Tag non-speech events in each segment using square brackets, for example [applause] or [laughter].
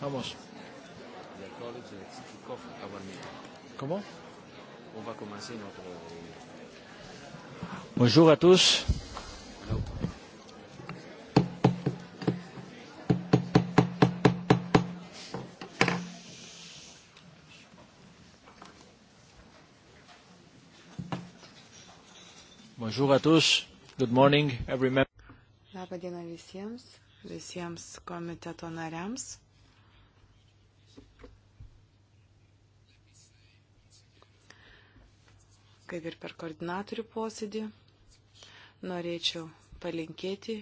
Vamos. Comment On va commencer notre. Bonjour à tous. Hello. Bonjour à tous. Good morning, every member. Labą dieną visiems, visiems komiteto nariams. kaip ir per koordinatorių posėdį, norėčiau palinkėti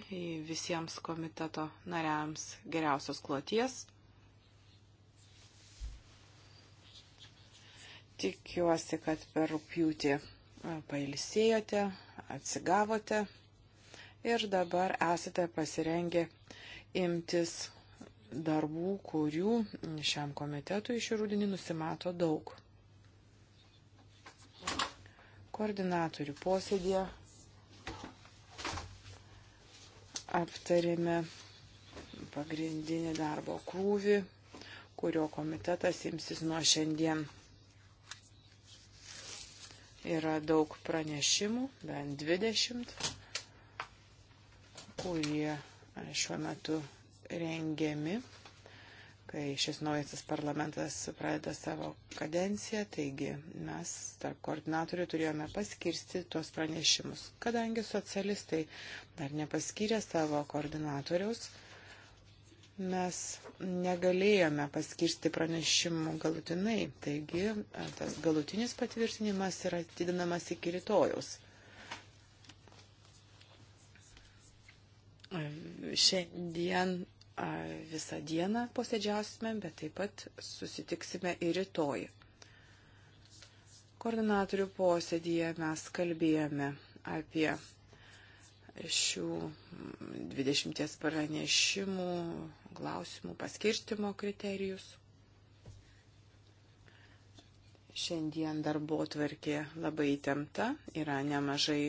visiems komiteto nariams geriausios kloties. Tikiuosi, kad per rūpjūtį pailsėjote, atsigavote ir dabar esate pasirengę imtis darbų, kurių šiam komitetui šį rūdinį nusimato daug. Koordinatorių posėdėje aptarėme pagrindinį darbo krūvį, kurio komitetas imsis nuo šiandien. Yra daug pranešimų, bent 20, kurie šiuo metu rengiami kai šis naujasis parlamentas pradeda savo kadenciją, taigi mes tarp koordinatorių turėjome paskirsti tuos pranešimus. Kadangi socialistai dar nepaskyrė savo koordinatoriaus, mes negalėjome paskirsti pranešimų galutinai, taigi tas galutinis patvirtinimas yra atidinamas iki rytojaus. Šiandien visą dieną posėdžiausime, bet taip pat susitiksime ir rytoj. Koordinatorių posėdėje mes kalbėjome apie šių 20 pranešimų, klausimų paskirstimo kriterijus. Šiandien darbo tvarkė labai įtempta, yra nemažai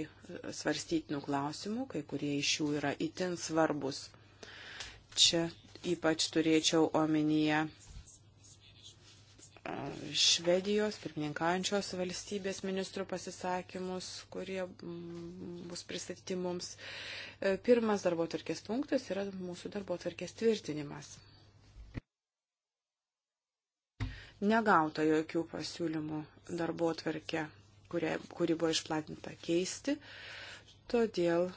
svarstytinų klausimų, kai kurie iš jų yra itin svarbus. Čia ypač turėčiau omenyje Švedijos pirmininkaujančios valstybės ministrų pasisakymus, kurie bus pristatyti mums. E, pirmas darbo tvarkės punktas yra mūsų darbo tvarkės tvirtinimas. Negauta jokių pasiūlymų darbo tvarkė, kuri buvo išplatinta keisti, todėl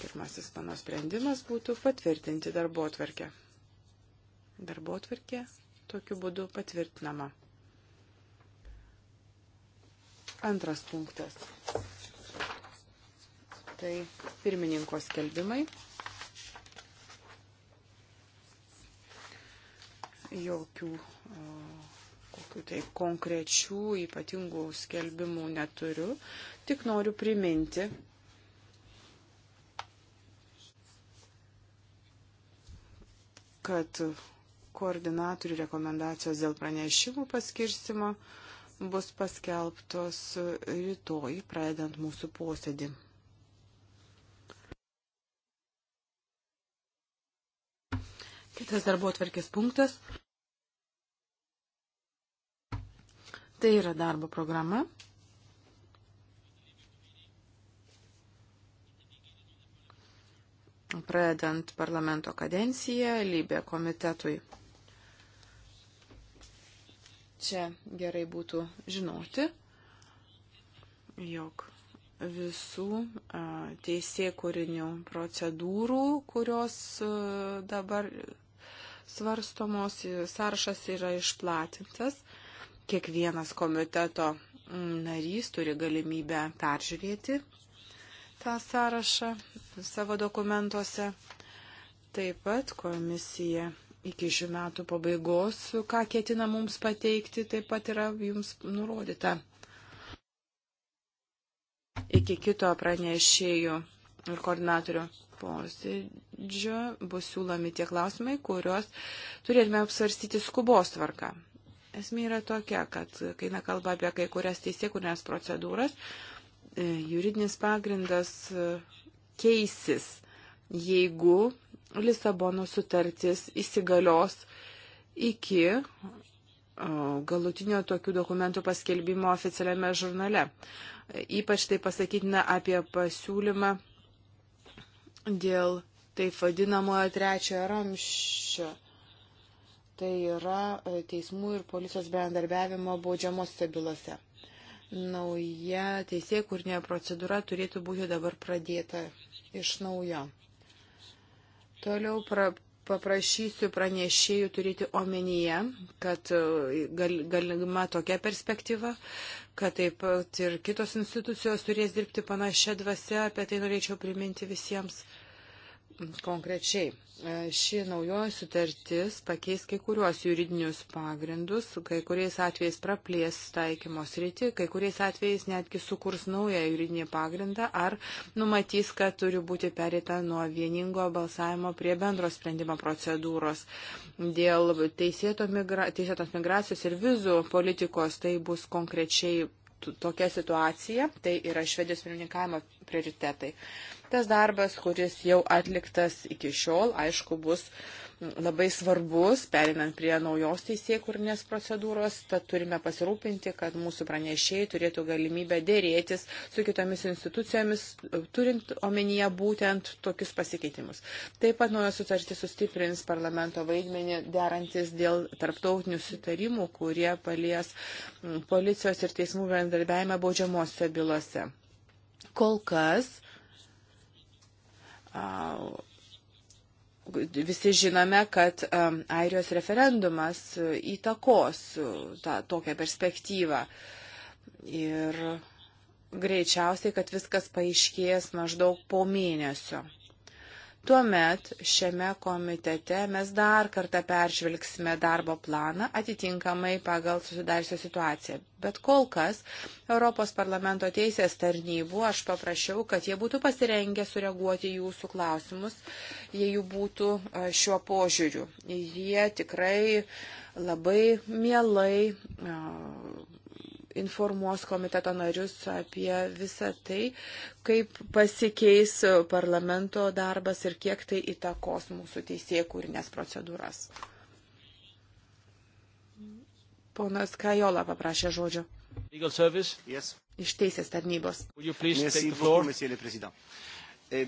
Pirmasis mano sprendimas būtų patvirtinti darbo atvarkę. Darbo atvarkė tokiu būdu patvirtinama. Antras punktas. Tai pirmininko skelbimai. Jokių o, kokių tai konkrečių ypatingų skelbimų neturiu. Tik noriu priminti kad koordinatorių rekomendacijos dėl pranešimų paskirstimo bus paskelbtos rytoj, pradedant mūsų posėdį. Kitas darbo atvarkės punktas. Tai yra darbo programa. pradedant parlamento kadenciją lybė komitetui. Čia gerai būtų žinoti, jog visų teisėkūrinių procedūrų, kurios dabar svarstomos, sąrašas yra išplatintas. Kiekvienas komiteto narys turi galimybę peržiūrėti tą sąrašą savo dokumentuose. Taip pat komisija iki šių metų pabaigos, ką ketina mums pateikti, taip pat yra jums nurodyta. Iki kito pranešėjų ir koordinatorių posėdžio bus siūlomi tie klausimai, kuriuos turėtume apsvarstyti skubos tvarka. Esmė yra tokia, kad kai nekalba apie kai kurias teisėkūrinės procedūras, e, juridinis pagrindas keisis, jeigu Lisabono sutartis įsigalios iki galutinio tokių dokumentų paskelbimo oficialiame žurnale. Ypač tai pasakytina apie pasiūlymą dėl taip vadinamojo trečiojo ramščio. Tai yra e, teismų ir policijos bendarbiavimo baudžiamosiose bylose nauja teisėjų kūrinė procedūra turėtų būti dabar pradėta iš naujo. Toliau pra, paprašysiu pranešėjų turėti omenyje, kad e, gal, galima tokia perspektyva, kad taip pat ir kitos institucijos turės dirbti panašia dvasia, apie tai norėčiau priminti visiems konkrečiai. E, ši naujoji sutartis pakeis kai kuriuos juridinius pagrindus, kai kuriais atvejais praplės taikymos rytį, kai kuriais atvejais netgi sukurs naują juridinį pagrindą ar numatys, kad turi būti perėta nuo vieningo balsavimo prie bendro sprendimo procedūros. Dėl teisėto migra teisėtos migracijos ir vizų politikos tai bus konkrečiai tokia situacija, tai yra švedijos pirmininkavimo prioritetai. Tas darbas, kuris jau atliktas iki šiol, aišku, bus labai svarbus, perinant prie naujos teisėkurnės procedūros, tad turime pasirūpinti, kad mūsų pranešėjai turėtų galimybę dėrėtis su kitomis institucijomis, turint omenyje būtent tokius pasikeitimus. Taip pat naujas sutartis sustiprins parlamento vaidmenį derantis dėl tarptautinių sutarimų, kurie palies policijos ir teismų bendarbiavimą baudžiamosiose bylose. Kol kas. Uh, visi žinome, kad Airijos referendumas e, įtakos e, tą tokią perspektyvą. Ir greičiausiai, kad viskas paaiškės maždaug po mėnesio. Tuomet šiame komitete mes dar kartą peržvelgsime darbo planą atitinkamai pagal susidariusią situaciją. Bet kol kas Europos parlamento teisės tarnybų aš paprašiau, kad jie būtų pasirengę sureaguoti jūsų klausimus, jei jų būtų šiuo požiūriu. Jie tikrai labai mielai informuos komiteto narius apie visą tai, kaip pasikeis parlamento darbas ir kiek tai įtakos mūsų teisėkūrinės procedūras. Ponas Kajola paprašė žodžio. Yes. Iš teisės tarnybos. Merci beaucoup, E,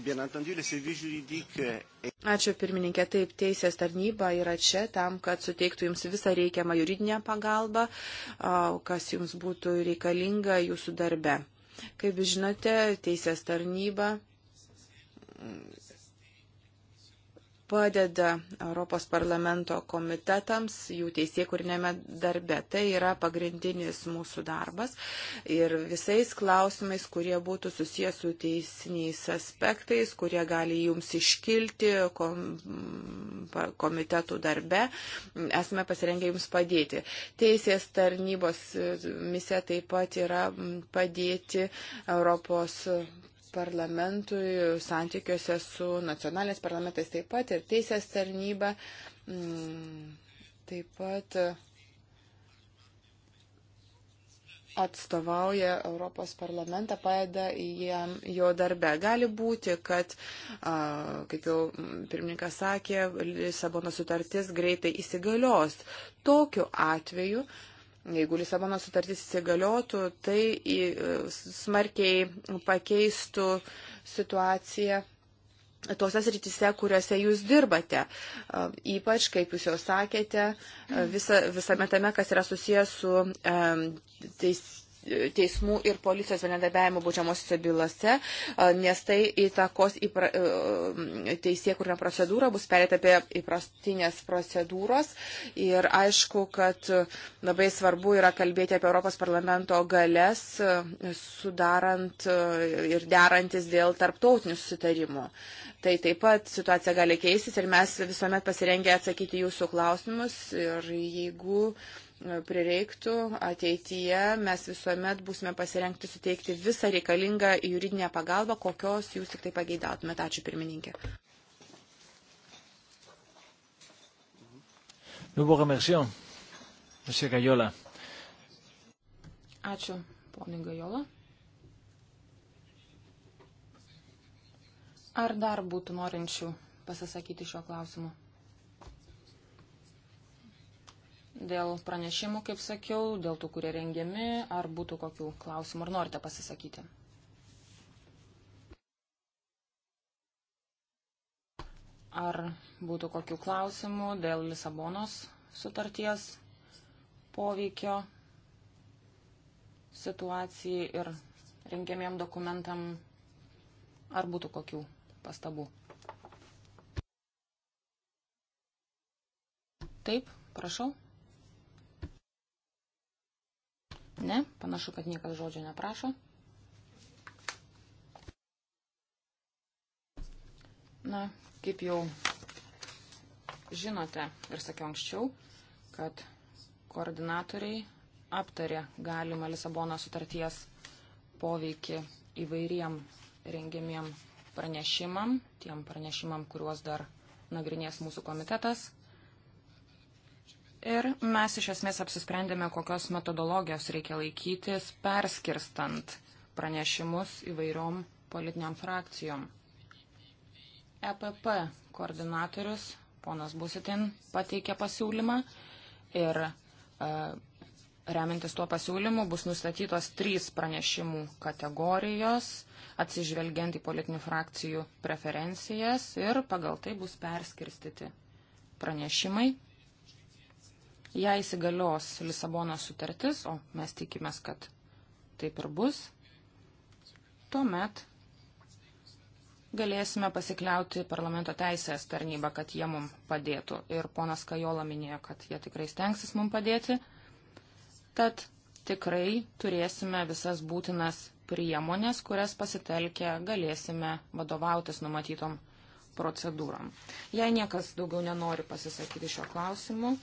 Ačiū pirmininkė, taip, teisės tarnyba yra čia tam, kad suteiktų jums visą reikiamą juridinę pagalbą, kas jums būtų reikalinga jūsų darbe. Kaip žinote, teisės tarnyba padeda Europos parlamento komitetams jų teisėkūrinėme darbe. Tai yra pagrindinis mūsų darbas ir visais klausimais, kurie būtų susijęs su teisiniais aspektais, kurie gali jums iškilti komitetų darbe, esame pasirengę jums padėti. Teisės tarnybos misija taip pat yra padėti Europos parlamentui santykiuose su nacionalinės parlamentais taip pat ir teisės tarnyba. Mm, taip pat atstovauja Europos parlamentą, padeda jam jo darbe. Gali būti, kad, kaip jau pirmininkas sakė, Lisabono sutartis greitai įsigalios. Tokiu atveju uh, jeigu Lisabono sutartis įsigaliotų, tai e, smarkiai pakeistų situaciją tose srityse, kuriuose jūs dirbate. E, ypač, kaip jūs jau sakėte, e, visa, visame tame, kas yra susijęs su teis, teismų ir policijos bendradarbiavimo būdžiamosiose bylose, nes tai įtakos įpra, e, teisėkurinę procedūrą, bus perėta apie įprastinės procedūros. Ir aišku, kad labai svarbu yra kalbėti apie Europos parlamento galės, e, sudarant e, ir derantis dėl tarptautinių susitarimų. Tai taip pat situacija gali keistis ir mes visuomet pasirengę atsakyti jūsų klausimus. Ir jeigu uh, prireiktų ateityje, mes visuomet būsime pasirengti suteikti visą reikalingą juridinę pagalbą, kokios jūs tik tai pageidautumėte. Ačiū pirmininkė. Ačiū, ponai Gajola. Ar dar būtų norinčių pasisakyti šiuo klausimu? dėl pranešimų, kaip sakiau, dėl tų, kurie rengiami, ar būtų kokių klausimų, ar norite pasisakyti. Ar būtų kokių klausimų dėl Lisabonos sutarties poveikio situacijai ir rengiamiem dokumentam, ar būtų kokių pastabų. Taip, prašau. Ne, panašu, kad niekas žodžio neprašo. Na, kaip jau žinote ir sakiau anksčiau, kad koordinatoriai aptarė galimą Lisabono sutarties poveikį įvairiem rengiamiem pranešimam, tiem pranešimam, kuriuos dar nagrinės mūsų komitetas. Ir mes iš esmės apsisprendėme, kokios metodologijos reikia laikytis, perskirstant pranešimus įvairiom politiniam frakcijom. EPP koordinatorius, ponas Busitin, pateikė pasiūlymą ir e, remintis tuo pasiūlymu bus nustatytos trys pranešimų kategorijos, atsižvelgiant į politinių frakcijų preferencijas ir pagal tai bus perskirstyti pranešimai jei įsigalios Lisabono sutartis, o mes tikimės, kad taip ir bus, tuomet galėsime pasikliauti parlamento teisės tarnybą, kad jie mum padėtų. Ir ponas Kajola minėjo, kad jie tikrai stengsis mum padėti. Tad tikrai turėsime visas būtinas priemonės, kurias pasitelkę galėsime vadovautis numatytom procedūrom. Jei niekas daugiau nenori pasisakyti šio klausimu,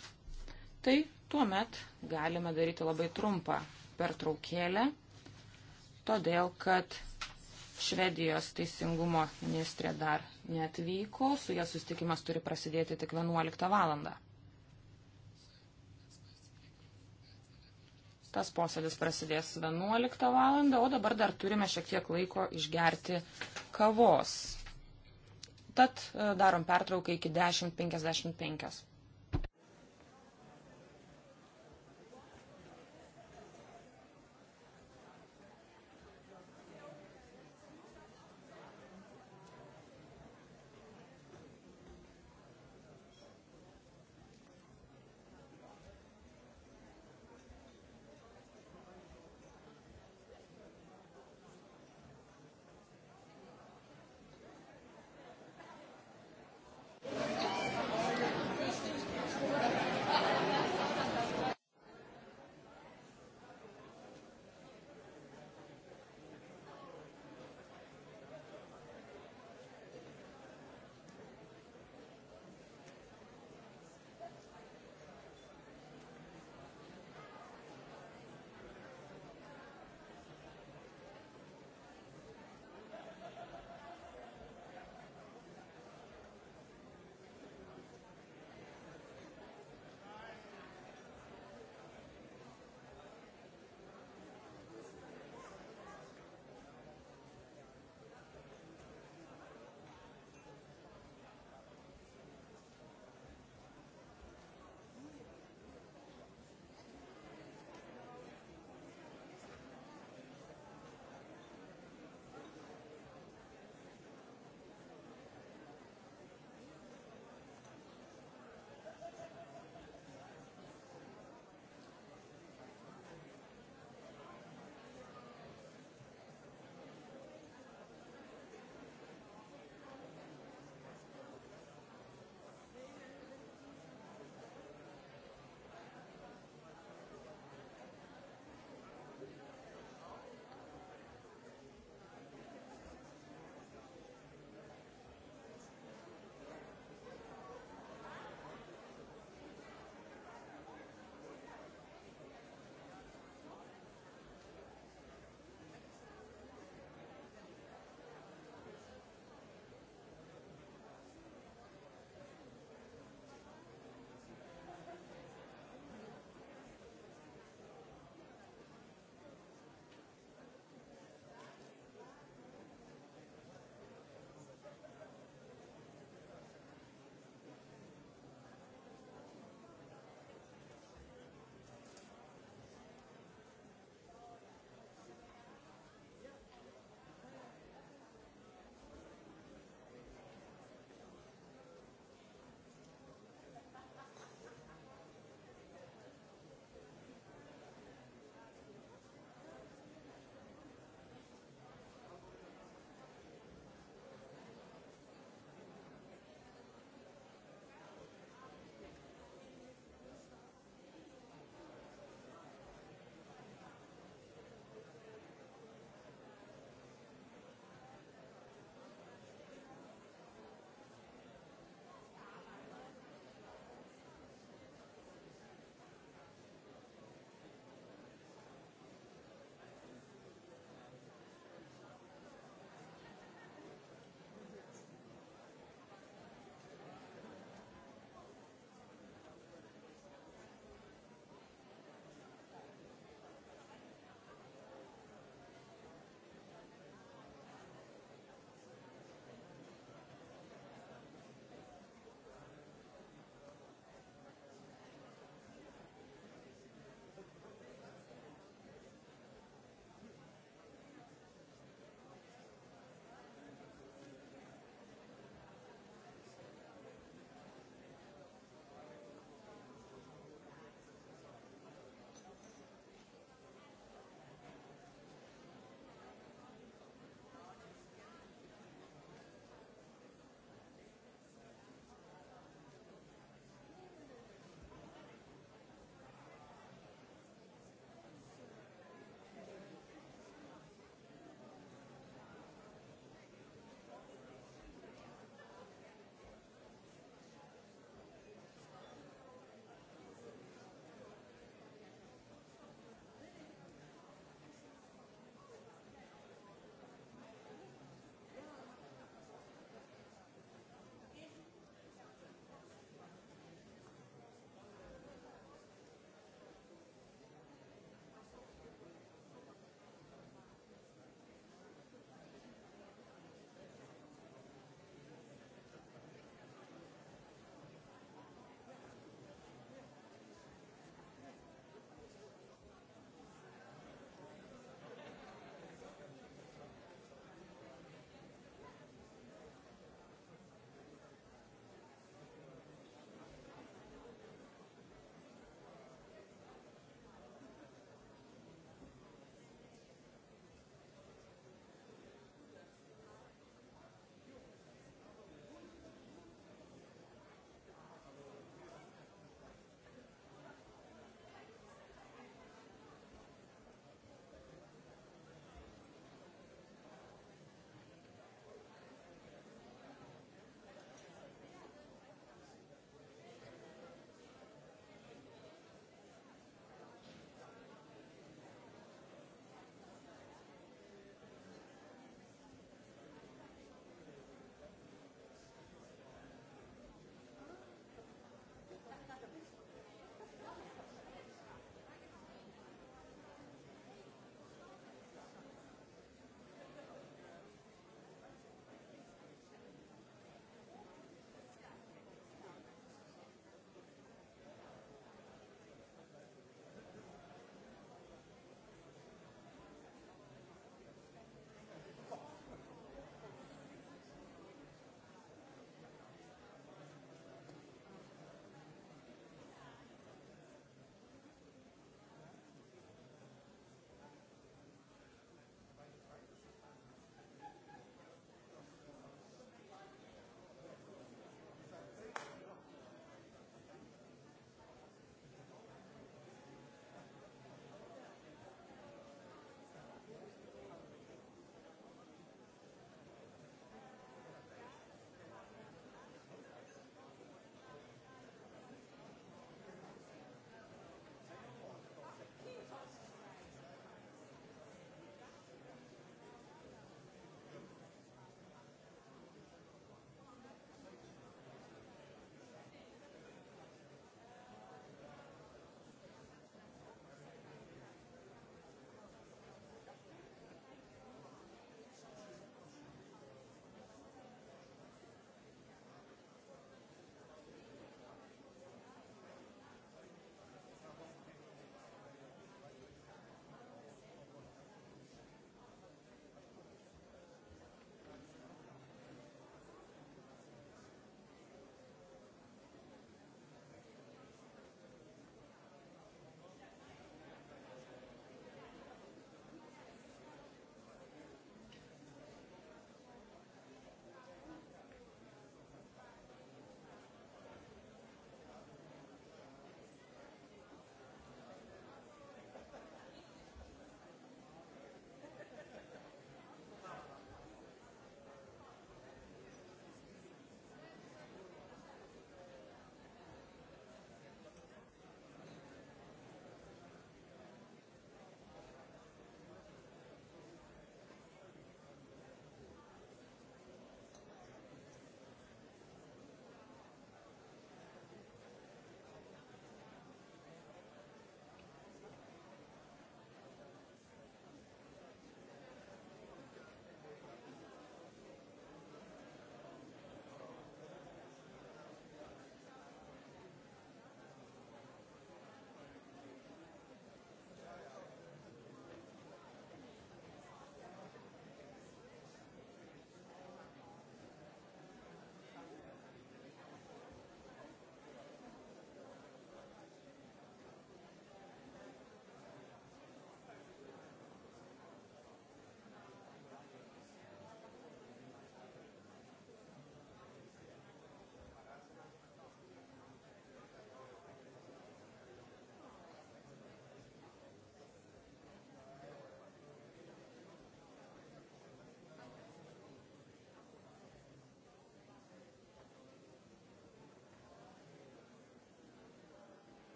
tai tuomet galime daryti labai trumpą pertraukėlę, todėl kad Švedijos teisingumo ministrė dar neatvyko, su ja sustikimas turi prasidėti tik 11 valandą. Tas posėdis prasidės 11 val. o dabar dar turime šiek tiek laiko išgerti kavos. Tad e, darom pertrauką iki 10.55.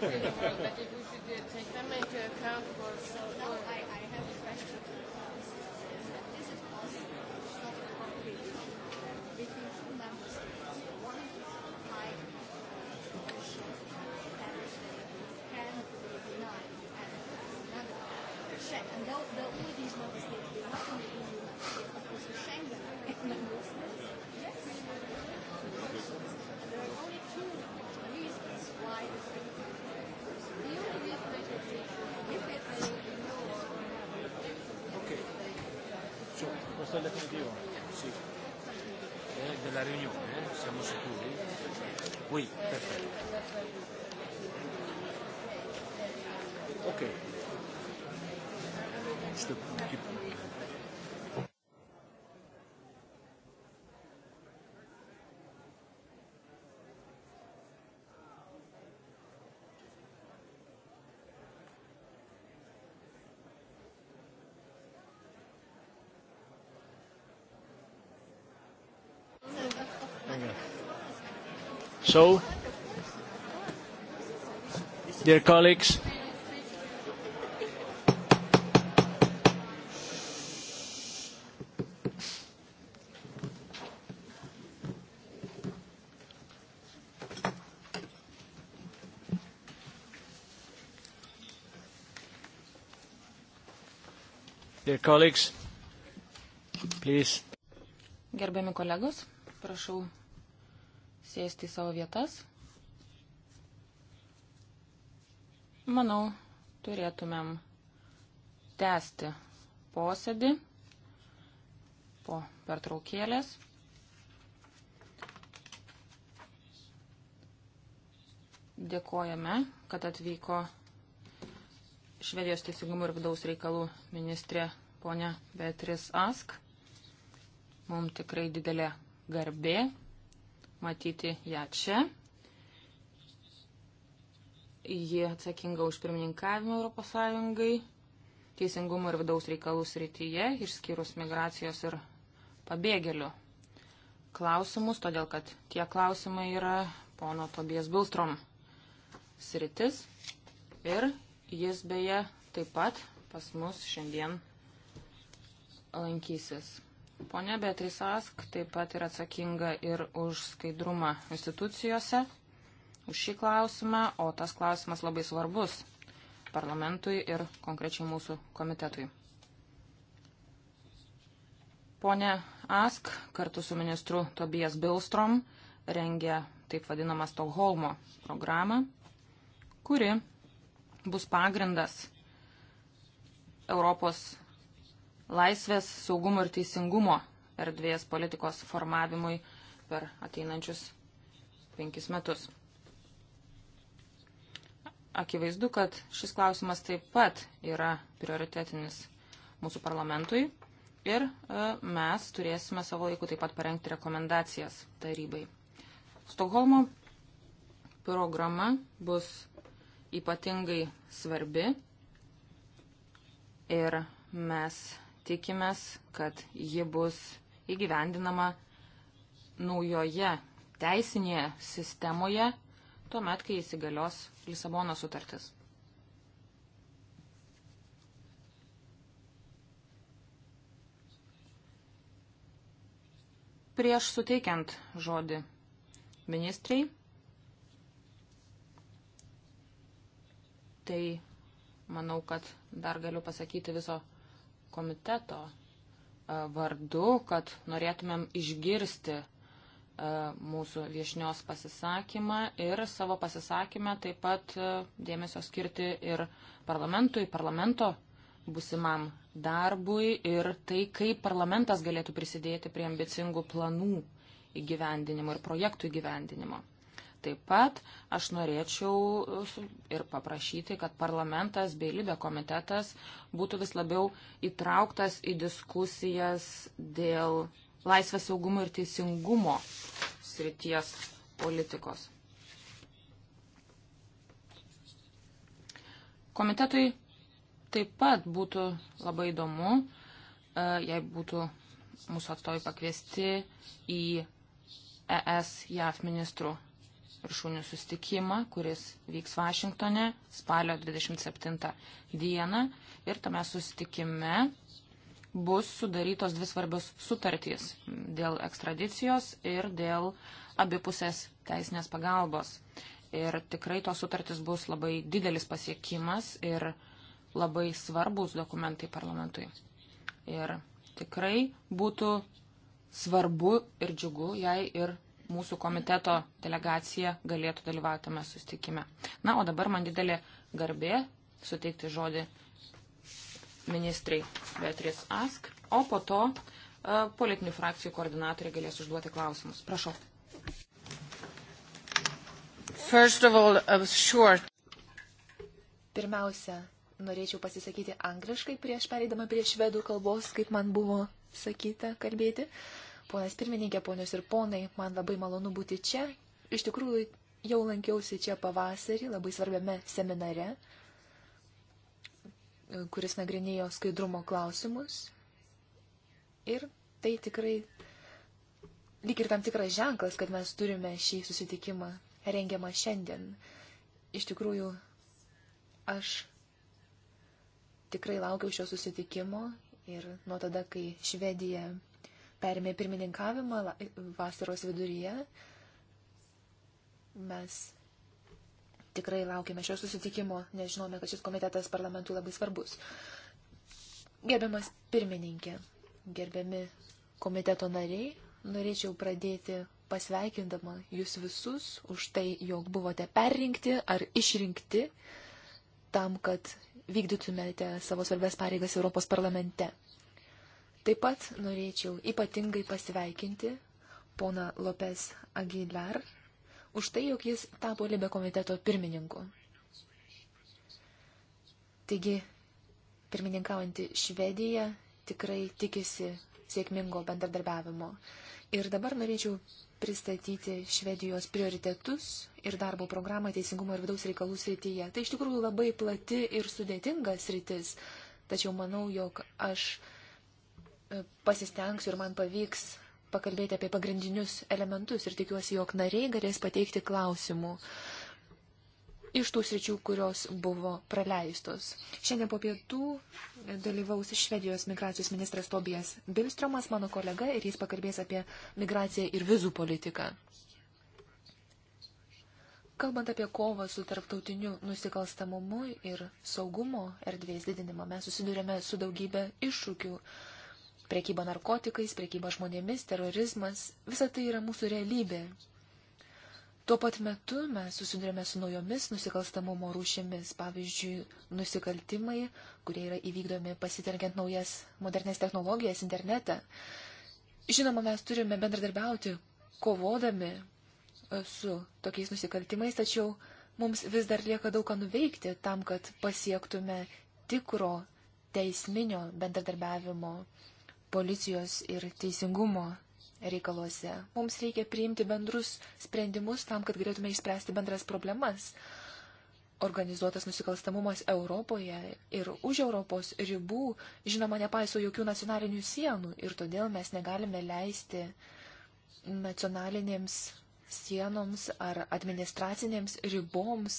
but if we should uh, take them into account for so no, I, I have a question. Is that this is possible? It's not a concrete between two member states. One high official that can deny and another check. And though, though all these member states, they not only EU member states, but also Schengen member states. questo è il definitivo? Sì. Eh, della riunione, eh? siamo sicuri? Oui, eh. perfetto. Ok. Just a, keep, So, dear colleagues, Dear colleagues, please. Gerbiami kolegos, prašau sėsti į savo vietas, manau, turėtumėm tęsti posėdį po pertraukėlės. Dėkojame, kad atvyko Švedijos teisingumo ir vidaus reikalų ministrė ponia Beatrice Ask. Mums tikrai didelė garbė matyti ją čia. Ji atsakinga už pirmininkavimą Europos Sąjungai, teisingumo ir vidaus reikalų srityje, išskyrus migracijos ir pabėgėlių klausimus, todėl kad tie klausimai yra pono Tobijas Bilstrom sritis. Ir jis beje taip pat pas mus šiandien lankysis. Pone Beatriz Ask taip pat yra atsakinga ir už skaidrumą institucijose, už šį klausimą, o tas klausimas labai svarbus parlamentui ir konkrečiai mūsų komitetui. Pone Ask kartu su ministru Tobijas Bilstrom rengia taip vadinamą Stokholmo programą, kuri bus pagrindas Europos laisvės, saugumo ir teisingumo erdvės politikos formavimui per ateinančius penkis metus. Akivaizdu, kad šis klausimas taip pat yra prioritetinis mūsų parlamentui ir e, mes turėsime savo laiku taip pat parengti rekomendacijas tarybai. Stokholmo programa bus ypatingai svarbi ir mes tikimės, kad ji bus įgyvendinama naujoje teisinėje sistemoje, tuomet, kai įsigalios Lisabono sutartis. Prieš suteikiant žodį ministrei, tai manau, kad dar galiu pasakyti viso komiteto e, vardu, kad norėtumėm išgirsti e, mūsų viešnios pasisakymą ir savo pasisakymę taip pat e, dėmesio skirti ir parlamentui, parlamento busimam darbui ir tai, kaip parlamentas galėtų prisidėti prie ambicingų planų įgyvendinimo ir projektų įgyvendinimo. Taip pat aš norėčiau e, ir paprašyti, kad parlamentas bei Libė komitetas būtų vis labiau įtrauktas į diskusijas dėl laisvės saugumo ir teisingumo srities politikos. Komitetui taip pat būtų labai įdomu, e, jei būtų mūsų atstovai pakviesti į ES JAF ministrų viršūnių sustikimą, kuris vyks Vašingtone spalio 27 dieną. Ir tame sustikime bus sudarytos dvi svarbios sutartys dėl ekstradicijos ir dėl abipusės teisinės pagalbos. Ir tikrai tos sutartys bus labai didelis pasiekimas ir labai svarbus dokumentai parlamentui. Ir tikrai būtų svarbu ir džiugu, jei ir mūsų komiteto delegacija galėtų dalyvauti tame sustikime. Na, o dabar man didelė garbė suteikti žodį ministrai Beatrice Ask, o po to e, politinių frakcijų koordinatoriai galės užduoti klausimus. Prašau. All, short... Pirmiausia, norėčiau pasisakyti angliškai prieš pereidama prie švedų kalbos, kaip man buvo sakyta kalbėti. Uh, Ponas pirmininkė, ponios ir ponai, man labai malonu būti čia. Iš tikrųjų, jau lankiausi čia pavasarį labai svarbiame seminare, kuris nagrinėjo skaidrumo klausimus. Ir tai tikrai lyg ir tam tikras ženklas, kad mes turime šį susitikimą rengiamą šiandien. Iš tikrųjų, aš tikrai laukiau šio susitikimo ir nuo tada, kai Švedija perėmė pirmininkavimą vasaros viduryje. Mes tikrai laukiame šio susitikimo, nes žinome, kad šis komitetas parlamentui labai svarbus. Gerbiamas pirmininkė, gerbiami komiteto nariai, norėčiau pradėti pasveikindama jūs visus už tai, jog buvote perrinkti ar išrinkti tam, kad vykdytumėte savo svarbės pareigas Europos parlamente. Taip pat norėčiau ypatingai pasveikinti poną Lopes Aguilar už tai, jog jis tapo Libe komiteto pirmininku. Taigi, pirmininkaujanti Švedija tikrai tikisi sėkmingo bendradarbiavimo. Ir dabar norėčiau pristatyti Švedijos prioritetus ir darbo programą teisingumo ir vidaus reikalų srityje. Tai iš tikrųjų labai plati ir sudėtinga sritis, tačiau manau, jog aš pasistengsiu ir man pavyks pakalbėti apie pagrindinius elementus ir tikiuosi, jog nariai galės pateikti klausimų iš tų sričių, kurios buvo praleistos. Šiandien po pietų dalyvaus Švedijos migracijos ministras Tobijas Bilstromas, mano kolega, ir jis pakalbės apie migraciją ir vizų politiką. Kalbant apie kovą su tarptautiniu nusikalstamumu ir saugumo erdvės didinimą, mes susidurėme su daugybė iššūkių. Prekyba narkotikais, prekyba žmonėmis, terorizmas - visa tai yra mūsų realybė. Tuo pat metu mes susidurėme su naujomis nusikalstamumo rūšimis, pavyzdžiui, nusikaltimai, kurie yra įvykdomi pasitelkiant naujas modernes technologijas, internetą. Žinoma, mes turime bendradarbiauti, kovodami e, su tokiais nusikaltimais, tačiau mums vis dar lieka daug ką nuveikti tam, kad pasiektume tikro teisminio bendradarbiavimo policijos ir teisingumo reikaluose. Mums reikia priimti bendrus sprendimus tam, kad galėtume išspręsti bendras problemas. Organizuotas nusikalstamumas Europoje ir už Europos ribų, žinoma, nepaiso jokių nacionalinių sienų ir todėl mes negalime leisti nacionalinėms sienoms ar administracinėms riboms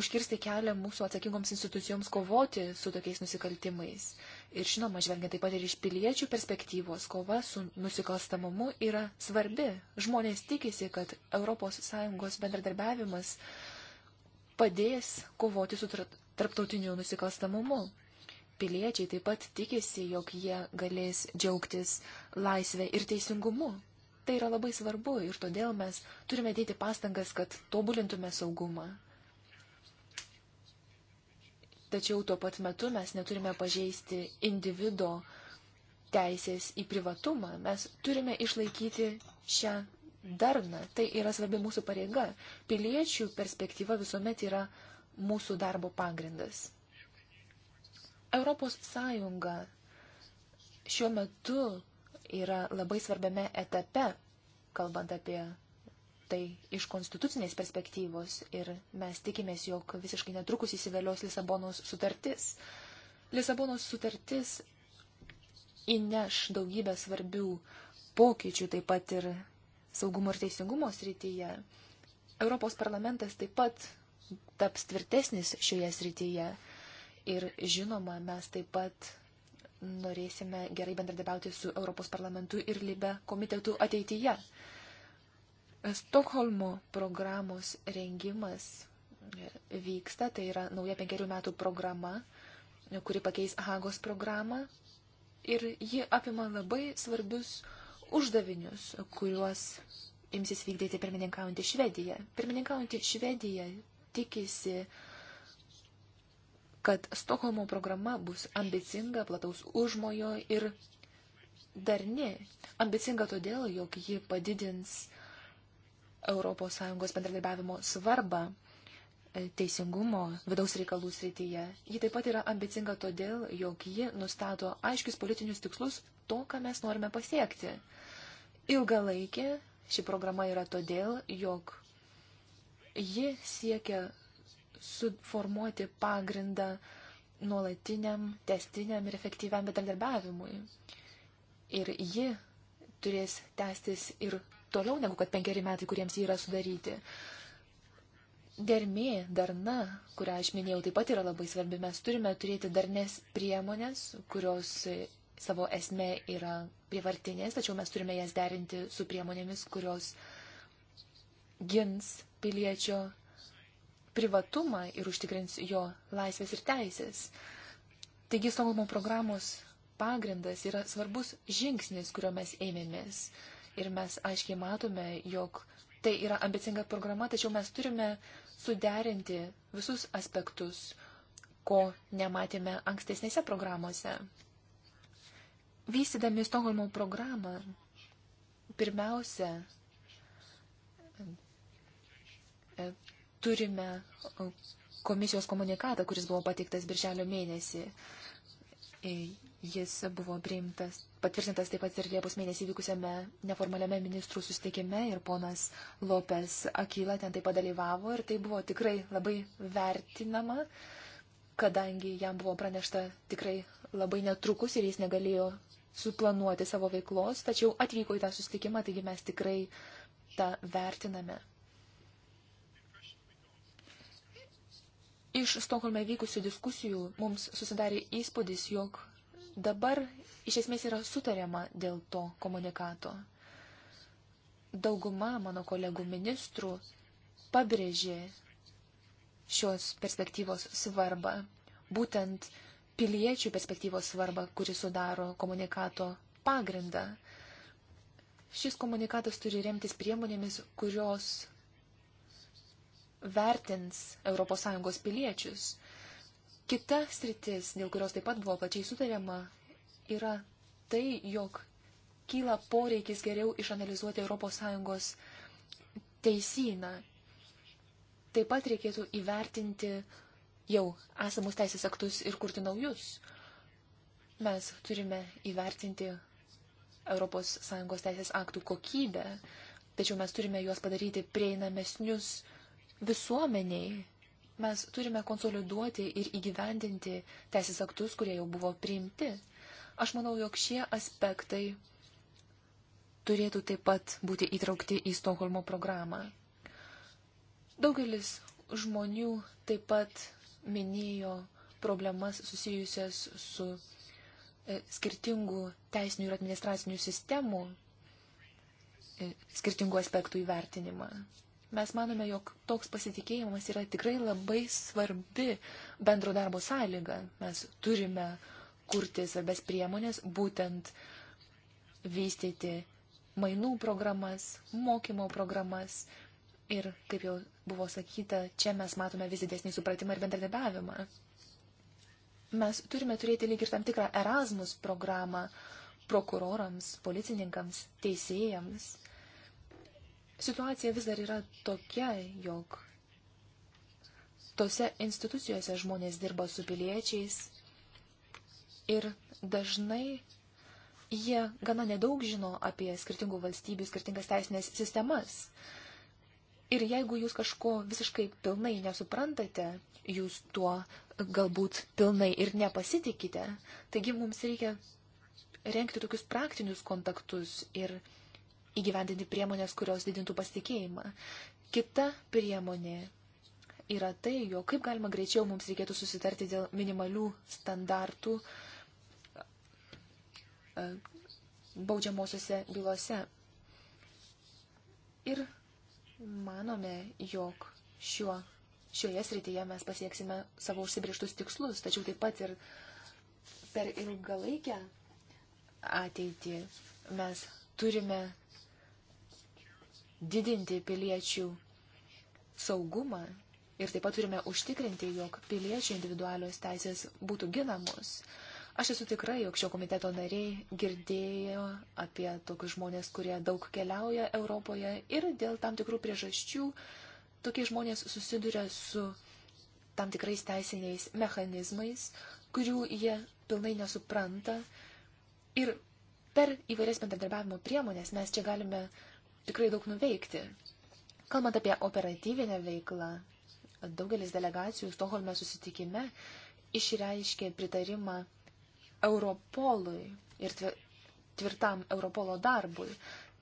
užkirsti kelią mūsų atsakingoms institucijoms kovoti su tokiais nusikaltimais. Ir žinoma, žvelgiant taip pat ir iš piliečių perspektyvos, kova su nusikalstamumu yra svarbi. Žmonės tikisi, kad ES bendradarbiavimas padės kovoti su tarptautiniu nusikalstamumu. Piliečiai taip pat tikisi, jog jie galės džiaugtis laisvę ir teisingumu. Tai yra labai svarbu ir todėl mes turime dėti pastangas, kad tobulintume saugumą, tačiau tuo pat metu mes neturime pažeisti individo teisės į privatumą. Mes turime išlaikyti šią darną. Tai yra svarbi mūsų pareiga. Piliečių perspektyva visuomet yra mūsų darbo pagrindas. Europos Sąjunga šiuo metu yra labai svarbiame etape, kalbant apie tai iš konstitucinės perspektyvos ir mes tikimės, jog visiškai netrukus įsigalios Lisabonos sutartis. Lisabonos sutartis įneš daugybę svarbių pokyčių taip pat ir saugumo ir teisingumo srityje. Europos parlamentas taip pat taps tvirtesnis šioje srityje ir žinoma, mes taip pat norėsime gerai bendradarbiauti su Europos parlamentu ir Libe komitetu ateityje. Stokholmo programos rengimas vyksta, tai yra nauja penkerių metų programa, kuri pakeis Hagos programą ir ji apima labai svarbius uždavinius, kuriuos imsis vykdyti pirmininkaujantį Švediją. Pirmininkaujantį Švediją tikisi, kad Stokholmo programa bus ambicinga, plataus užmojo ir darni. Ambicinga todėl, jog ji padidins ES bendradarbiavimo svarbą e, teisingumo vidaus reikalų srityje. Ji taip pat yra ambicinga todėl, jog ji nustato aiškius politinius tikslus to, ką mes norime pasiekti. Ilgalaikė ši programa yra todėl, jog ji siekia suformuoti pagrindą nuolatiniam, testiniam ir efektyviam bendradarbiavimui. Ir ji turės tęstis ir toliau negu kad penkeri metai, kuriems jį yra sudaryti. Dermė, darna, kurią aš minėjau, taip pat yra labai svarbi. Mes turime turėti darnes priemonės, kurios savo esme yra prievartinės, tačiau mes turime jas derinti su priemonėmis, kurios gins piliečio privatumą ir užtikrins jo laisvės ir teisės. Taigi, Stokholmo programos pagrindas yra svarbus žingsnis, kurio mes ėmėmės. Ir mes aiškiai matome, jog tai yra ambicinga programa, tačiau mes turime suderinti visus aspektus, ko nematėme ankstesnėse programuose. Vystydami Stokholmo programą, pirmiausia, turime komisijos komunikatą, kuris buvo pateiktas birželio mėnesį. Jis buvo priimtas, patvirtintas taip pat ir Liepos mėnesį vykusiame neformaliame ministrų susitikime ir ponas Lopes Akila ten taip pat dalyvavo ir tai buvo tikrai labai vertinama, kadangi jam buvo pranešta tikrai labai netrukus ir jis negalėjo suplanuoti savo veiklos, tačiau atvyko į tą susitikimą, taigi mes tikrai tą vertiname. Iš Stokholme vykusių diskusijų mums susidarė įspūdis, jog Dabar iš esmės yra sutariama dėl to komunikato. Dauguma mano kolegų ministrų pabrėžė šios perspektyvos svarbą, būtent piliečių perspektyvos svarbą, kuri sudaro komunikato pagrindą. Šis komunikatas turi remtis priemonėmis, kurios vertins ES piliečius. Kita sritis, dėl kurios taip pat buvo plačiai sutariama, yra tai, jog kyla poreikis geriau išanalizuoti ES teisyną. Taip pat reikėtų įvertinti jau esamus teisės aktus ir kurti naujus. Mes turime įvertinti ES teisės aktų kokybę, tačiau mes turime juos padaryti prieinamesnius visuomeniai. Mes turime konsoliduoti ir įgyvendinti teisės aktus, kurie jau buvo priimti. Aš manau, jog šie aspektai turėtų taip pat būti įtraukti į Stokholmo programą. Daugelis žmonių taip pat minėjo problemas susijusias su e, skirtingų teisinių ir administracinių sistemų e, skirtingų aspektų įvertinimą. Mes manome, jog toks pasitikėjimas yra tikrai labai svarbi bendro darbo sąlyga. Mes turime kurti svarbės priemonės, būtent vystyti mainų programas, mokymo programas. Ir, kaip jau buvo sakyta, čia mes matome vis didesnį supratimą ir bendradarbiavimą. Mes turime turėti lyg ir tam tikrą Erasmus programą prokurorams, policininkams, teisėjams situacija vis dar yra tokia, jog tose institucijose žmonės dirba su piliečiais ir dažnai jie gana nedaug žino apie skirtingų valstybių, skirtingas teisinės sistemas. Ir jeigu jūs kažko visiškai pilnai nesuprantate, jūs tuo galbūt pilnai ir nepasitikite, taigi mums reikia renkti tokius praktinius kontaktus ir kontaktus įgyvendinti priemonės, kurios didintų pasitikėjimą. Kita priemonė yra tai, jo kaip galima greičiau mums reikėtų susitarti dėl minimalių standartų e, baudžiamosiose bylose. Ir manome, jog šiuo, šioje srityje mes pasieksime savo užsibrieštus tikslus, tačiau taip pat ir per ilgalaikę ateitį mes turime didinti piliečių saugumą ir taip pat turime užtikrinti, jog piliečių individualios teisės būtų ginamos. Aš esu tikra, jog šio komiteto nariai girdėjo apie tokius žmonės, kurie daug keliauja Europoje ir dėl tam tikrų priežasčių tokie žmonės susiduria su tam tikrais teisiniais mechanizmais, kurių jie pilnai nesupranta. Ir per įvairias bendradarbiavimo priemonės mes čia galime tikrai daug nuveikti. Kalbant apie operatyvinę veiklą, daugelis delegacijų Stoholme susitikime išreiškė pritarimą Europolui ir tvirtam Europolo darbui.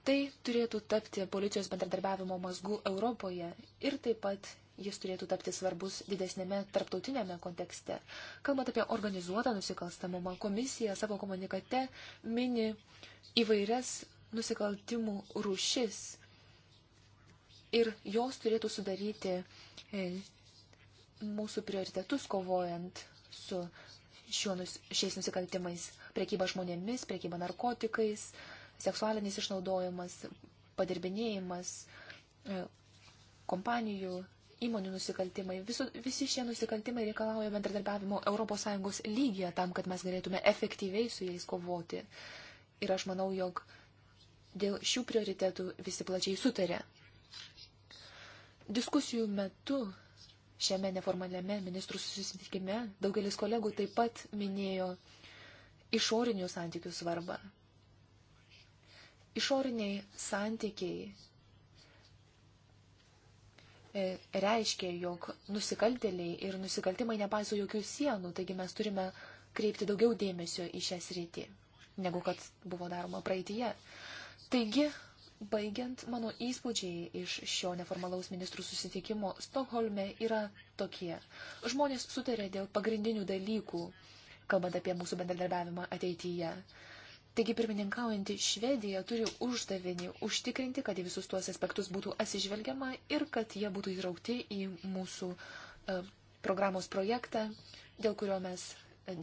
Tai turėtų tapti policijos bendradarbiavimo mazgų Europoje ir taip pat jis turėtų tapti svarbus didesnėme tarptautinėme kontekste. Kalbant apie organizuotą nusikalstamumą, komisija savo komunikate mini įvairias nusikaltimų rušis ir jos turėtų sudaryti e, mūsų prioritetus kovojant su šiuo, šiais nusikaltimais - priekyba žmonėmis, priekyba narkotikais, seksualinis išnaudojimas, padirbinėjimas, e, kompanijų, įmonių nusikaltimai. Visu, visi šie nusikaltimai reikalauja bendradarbiavimo ES lygyje tam, kad mes galėtume efektyviai su jais kovoti. Ir aš manau, jog Dėl šių prioritetų visi plačiai sutarė. Diskusijų metu šiame neformaliame ministrų susitikime daugelis kolegų taip pat minėjo išorinių santykių svarbą. Išoriniai santykiai e, reiškia, jog nusikaltėliai ir nusikaltimai nepaiso jokių sienų, taigi mes turime kreipti daugiau dėmesio į šią sritį, negu kad buvo daroma praeitie. Taigi, baigiant, mano įspūdžiai iš šio neformalaus ministrų susitikimo Stokholme yra tokie. Žmonės sutarė dėl pagrindinių dalykų, kalbant apie mūsų bendradarbiavimą ateityje. Taigi pirmininkaujanti Švedija turi uždavinį užtikrinti, kad į visus tuos aspektus būtų atsižvelgiama ir kad jie būtų įtraukti į mūsų e, programos projektą, dėl kurio mes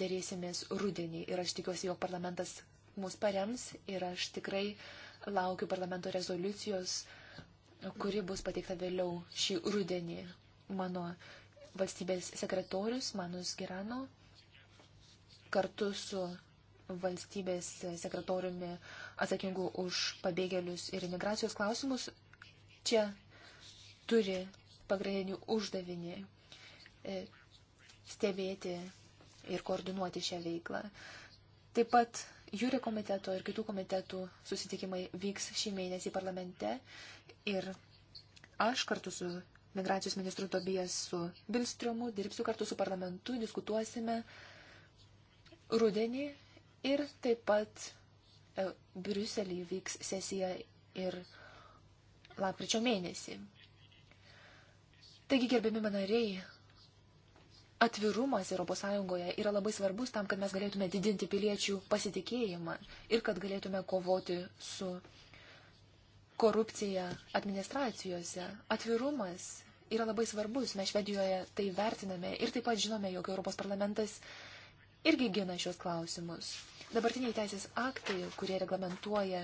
dėrėsimės rudenį. Ir aš tikiuosi, jog parlamentas mus parems ir aš tikrai uh, Laukiu parlamento rezoliucijos, kuri bus pateikta vėliau šį rudenį. Mano valstybės sekretorius Manus Girano kartu su valstybės sekretoriumi atsakingu už pabėgėlius ir imigracijos klausimus čia turi pagrindinį uždavinį e, stebėti ir koordinuoti šią veiklą. Taip pat Jūri komiteto ir kitų komitetų susitikimai vyks šį mėnesį parlamente ir aš kartu su migracijos ministru Tobijas su Bilstriomu dirbsiu kartu su parlamentu, diskutuosime rudenį ir taip pat e, Briuselį vyks sesija ir lapkričio mėnesį. Taigi, gerbiami manariai, atvirumas ES yra labai svarbus tam, kad mes galėtume didinti piliečių pasitikėjimą ir kad galėtume kovoti su korupcija administracijose. Atvirumas yra labai svarbus, mes Švedijoje tai vertiname ir taip pat žinome, jog Europos parlamentas irgi gina šios klausimus. Dabartiniai teisės aktai, kurie reglamentuoja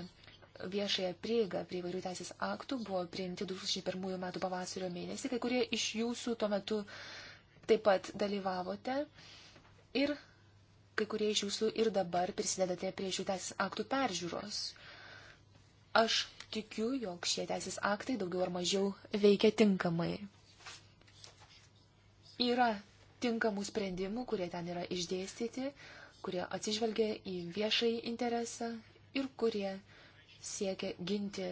viešąją prieigą prie įvairių teisės aktų, buvo priimti 2001 metų pavasario mėnesį, kai kurie iš jūsų tuo metu uh, taip pat dalyvavote ir kai kurie iš jūsų ir dabar prisidedate prie šių teisės aktų peržiūros. Aš tikiu, jog šie teisės aktai daugiau ar mažiau veikia tinkamai. Yra tinkamų sprendimų, kurie ten yra išdėstyti, kurie atsižvelgia į viešai interesą ir kurie siekia ginti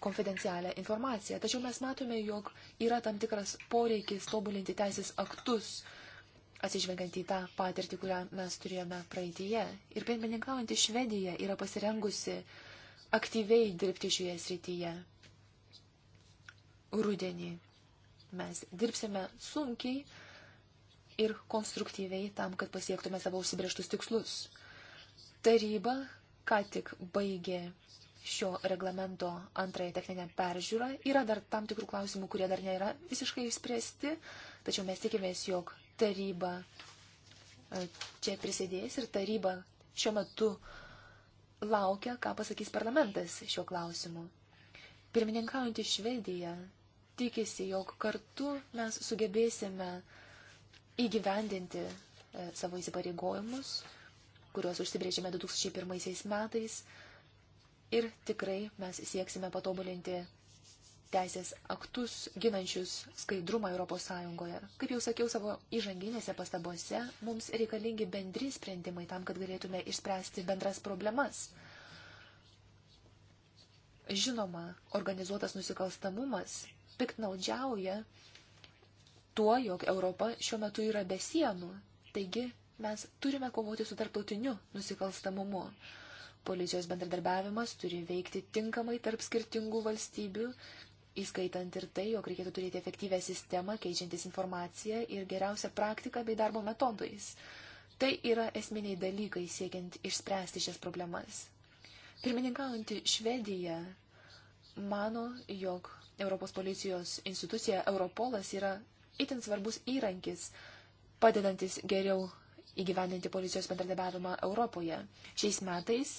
konfidencialią informaciją. Tačiau mes matome, jog yra tam tikras poreikis tobulinti teisės aktus, atsižvelgiant į tą patirtį, kurią mes turėjome praeitėje. Ir pirmininkaujantį Švediją yra pasirengusi aktyviai dirbti šioje srityje. Rudenį mes dirbsime sunkiai ir konstruktyviai tam, kad pasiektume savo užsibrieštus tikslus. Taryba ką tik baigė šio reglamento antrąją techninę peržiūrą. Yra dar tam tikrų klausimų, kurie dar nėra visiškai išspręsti, tačiau mes tikimės, jog taryba e, čia prisidės ir taryba šiuo metu laukia, ką pasakys parlamentas šiuo klausimu. Pirmininkaujantį Švediją tikisi, jog kartu mes sugebėsime įgyvendinti e, savo įsipareigojimus, kuriuos užsibrėžėme 2001 metais ir tikrai mes sieksime patobulinti teisės aktus ginančius skaidrumą Europos Sąjungoje. Kaip jau sakiau savo įžanginėse pastabose, mums reikalingi bendri sprendimai tam, kad galėtume išspręsti bendras problemas. Žinoma, organizuotas nusikalstamumas piktnaudžiauja tuo, jog Europa šiuo metu yra be sienų. Taigi mes turime kovoti su tarptautiniu nusikalstamumu. Policijos bendradarbiavimas turi veikti tinkamai tarp skirtingų valstybių, įskaitant ir tai, jog reikėtų turėti efektyvę sistemą, keičiantis informaciją ir geriausią praktiką bei darbo metodais. Tai yra esminiai dalykai siekiant išspręsti šias problemas. Pirmininkaujanti Švedija mano, jog Europos policijos institucija Europolas yra itin svarbus įrankis, padedantis geriau įgyvendinti policijos bendradarbiavimą Europoje. Šiais metais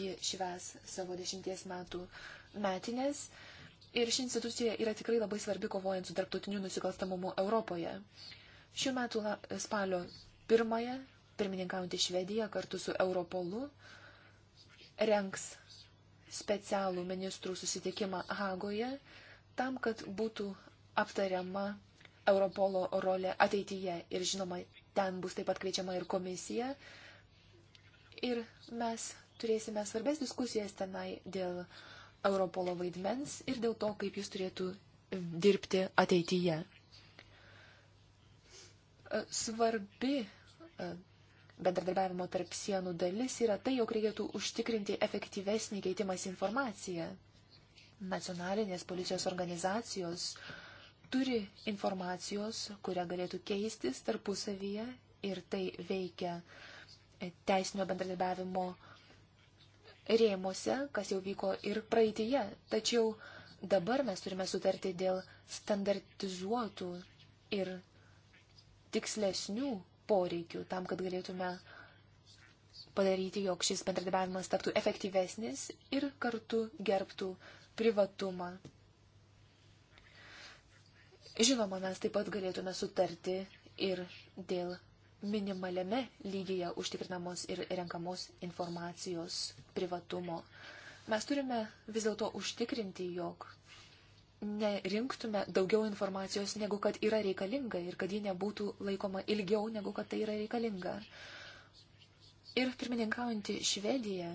ji šves savo dešimties metų metinės ir ši institucija yra tikrai labai svarbi kovojant su tarptautiniu nusikalstamumu Europoje. Šių metų spalio pirmąją pirmininkaujantį Švediją kartu su Europolu renks specialų ministrų susitikimą Hagoje tam, kad būtų aptariama Europolo rolė ateityje ir žinoma Ten bus taip pat kviečiama ir komisija. Ir mes turėsime svarbės diskusijas tenai dėl Europolo vaidmens ir dėl to, kaip jis turėtų dirbti ateityje. E, svarbi e, bendradarbiavimo tarp sienų dalis yra tai, jog reikėtų užtikrinti efektyvesnį keitimas informaciją. Nacionalinės policijos organizacijos uh, turi informacijos, kurią galėtų keistis tarpusavyje ir tai veikia teisinio bendradarbiavimo rėmose, kas jau vyko ir praeitėje. Tačiau dabar mes turime sutarti dėl standartizuotų ir tikslesnių poreikių tam, kad galėtume padaryti, jog šis bendradarbiavimas taptų efektyvesnis ir kartu gerbtų privatumą Žinoma, mes taip pat galėtume sutarti ir dėl minimaliame lygyje užtikrinamos ir renkamos informacijos privatumo. Mes turime vis dėlto užtikrinti, jog nerinktume daugiau informacijos, negu kad yra reikalinga ir kad ji nebūtų laikoma ilgiau, negu kad tai yra reikalinga. Ir pirmininkaujantį Švediją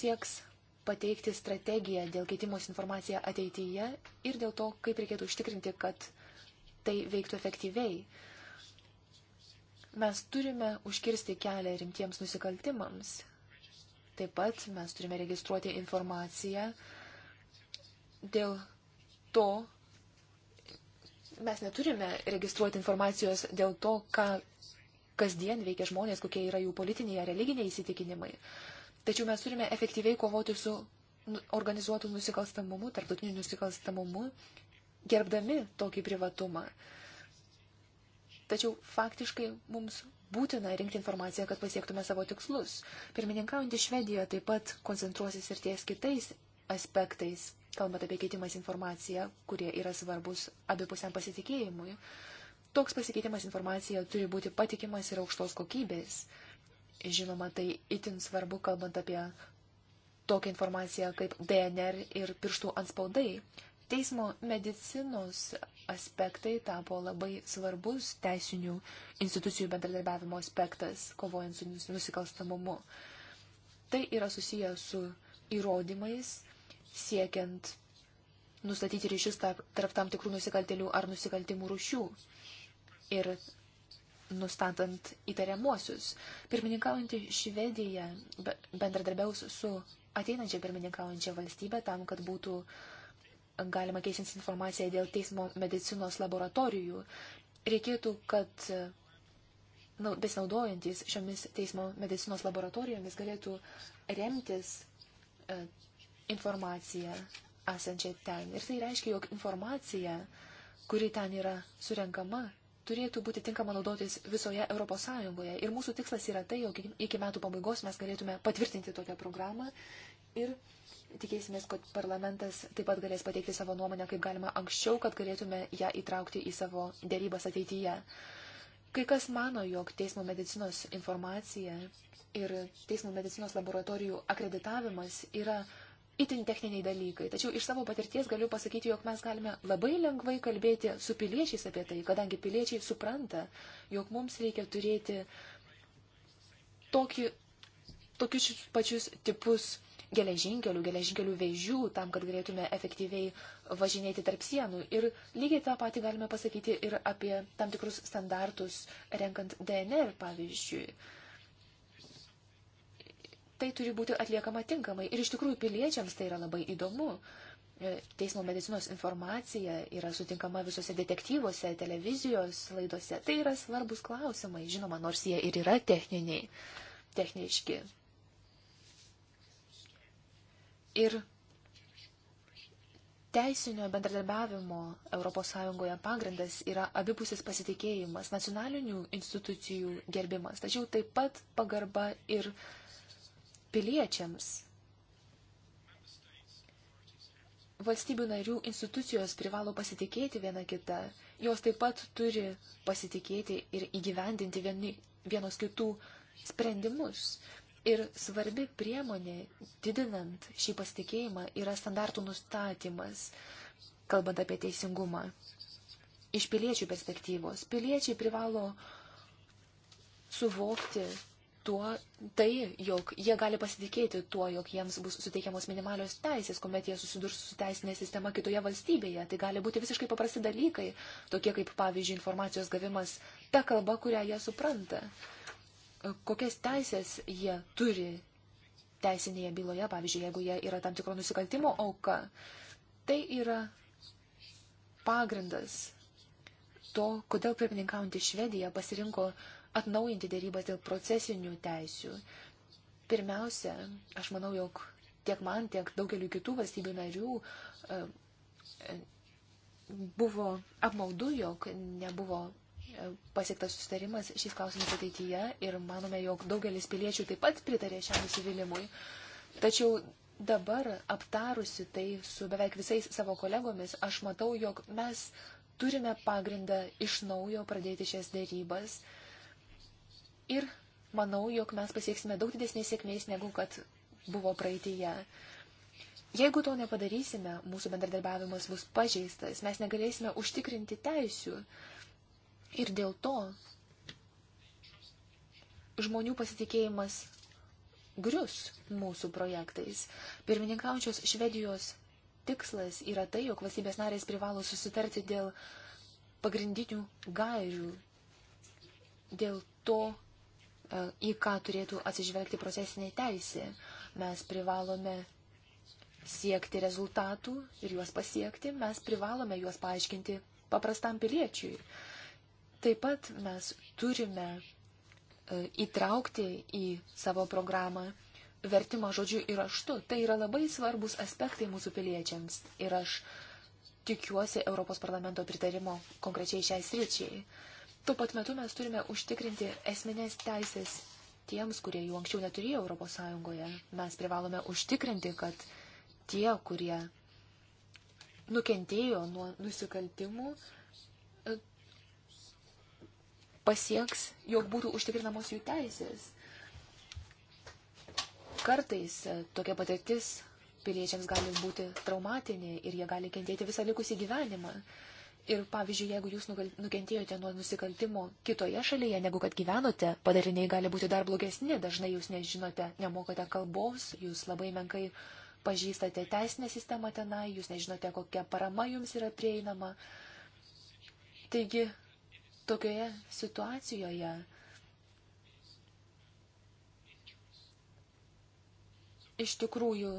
sieks pateikti strategiją dėl keitimos informaciją ateityje ir dėl to, kaip reikėtų užtikrinti, kad tai veiktų efektyviai. Mes turime užkirsti kelią rimtiems nusikaltimams. Taip pat mes turime registruoti informaciją dėl to, mes neturime registruoti informacijos dėl to, ką kasdien veikia žmonės, kokie yra jų politiniai ar religiniai įsitikinimai. Tačiau mes turime efektyviai kovoti su nu, organizuotų nusikalstamumu, tarptautiniu nusikalstamumu, gerbdami tokį privatumą. Tačiau faktiškai mums būtina rinkti informaciją, kad pasiektume savo tikslus. Pirmininkaujantį Švediją taip pat koncentruosis ir ties kitais aspektais, kalbant apie keitimas informaciją, kurie yra svarbus abipusiam pasitikėjimui. Toks pasikeitimas informacija turi būti patikimas ir aukštos kokybės. Žinoma, tai itin svarbu, kalbant apie tokią informaciją kaip DNR ir pirštų anspaudai. Teismo medicinos aspektai tapo labai svarbus teisinių institucijų bendradarbiavimo aspektas, kovojant su nusikalstamumu. Tai yra susiję su įrodymais, siekiant nustatyti ryšius tarp tam tikrų nusikaltelių ar nusikaltimų rušių. Ir nustatant įtariamuosius. Pirmininkaujantį Švediją bendradarbiaus su ateinančia pirmininkaujančia valstybė tam, kad būtų galima keistis informaciją dėl teismo medicinos laboratorijų. Reikėtų, kad nu, besinaudojantis šiomis teismo medicinos laboratorijomis galėtų remtis e, informaciją esančią ten. Ir tai reiškia, jog informacija, kuri ten yra surenkama, turėtų būti tinkama naudotis visoje Europos Sąjungoje. Ir mūsų tikslas yra tai, jog iki metų pabaigos mes galėtume patvirtinti tokią programą ir tikėsimės, kad parlamentas taip pat galės pateikti savo nuomonę kaip galima anksčiau, kad galėtume ją įtraukti į savo dėrybas ateityje. Kai kas mano, jog teismo medicinos informacija ir teismo medicinos laboratorijų akreditavimas yra itin techniniai dalykai. Tačiau iš savo patirties galiu pasakyti, jog mes galime labai lengvai kalbėti su piliečiais apie tai, kadangi piliečiai supranta, jog mums reikia turėti tokį, tokius pačius tipus geležinkelių, geležinkelių vėžių, tam, kad galėtume efektyviai važinėti tarp sienų. Ir lygiai tą patį galime pasakyti ir apie tam tikrus standartus, renkant DNR, pavyzdžiui. Uh, tai turi būti atliekama tinkamai. Ir iš tikrųjų piliečiams tai yra labai įdomu. E, teismo medicinos informacija yra sutinkama visose detektyvuose, televizijos laidose. Tai yra svarbus klausimai, žinoma, nors jie ir yra techniniai, techniški. Ir teisinio bendradarbiavimo ES pagrindas yra abipusis pasitikėjimas, nacionalinių institucijų gerbimas, tačiau taip pat pagarba ir piliečiams. Valstybių narių institucijos privalo pasitikėti viena kita, jos taip pat turi pasitikėti ir įgyvendinti vieni, vienos kitų sprendimus. Ir svarbi priemonė, didinant šį pasitikėjimą, yra standartų nustatymas, kalbant apie teisingumą. Iš piliečių perspektyvos piliečiai privalo suvokti tuo tai, jog jie gali pasitikėti tuo, jog jiems bus suteikiamos minimalios teisės, kuomet jie susidurs su teisinė sistema kitoje valstybėje. Tai gali būti visiškai paprasti dalykai, tokie kaip, pavyzdžiui, informacijos gavimas ta kalba, kurią jie supranta. Kokias teisės jie turi teisinėje byloje, pavyzdžiui, jeigu jie yra tam tikro nusikaltimo auka. Tai yra pagrindas to, kodėl pirmininkaujantį Švediją pasirinko atnaujinti dėrybas dėl procesinių teisių. Pirmiausia, aš manau, jog tiek man, tiek daugeliu kitų valstybių narių e, e, buvo apmaudu, jog nebuvo e, pasiektas sustarimas šiais klausimais ateityje ir manome, jog daugelis piliečių taip pat pritarė šiam nusivylimui. Tačiau dabar aptarusi tai su beveik visais savo kolegomis, aš matau, jog mes turime pagrindą iš naujo pradėti šias dėrybas ir manau, jog mes pasieksime daug didesnės sėkmės, negu kad buvo praeitėje. Jeigu to nepadarysime, mūsų bendradarbiavimas bus pažeistas, mes negalėsime užtikrinti teisių. Ir dėl to žmonių pasitikėjimas grius mūsų projektais. Pirmininkaujančios Švedijos tikslas yra tai, jog valstybės narės privalo susitarti dėl pagrindinių gairių, dėl to, E, į ką turėtų atsižvelgti procesinė teisė. Mes privalome siekti rezultatų ir juos pasiekti, mes privalome juos paaiškinti paprastam piliečiui. Taip pat mes turime e, įtraukti į savo programą vertimą žodžiu ir raštu. Tai yra labai svarbus aspektai mūsų piliečiams ir aš tikiuosi Europos parlamento pritarimo konkrečiai šiai sričiai. Tuo pat metu mes turime užtikrinti esminės teisės tiems, kurie jų anksčiau neturėjo Europos Sąjungoje. Mes privalome užtikrinti, kad tie, kurie nukentėjo nuo nusikaltimų, e, pasieks, jog būtų užtikrinamos jų teisės. Kartais e, tokia patirtis piliečiams gali būti traumatinė ir jie gali kentėti visą likusį gyvenimą. Ir pavyzdžiui, jeigu jūs nukentėjote nuo nusikaltimo kitoje šalyje, negu kad gyvenote, padariniai gali būti dar blogesni, dažnai jūs nežinote, nemokate kalbos, jūs labai menkai pažįstate teisinę sistemą tenai, jūs nežinote, kokia parama jums yra prieinama. Taigi, tokioje situacijoje iš tikrųjų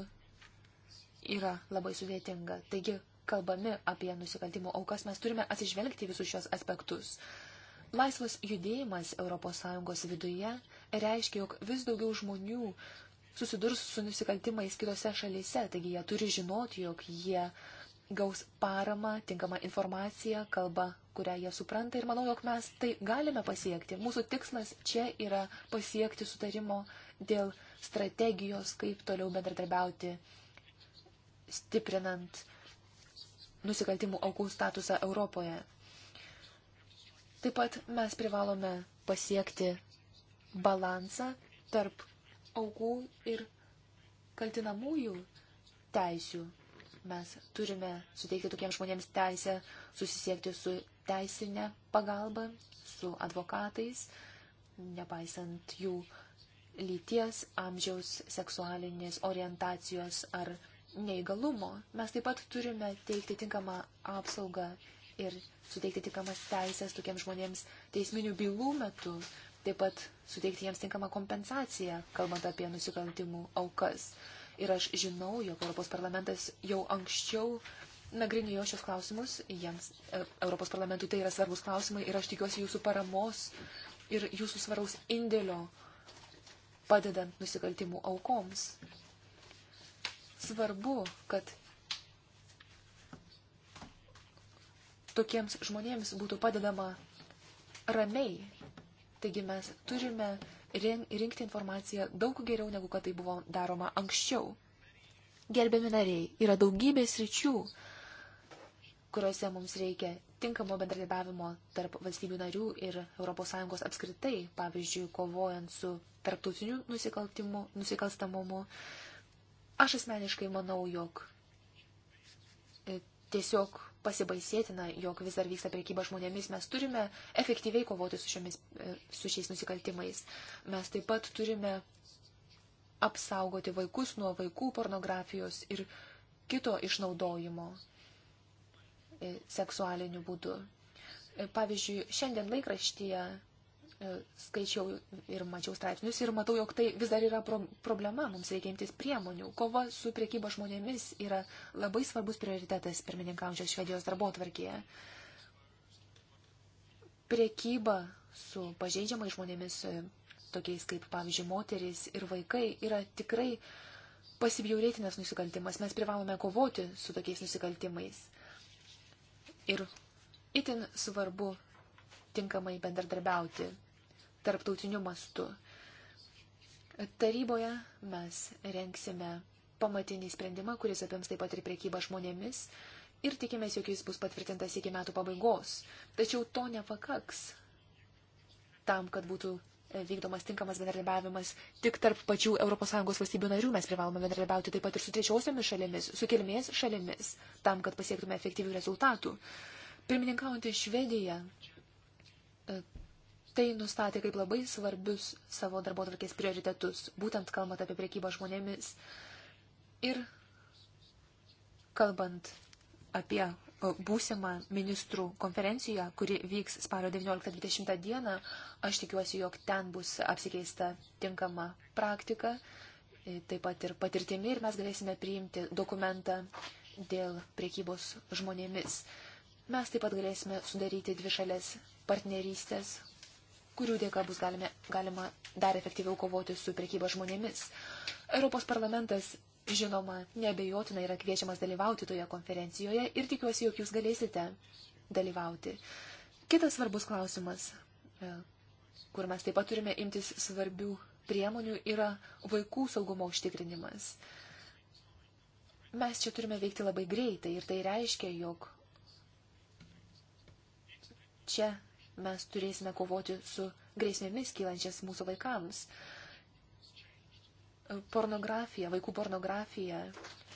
yra labai sudėtinga. Taigi, kalbami apie nusikaltimų aukas, mes turime atsižvelgti visus šios aspektus. Laisvas judėjimas ES viduje reiškia, jog vis daugiau žmonių susidurs su nusikaltimais kitose šalyse, taigi jie turi žinoti, jog jie gaus paramą, tinkamą informaciją, kalbą, kurią jie supranta ir manau, jog mes tai galime pasiekti. Mūsų tikslas čia yra pasiekti sutarimo dėl strategijos, kaip toliau bendradarbiauti, stiprinant uh, nusikaltimų aukų statusą Europoje. Taip pat mes privalome pasiekti balansą tarp aukų ir kaltinamųjų teisių. Mes turime suteikti tokiems žmonėms teisę susisiekti su teisinė pagalba, su advokatais, nepaisant jų lyties, amžiaus, seksualinės orientacijos ar neįgalumo. Mes taip pat turime teikti tinkamą apsaugą ir suteikti tinkamas teisės tokiems žmonėms teisminių bylų metu, taip pat suteikti jiems tinkamą kompensaciją, kalbant apie nusikaltimų aukas. Ir aš žinau, jog Europos parlamentas jau anksčiau nagrinėjo šios klausimus, jiems e, Europos parlamentui tai yra svarbus klausimai ir aš tikiuosi jūsų paramos ir jūsų svaraus indėlio padedant nusikaltimų aukoms. Svarbu, kad tokiems žmonėms būtų padedama ramiai. Taigi mes turime rinkti informaciją daug geriau, negu kad tai buvo daroma anksčiau. Gerbiami nariai, yra daugybė sričių, kuriuose mums reikia tinkamo bendradarbiavimo tarp valstybių narių ir ES apskritai, pavyzdžiui, kovojant su tarptautiniu nusikalstamumu, Aš asmeniškai manau, jog e, tiesiog pasibaisėtina, jog vis dar vyksta prekyba žmonėmis, mes turime efektyviai kovoti su, šiomis, e, su šiais nusikaltimais. Mes taip pat turime apsaugoti vaikus nuo vaikų pornografijos ir kito išnaudojimo e, seksualiniu būdu. Pavyzdžiui, šiandien laikraštyje E, skaičiau ir mačiau straipsnius ir matau, jog tai vis dar yra pro problema, mums reikia imtis priemonių. Kova su priekyba žmonėmis yra labai svarbus prioritetas pirmininkaujančios Švedijos darbo tvarkėje. Priekyba su pažeidžiamai žmonėmis, e, tokiais kaip, pavyzdžiui, moteris ir vaikai, yra tikrai pasibjaurėtinas nusikaltimas. Mes privalome kovoti su tokiais nusikaltimais. Ir itin svarbu tinkamai bendradarbiauti tarptautiniu mastu. Taryboje mes renksime pamatinį sprendimą, kuris apims taip pat ir priekybą žmonėmis ir tikimės, jog jis bus patvirtintas iki metų pabaigos. Tačiau to nepakaks tam, kad būtų vykdomas tinkamas bendradarbiavimas tik tarp pačių ES valstybių narių. Mes privalome bendradarbiauti taip pat ir su trečiosiomis šalimis, su kilmės šalimis, tam, kad pasiektume efektyvių rezultatų. Pirmininkaujantį Švediją tai nustatė kaip labai svarbius savo darbotvarkės prioritetus, būtent kalbant apie priekybą žmonėmis ir kalbant apie būsimą ministrų konferenciją, kuri vyks spalio 19-20 dieną, aš tikiuosi, jog ten bus apsikeista tinkama praktika, taip pat ir patirtimi ir mes galėsime priimti dokumentą dėl priekybos žmonėmis. Mes taip pat galėsime sudaryti dvi šalės partnerystės kurių dėka bus galime, galima dar efektyviau kovoti su prekyba žmonėmis. Europos parlamentas, žinoma, nebejotinai yra kviečiamas dalyvauti toje konferencijoje ir tikiuosi, jog jūs galėsite dalyvauti. Kitas svarbus klausimas, e, kur mes taip pat turime imtis svarbių priemonių, yra vaikų saugumo užtikrinimas. Mes čia turime veikti labai greitai ir tai reiškia, jog čia mes turėsime kovoti su grėsmėmis kylančias mūsų vaikams. Pornografija, vaikų pornografija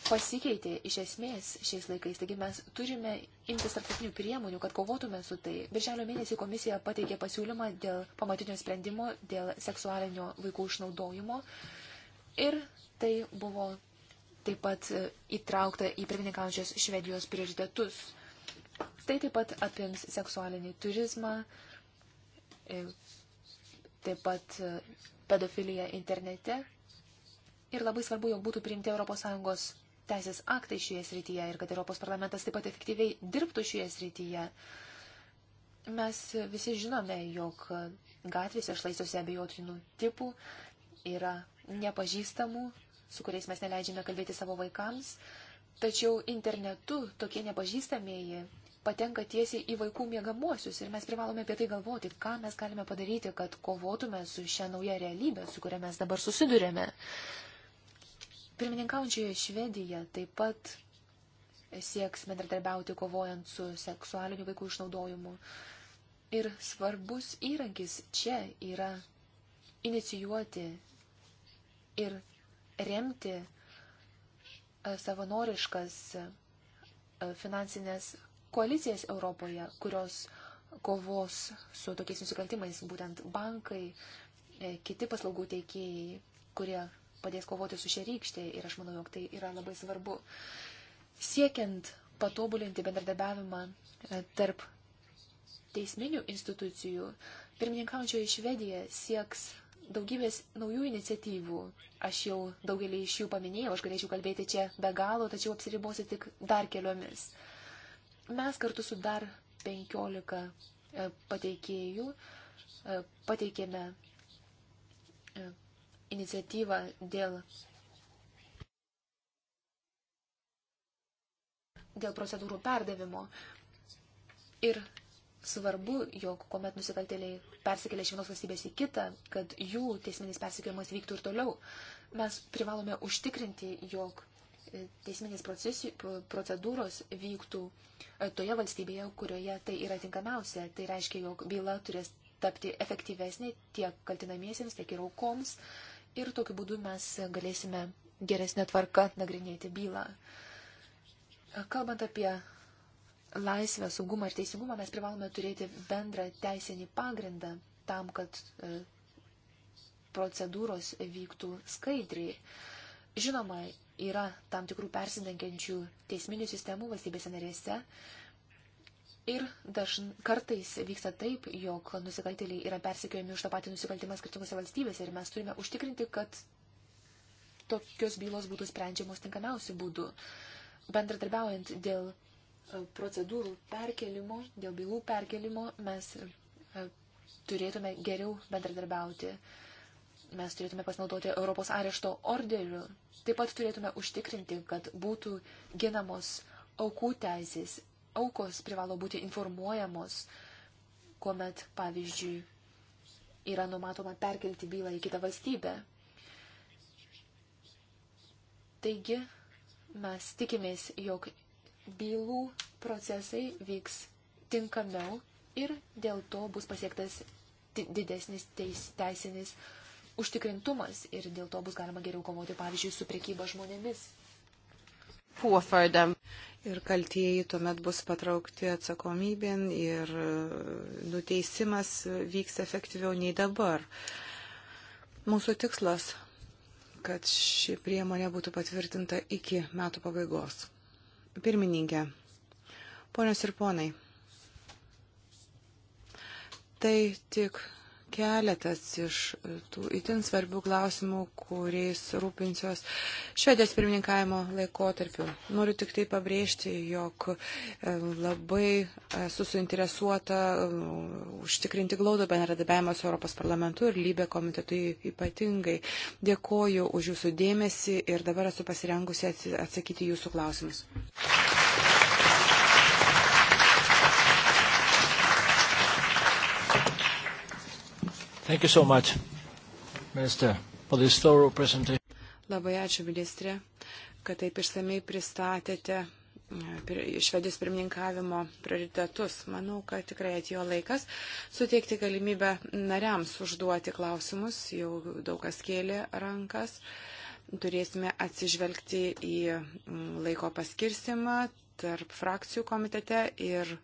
pasikeitė iš esmės šiais laikais, taigi mes turime imtis tarptautinių priemonių, kad kovotume su tai. Birželio mėnesį komisija pateikė pasiūlymą dėl pamatinio sprendimo, dėl seksualinio vaikų išnaudojimo ir tai buvo taip pat įtraukta į pirmininkaujančios Švedijos prioritetus. Tai taip pat apims seksualinį turizmą, e, taip pat e, pedofiliją internete. Ir labai svarbu, jog būtų priimti ES teisės aktai šioje srityje ir kad Europos parlamentas taip pat efektyviai dirbtų šioje srityje. Mes visi žinome, jog gatvėse šlaistosi abejotinų tipų yra nepažįstamų, su kuriais mes neleidžiame kalbėti savo vaikams, tačiau internetu tokie nepažįstamieji patenka tiesiai į vaikų miegamuosius ir mes privalome apie tai galvoti, ką mes galime padaryti, kad kovotume su šią naują realybę, su kuria mes dabar susidurėme. Pirmininkaujančioje Švedija taip pat sieks bendradarbiauti kovojant su seksualiniu vaikų išnaudojimu. Ir svarbus įrankis čia yra inicijuoti ir remti e, savanoriškas e, finansinės koalicijas Europoje, kurios kovos su tokiais nusikaltimais, būtent bankai, e, kiti paslaugų teikėjai, kurie padės kovoti su šia rykšte ir aš manau, jog tai yra labai svarbu. Siekiant patobulinti bendradarbiavimą e, tarp teisminių institucijų, pirmininkaujančioji Švedija sieks daugybės naujų iniciatyvų. Aš jau daugelį iš jų paminėjau, aš galėčiau kalbėti čia be galo, tačiau apsiribosiu tik dar keliomis. Mes kartu su dar 15 e, pateikėjų e, pateikėme e, iniciatyvą dėl, dėl procedūrų perdavimo. Ir svarbu, jog kuomet nusikaltėliai persikėlė iš vienos valstybės į kitą, kad jų teisminis persikėjimas vyktų ir toliau. Mes privalome užtikrinti, jog teisminės procedūros vyktų e, toje valstybėje, kurioje tai yra tinkamiausia. Tai reiškia, jog byla turės tapti efektyvesnė tiek kaltinamiesiems, tiek ir aukoms. Ir tokiu būdu mes galėsime geresnė tvarka nagrinėti bylą. E, kalbant apie laisvę, saugumą ir teisingumą, mes privalome turėti bendrą teisinį pagrindą tam, kad e, procedūros vyktų skaidriai. Žinoma, yra tam tikrų persidengiančių teisminių sistemų valstybėse narėse. Ir dažn, kartais vyksta taip, jog nusikaltėliai yra persekiojami už tą patį nusikaltimą skirtingose valstybėse ir mes turime užtikrinti, kad tokios bylos būtų sprendžiamos tinkamiausių būdų. Bendradarbiaujant dėl e, procedūrų perkelimo, dėl bylų perkelimo, mes e, turėtume geriau bendradarbiauti mes turėtume pasinaudoti Europos arešto orderiu. Taip pat turėtume užtikrinti, kad būtų ginamos aukų teisės. Aukos privalo būti informuojamos, kuomet, pavyzdžiui, yra numatoma perkelti bylą į kitą valstybę. Taigi, mes tikimės, jog bylų procesai vyks tinkamiau ir dėl to bus pasiektas didesnis teis, teisinis užtikrintumas ir dėl to bus galima geriau kovoti, pavyzdžiui, su priekyba žmonėmis. Puofardam. Ir kaltieji tuomet bus patraukti atsakomybėn ir e, nuteisimas vyks efektyviau nei dabar. Mūsų tikslas, kad ši priemonė būtų patvirtinta iki metų pabaigos. Pirmininkė, ponios ir ponai, tai tik keletas iš e, tų itin svarbių klausimų, kuriais rūpinsiuos švedės pirmininkavimo laikotarpiu. Noriu tik tai pabrėžti, jog e, labai esu suinteresuota e, užtikrinti glaudų bendradarbiavimą su Europos parlamentu ir lybė komitetui ypatingai. Dėkoju už jūsų dėmesį ir dabar esu pasirengusi atsakyti jūsų klausimus. Thank you so much, Minister, for this thorough presentation. Labai ačiū, ministrė, kad taip išsamei pristatėte e, švedijos pirmininkavimo prioritetus. Manau, kad tikrai atėjo laikas suteikti galimybę nariams užduoti klausimus, jau daug kas kėlė rankas. Turėsime atsižvelgti į laiko paskirstimą tarp frakcijų komitete ir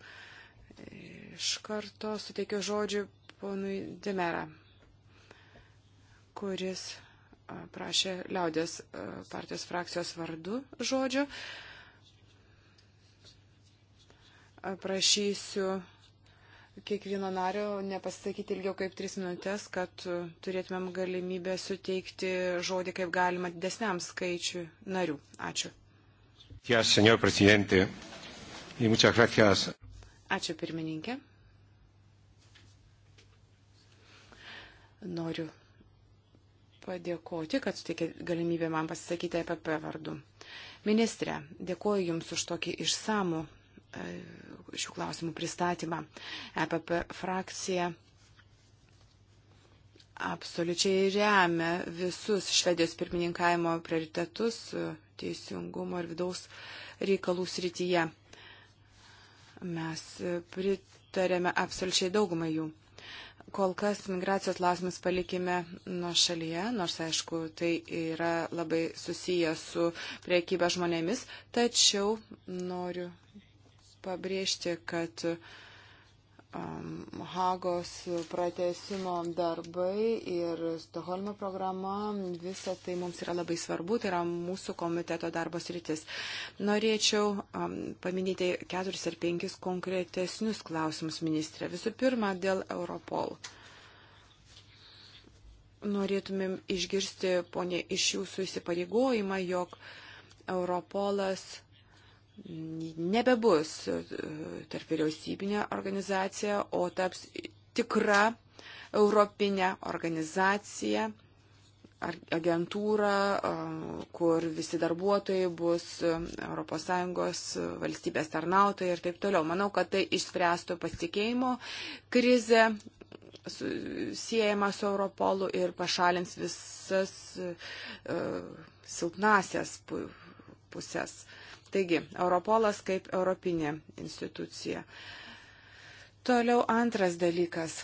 iš karto suteikiu žodžiu ponui Demera, kuris prašė liaudės partijos frakcijos vardu žodžio. Prašysiu kiekvieno nario nepasisakyti ilgiau kaip tris minutės, kad turėtumėm galimybę suteikti žodį kaip galima didesniam skaičiu narių. Ačiū. Ačiū, pirmininkė. Noriu padėkoti, kad suteikė galimybę man pasisakyti apie pavardu. Ministrė, dėkoju Jums už tokį išsamų e, šių klausimų pristatymą. EPP frakcija absoliučiai remia visus švedijos pirmininkavimo prioritetus e, teisingumo ir vidaus reikalų srityje. Mes e, pritarėme absoliučiai daugumą jų. Kol kas migracijos klausimus palikime nuo šalyje, nors aišku, tai yra labai susijęs su priekyba žmonėmis, tačiau noriu pabrėžti, kad uh, um, Hagos pratesimo darbai ir Stoholmo programa, visa tai mums yra labai svarbu, tai yra mūsų komiteto darbos rytis. Norėčiau um, paminėti keturis ar penkis konkretesnius klausimus ministrė. Visų pirma, dėl Europol. Norėtumėm išgirsti, ponė, iš jūsų įsipareigojimą, jog Europolas nebebus e, tarp vyriausybinė organizacija, o taps tikra europinė organizacija, agentūra, e, kur visi darbuotojai bus e, ES valstybės tarnautojai ir taip toliau. Manau, kad tai išspręstų pasitikėjimo krizę siejama su Europolu ir pašalins visas uh, silpnasias pusės. Uh, Taigi, Europolas kaip europinė institucija. Toliau antras dalykas.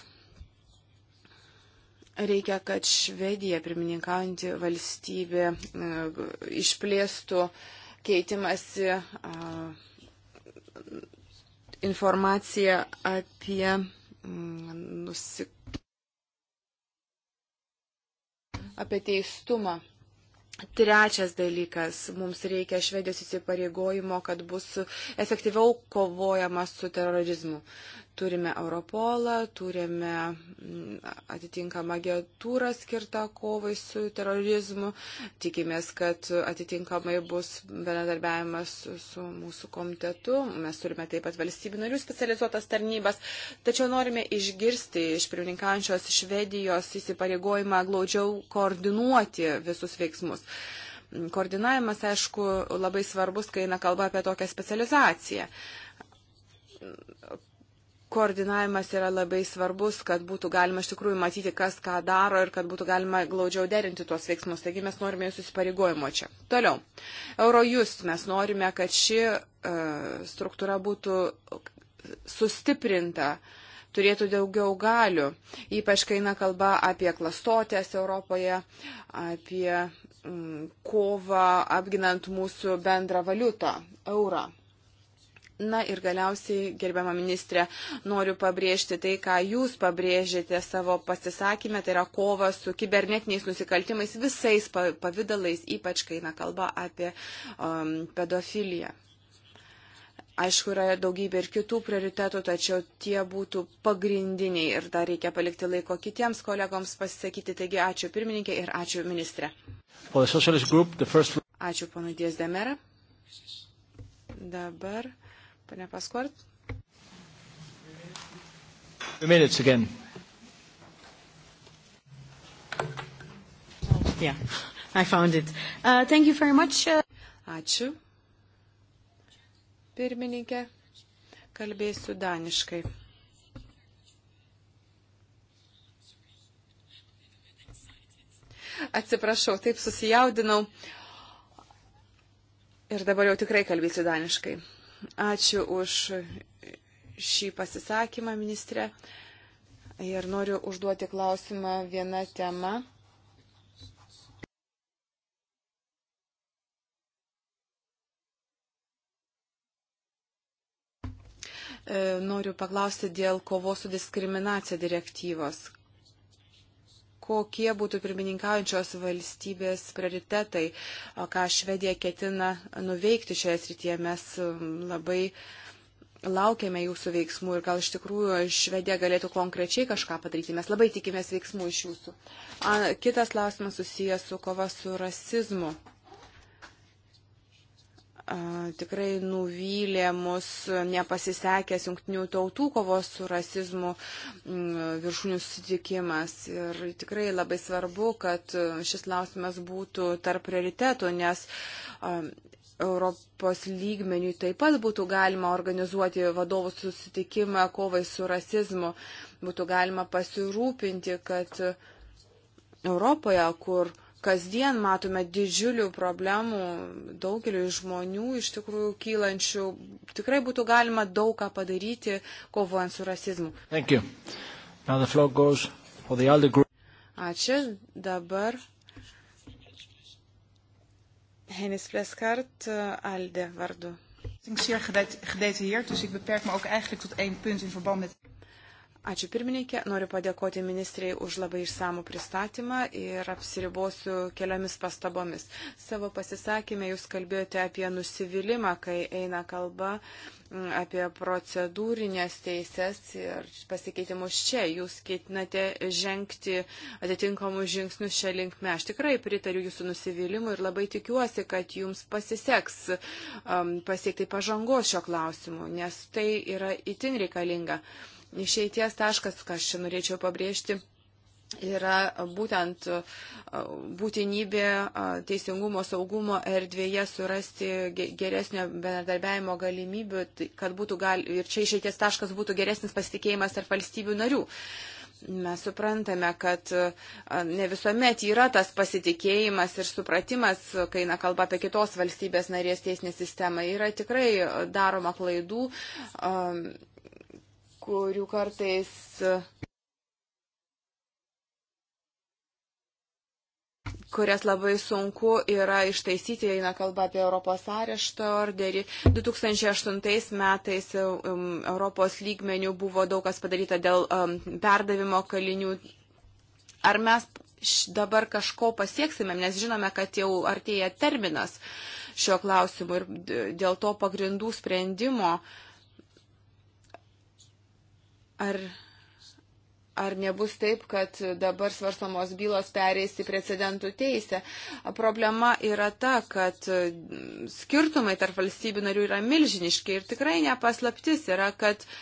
Reikia, kad Švedija, pirmininkaujanti valstybė, e, išplėstų keitimasi e, informaciją apie mm, nusik... apie teistumą. Trečias dalykas, mums reikia švedijos įsipareigojimo, kad bus efektyviau kovojama su terorizmu. Turime Europolą, turime mm, atitinkamą agentūrą skirtą kovai su terorizmu. Tikimės, kad atitinkamai bus bendradarbiavimas su, su mūsų komitetu. Mes turime taip pat valstybių narių specializuotas tarnybas. Tačiau norime išgirsti iš pirmininkančios Švedijos įsipareigojimą glaudžiau koordinuoti visus veiksmus koordinavimas, aišku, labai svarbus, kai eina kalba apie tokią specializaciją koordinavimas yra labai svarbus, kad būtų galima iš tikrųjų matyti, kas ką daro ir kad būtų galima glaudžiau derinti tuos veiksmus. Taigi mes norime jūsų įsipareigojimo čia. Toliau. Eurojust mes norime, kad ši uh, struktūra būtų sustiprinta, turėtų daugiau galių, ypač kai eina kalba apie klastotės Europoje, apie mm, kovą apginant mūsų bendrą valiutą, eurą. Na ir galiausiai, gerbiama ministrė, noriu pabrėžti tai, ką jūs pabrėžėte savo pasisakymę, tai yra kova su kibernetiniais nusikaltimais visais pavydalais, ypač kai eina kalba apie um, pedofiliją. Aišku, yra daugybė ir kitų prioritetų, tačiau tie būtų pagrindiniai ir dar reikia palikti laiko kitiems kolegoms pasisakyti. Taigi ačiū pirmininkė ir ačiū ministrė. Ačiū ponui Diezdemera. Dabar Pane Paskort. Minutes again. Yeah, I found it. Uh, thank you very much. Uh, Ačiū. Pirmininkė, kalbėsiu daniškai. Atsiprašau, taip susijaudinau. Ir dabar jau tikrai kalbėsiu daniškai. Ačiū už šį pasisakymą, ministrė. Ir noriu užduoti klausimą vieną temą. E, noriu paklausti dėl kovos su diskriminacija direktyvos kokie būtų pirmininkaujančios valstybės prioritetai, ką Švedija ketina nuveikti šioje srityje. Mes um, labai laukiame jūsų veiksmų ir gal iš tikrųjų Švedija galėtų konkrečiai kažką padaryti. Mes labai tikimės veiksmų iš jūsų. Kitas klausimas susijęs su kova su rasizmu tikrai nuvylė mus nepasisekęs jungtinių tautų kovos su rasizmu viršūnių susitikimas. Ir tikrai labai svarbu, kad šis klausimas būtų tarp prioritetų, nes Europos lygmenių taip pat būtų galima organizuoti vadovų susitikimą kovai su rasizmu. Būtų galima pasirūpinti, kad Europoje, kur kasdien matome didžiulių problemų daugeliu žmonių, iš tikrųjų kylančių. Tikrai būtų galima daug ką padaryti, kovojant su rasizmu. Ačiū. Dabar Henis Pleskart, Alde vardu. Zeer gedetailleerd, dus ik beperk me ook eigenlijk tot één punt in verband met. Ačiū pirmininkė, noriu padėkoti ministrei už labai išsamų pristatymą ir apsiribosiu keliomis pastabomis. Savo pasisakymę jūs kalbėjote apie nusivylimą, kai eina kalba apie procedūrinės teisės ir pasikeitimus čia. Jūs ketinate žengti atitinkamus žingsnius šią linkmę. Aš tikrai pritariu jūsų nusivylimu ir labai tikiuosi, kad jums pasiseks um, pasiekti pažangos šio klausimu, nes tai yra itin reikalinga išeities taškas, ką aš čia norėčiau pabrėžti, yra būtent būtinybė teisingumo saugumo erdvėje surasti geresnio bendradarbiavimo galimybių, tai kad būtų gal, ir čia išeities taškas būtų geresnis pasitikėjimas tarp valstybių narių mes suprantame, kad ne visuomet yra tas pasitikėjimas ir supratimas, kai eina kalba apie kitos valstybės narės teisinę sistemą. Yra tikrai daroma klaidų. Um, kurių kartais. kurias labai sunku yra ištaisyti, eina kalba apie Europos arešto orderį. 2008 metais um, Europos lygmenių buvo daug kas padaryta dėl um, perdavimo kalinių. Ar mes dabar kažko pasieksime, nes žinome, kad jau artėja terminas šio klausimu ir dėl to pagrindų sprendimo uh, Ar, ar nebus taip, kad dabar svarstamos bylos pereis į precedentų teisę? Problema yra ta, kad skirtumai tarp valstybių narių yra milžiniški ir tikrai nepaslaptis yra, kad uh,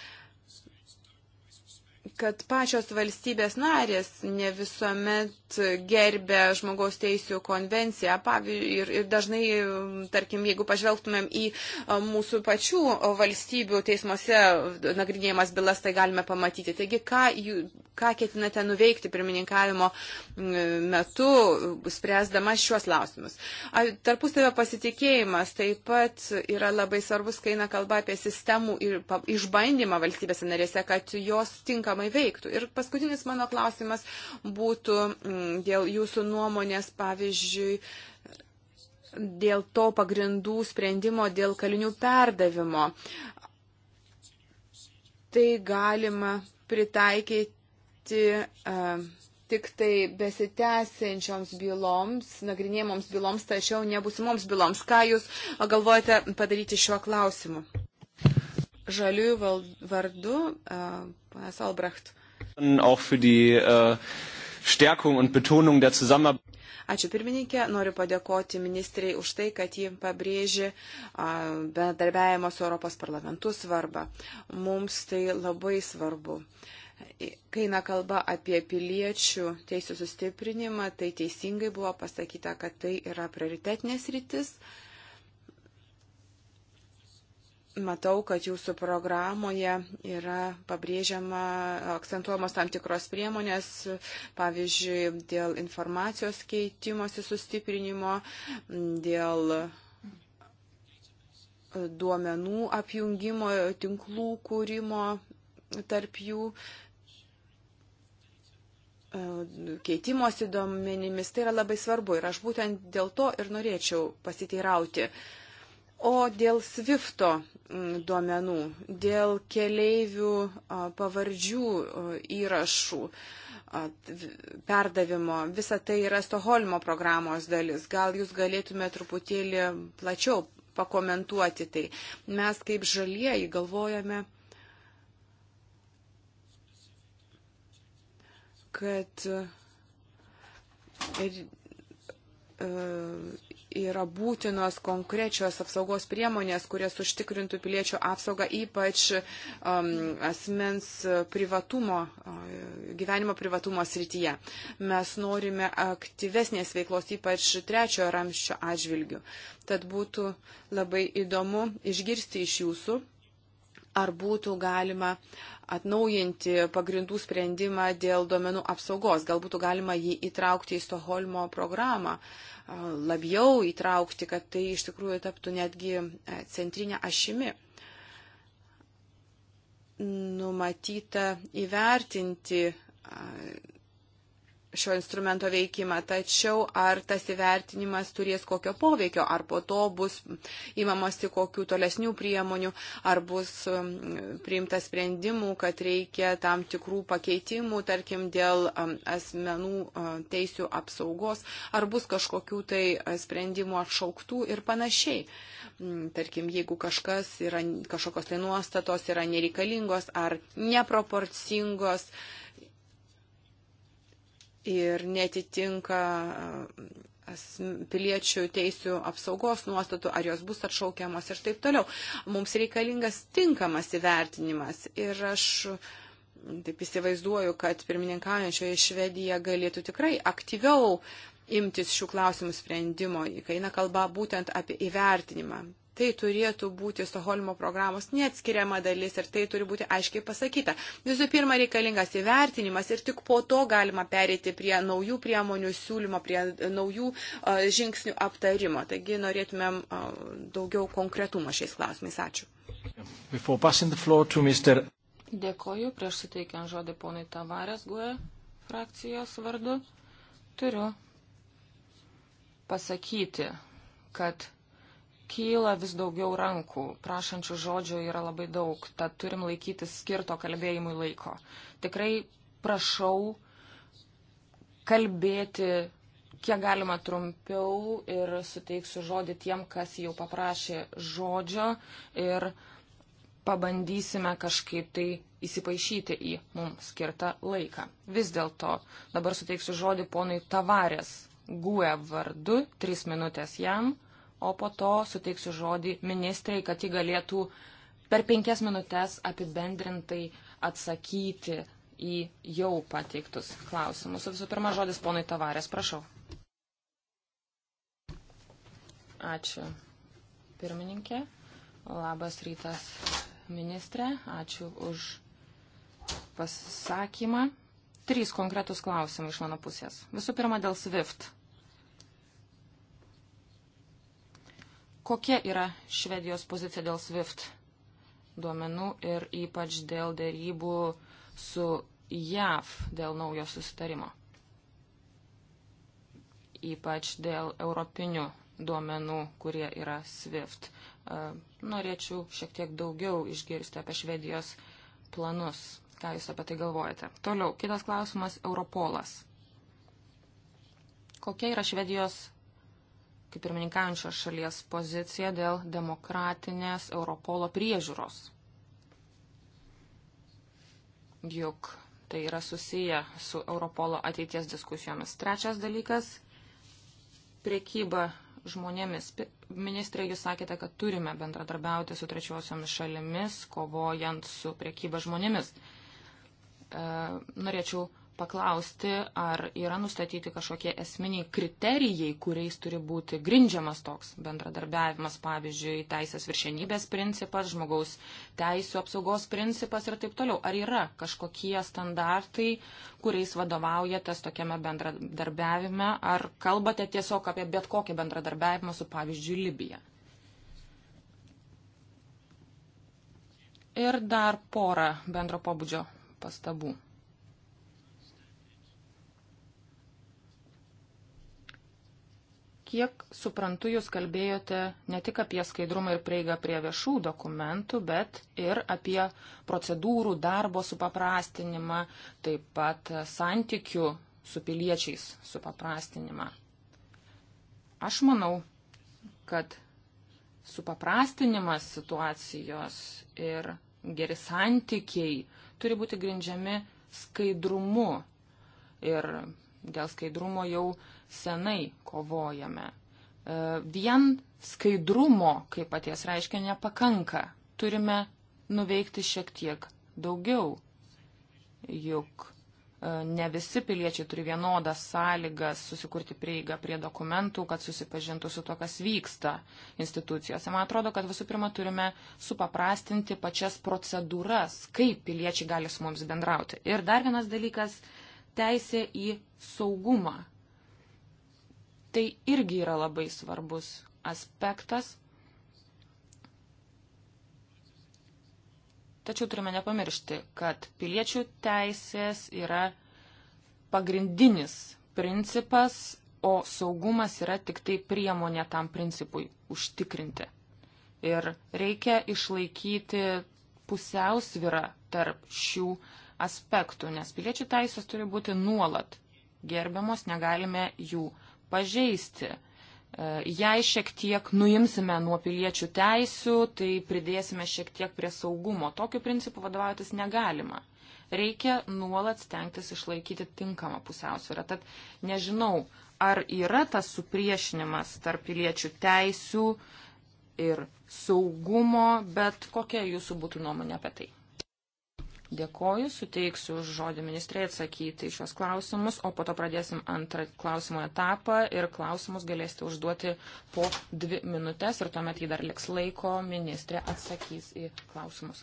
kad pačios valstybės narės ne visuomet gerbė žmogaus teisų konvenciją. Pavyzdžiui, ir, ir dažnai, tarkim, jeigu pažvelgtumėm į mūsų pačių valstybių teismuose nagrinėjimas bylas, tai galime pamatyti. Taigi, ką, jų, ką ketinate nuveikti pirmininkavimo metu, spręsdama šiuos lausimus? Tarpusavio pasitikėjimas taip pat yra labai svarbus, kai eina kalba apie sistemų ir išbandymą valstybėse narėse, kad jos tinkamai tinkamai veiktų. Ir paskutinis mano klausimas būtų mm, dėl jūsų nuomonės, pavyzdžiui, dėl to pagrindų sprendimo dėl kalinių perdavimo. Tai galima pritaikyti uh, tik tai besitęsiančioms byloms, nagrinėjimoms byloms, tačiau nebusimoms byloms. Ką Jūs galvojate padaryti šiuo klausimu? žaliųjų vardu, panas Albrecht. Äh, Ačiū pirmininkė, noriu padėkoti ministrei už tai, kad ji pabrėži bendarbiavimo su Europos parlamentu svarbą. Mums tai labai svarbu. Kai eina kalba apie piliečių teisų sustiprinimą, tai teisingai buvo pasakyta, kad tai yra prioritetinės rytis matau, kad jūsų programoje yra pabrėžiama, akcentuojamos tam tikros priemonės, pavyzdžiui, dėl informacijos keitimosi sustiprinimo, dėl e, duomenų apjungimo, tinklų kūrimo tarp jų, e, keitimosi duomenimis. Tai yra labai svarbu ir aš būtent dėl to ir norėčiau pasiteirauti. Uh, O dėl Swifto mm, duomenų, dėl keleivių pavardžių įrašų perdavimo, visa tai yra Stoholmo programos dalis. Gal jūs galėtume truputėlį plačiau pakomentuoti tai. Mes kaip žalieji galvojame, kad ir, e, uh, e, yra būtinos konkrečios apsaugos priemonės, kurias užtikrintų piliečių apsaugą, ypač um, asmens privatumo, uh, gyvenimo privatumo srityje. Mes norime aktyvesnės veiklos, ypač trečiojo ramščio atžvilgių. Tad būtų labai įdomu išgirsti iš jūsų, ar būtų galima atnaujinti pagrindų sprendimą dėl duomenų apsaugos. Gal būtų galima jį įtraukti į Stoholmo programą, labiau įtraukti, kad tai iš tikrųjų taptų netgi e, centrinė ašimi. Numatyta įvertinti šio instrumento veikimą, tačiau ar tas įvertinimas turės kokio poveikio, ar po to bus įmamasi kokių tolesnių priemonių, ar bus um, priimta sprendimų, kad reikia tam tikrų pakeitimų, tarkim, dėl um, asmenų uh, teisių apsaugos, ar bus kažkokių tai uh, sprendimų atšauktų ir panašiai. Mm, tarkim, jeigu kažkas yra, kažkokios tai nuostatos yra nereikalingos ar neproporcingos, ir netitinka e, piliečių teisių apsaugos nuostatų, ar jos bus atšaukiamos ir taip toliau. Mums reikalingas tinkamas įvertinimas ir aš taip įsivaizduoju, kad pirmininkaujančioje Švedija galėtų tikrai aktyviau imtis šių klausimų sprendimo, kai eina kalba būtent apie įvertinimą tai turėtų būti Stoholmo programos neatskiriama dalis ir tai turi būti aiškiai pasakyta. Visų pirma, reikalingas įvertinimas ir tik po to galima perėti prie naujų priemonių siūlymo, prie e, naujų uh, žingsnių aptarimo. Taigi norėtumėm uh, daugiau konkretumo šiais klausimais. Ačiū. Mr... Dėkoju. Prieš suteikiant žodį ponai Tavarės Guė frakcijos vardu, turiu pasakyti, kad kyla vis daugiau rankų, prašančių žodžio yra labai daug, tad turim laikytis skirto kalbėjimui laiko. Tikrai prašau kalbėti kiek galima trumpiau ir suteiksiu žodį tiem, kas jau paprašė žodžio ir pabandysime kažkaip tai įsipaišyti į mums skirtą laiką. Vis dėlto dabar suteiksiu žodį ponui Tavarės Gue vardu, trys minutės jam o po to suteiksiu žodį ministrei, kad ji galėtų per penkias minutės apibendrintai atsakyti į jau pateiktus klausimus. Visų pirma, žodis ponui Tavarės, prašau. Ačiū, pirmininkė. Labas rytas, ministrė. Ačiū už pasisakymą. Trys konkretus klausimai iš mano pusės. Visų pirma, dėl SWIFT. Kokia yra Švedijos pozicija dėl SWIFT duomenų ir ypač dėl dėrybų su JAV dėl naujo susitarimo? Ypač dėl europinių duomenų, kurie yra SWIFT. Norėčiau šiek tiek daugiau išgirsti apie Švedijos planus. Ką Jūs apie tai galvojate? Toliau, kitas klausimas - Europolas. Kokia yra Švedijos kaip ir meninkaujančios šalies poziciją dėl demokratinės Europolo priežiūros. Juk tai yra susiję su Europolo ateities diskusijomis. Trečias dalykas - priekyba žmonėmis. Ministrė, jūs sakėte, kad turime bendradarbiauti su trečiosiomis šalimis, kovojant su priekyba žmonėmis. E, norėčiau paklausti, ar yra nustatyti kažkokie esminiai kriterijai, kuriais turi būti grindžiamas toks bendradarbiavimas, pavyzdžiui, teisės viršenybės principas, žmogaus teisų apsaugos principas ir taip toliau. Ar yra kažkokie standartai, kuriais vadovaujatės tokiame bendradarbiavime, ar kalbate tiesiog apie bet kokį bendradarbiavimą su, pavyzdžiui, Libija? Ir dar porą bendro pobūdžio pastabų. Kiek suprantu, jūs kalbėjote ne tik apie skaidrumą ir prieigą prie viešų dokumentų, bet ir apie procedūrų darbo supaprastinimą, taip pat santykių su piliečiais supaprastinimą. Aš manau, kad supaprastinimas situacijos ir geri santykiai turi būti grindžiami skaidrumu. Ir dėl skaidrumo jau senai kovojame. E, vien skaidrumo, kaip paties reiškia, nepakanka. Turime nuveikti šiek tiek daugiau. Juk e, ne visi piliečiai turi vienodas sąlygas susikurti prieigą prie dokumentų, kad susipažintų su to, kas vyksta institucijose. Man atrodo, kad visų pirma turime supaprastinti pačias procedūras, kaip piliečiai gali su mums bendrauti. Ir dar vienas dalykas - teisė į saugumą. Tai irgi yra labai svarbus aspektas. Tačiau turime nepamiršti, kad piliečių teisės yra pagrindinis principas, o saugumas yra tik tai priemonė tam principui užtikrinti. Ir reikia išlaikyti pusiausvirą tarp šių aspektų, nes piliečių teisės turi būti nuolat gerbiamos, negalime jų pažeisti. E, jei šiek tiek nuimsime nuo piliečių teisių, tai pridėsime šiek tiek prie saugumo. Tokiu principu vadovautis negalima. Reikia nuolat stengtis išlaikyti tinkamą pusiausvyrą. Tad nežinau, ar yra tas supriešinimas tarp piliečių teisių ir saugumo, bet kokia jūsų būtų nuomonė apie tai? Dėkoju, suteiksiu žodį ministrė atsakyti į šios klausimus, o po to pradėsim antrą klausimo etapą ir klausimus galėsite užduoti po dvi minutės ir tuomet jį dar liks laiko, ministrė atsakys į klausimus.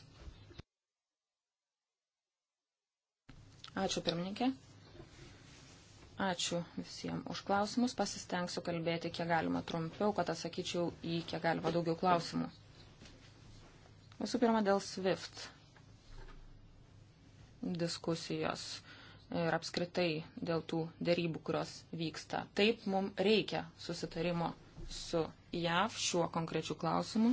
Ačiū pirmininkė. Ačiū visiems už klausimus. Pasistengsiu kalbėti kiek galima trumpiau, kad atsakyčiau į kiek galima daugiau klausimų. Visų pirma, dėl SWIFT diskusijos ir apskritai dėl tų dėrybų, kurios vyksta. Taip, mums reikia susitarimo su JAV šiuo konkrečiu klausimu.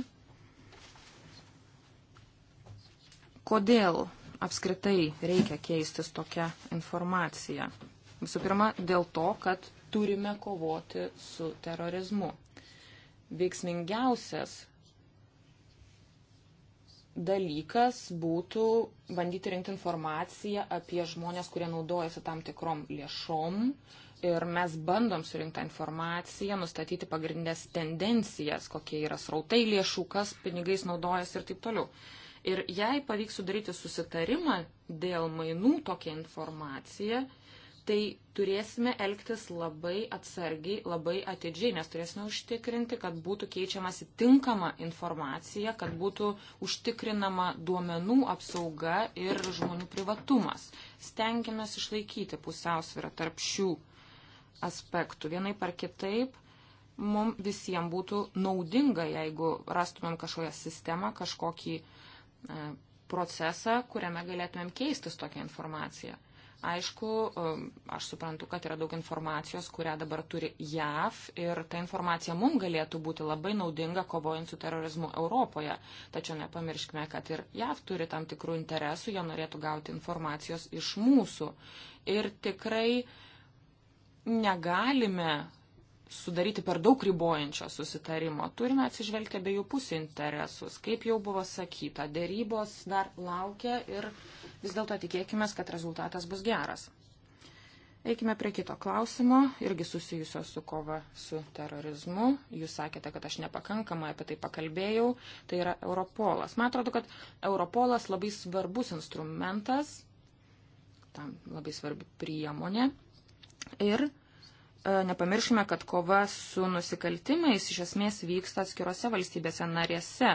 Kodėl apskritai reikia keistis tokią informaciją? Visų pirma, dėl to, kad turime kovoti su terorizmu. Veiksmingiausias dalykas būtų bandyti rinkti informaciją apie žmonės, kurie naudojasi tam tikrom lėšom. Ir mes bandom surinkti informaciją, nustatyti pagrindinės tendencijas, kokie yra srautai lėšų, kas pinigais naudojasi ir taip toliau. Ir jei pavyks sudaryti susitarimą dėl mainų tokią informaciją, tai turėsime elgtis labai atsargiai, labai atidžiai, nes turėsime užtikrinti, kad būtų keičiamasi tinkama informacija, kad būtų užtikrinama duomenų apsauga ir žmonių privatumas. Stengiamės išlaikyti pusiausvyrą tarp šių aspektų. Vienai par kitaip, mums visiems būtų naudinga, jeigu rastumėm kažkokią sistemą, kažkokį e, procesą, kuriame galėtumėm keistis tokią informaciją. Aišku, um, aš suprantu, kad yra daug informacijos, kurią dabar turi JAV ir ta informacija mums galėtų būti labai naudinga kovojant su terorizmu Europoje. Tačiau nepamirškime, kad ir JAV turi tam tikrų interesų, jie norėtų gauti informacijos iš mūsų. Ir tikrai negalime sudaryti per daug ribojančio susitarimo. Turime atsižvelgti abiejų pusių interesus. Kaip jau buvo sakyta, dėrybos dar laukia ir Vis dėlto tikėkime, kad rezultatas bus geras. Eikime prie kito klausimo, irgi susijusio su kova su terorizmu. Jūs sakėte, kad aš nepakankamai apie tai pakalbėjau. Tai yra Europolas. Man atrodo, kad Europolas labai svarbus instrumentas, tam labai svarbi priemonė. Ir E, nepamiršime, kad kova su nusikaltimais iš esmės vyksta atskirose valstybėse narėse.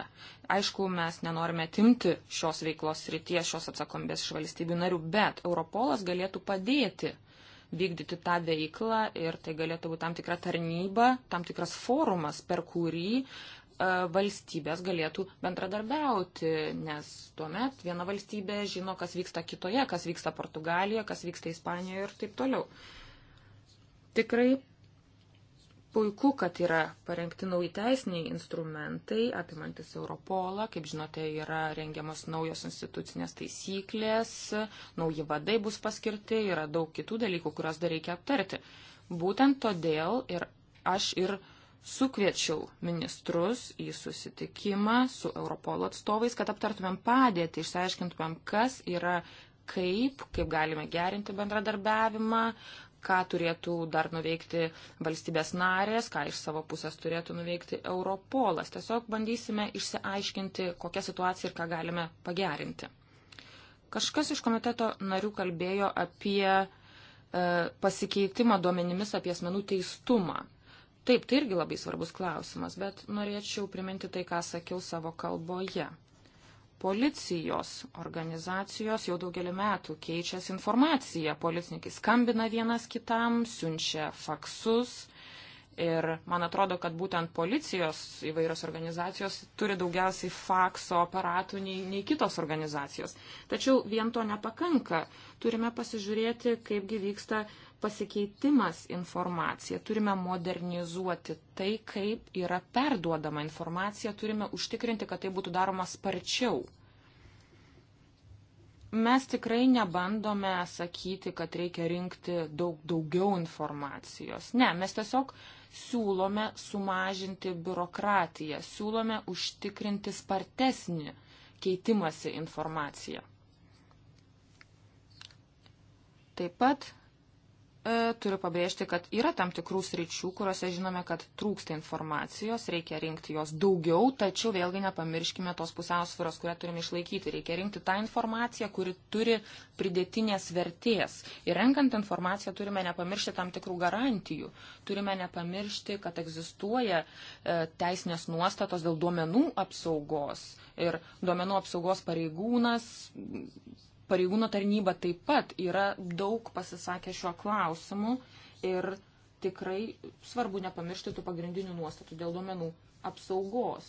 Aišku, mes nenorime timti šios veiklos ryties, šios atsakomybės iš valstybių narių, bet Europolas galėtų padėti vykdyti tą veiklą ir tai galėtų būti tam tikra tarnyba, tam tikras forumas, per kurį e, valstybės galėtų bendradarbiauti, nes tuomet viena valstybė žino, kas vyksta kitoje, kas vyksta Portugalijoje, kas vyksta Ispanijoje ir taip toliau. Uh, Tikrai puiku, kad yra parengti nauji teisiniai instrumentai, apimantis Europolą. Kaip žinote, yra rengiamos naujos institucinės taisyklės, nauji vadai bus paskirti, yra daug kitų dalykų, kuriuos dar reikia aptarti. Būtent todėl ir aš ir sukviečiau ministrus į susitikimą su Europolo atstovais, kad aptartumėm padėtį, išsiaiškintumėm, kas yra kaip, kaip galime gerinti bendradarbiavimą, ką turėtų dar nuveikti valstybės narės, ką iš savo pusės turėtų nuveikti Europolas. Tiesiog bandysime išsiaiškinti, kokia situacija ir ką galime pagerinti. Kažkas iš komiteto narių kalbėjo apie e, pasikeitimą duomenimis apie asmenų teistumą. Taip, tai irgi labai svarbus klausimas, bet norėčiau priminti tai, ką sakiau savo kalboje policijos organizacijos jau daugelį metų keičiasi informaciją. Policininkai skambina vienas kitam, siunčia faksus, Ir man atrodo, kad būtent policijos įvairios organizacijos turi daugiausiai fakso aparatų nei, nei kitos organizacijos. Tačiau vien to nepakanka. Turime pasižiūrėti, kaipgi vyksta pasikeitimas informacija. Turime modernizuoti tai, kaip yra perduodama informacija. Turime užtikrinti, kad tai būtų daroma sparčiau mes tikrai nebandome sakyti, kad reikia rinkti daug daugiau informacijos. Ne, mes tiesiog siūlome sumažinti biurokratiją, siūlome užtikrinti spartesnį keitimąsi informaciją. Taip pat E, turiu pabrėžti, kad yra tam tikrų sričių, kuriuose žinome, kad trūksta informacijos, reikia rinkti jos daugiau, tačiau vėlgi nepamirškime tos pusiausvėros, kurią turime išlaikyti. Reikia rinkti tą informaciją, kuri turi pridėtinės vertės. Ir renkant informaciją turime nepamiršti tam tikrų garantijų. Turime nepamiršti, kad egzistuoja e, teisinės nuostatos dėl duomenų apsaugos. Ir duomenų apsaugos pareigūnas pareigūno tarnyba taip pat yra daug pasisakę šiuo klausimu ir tikrai svarbu nepamiršti tų pagrindinių nuostatų dėl duomenų apsaugos.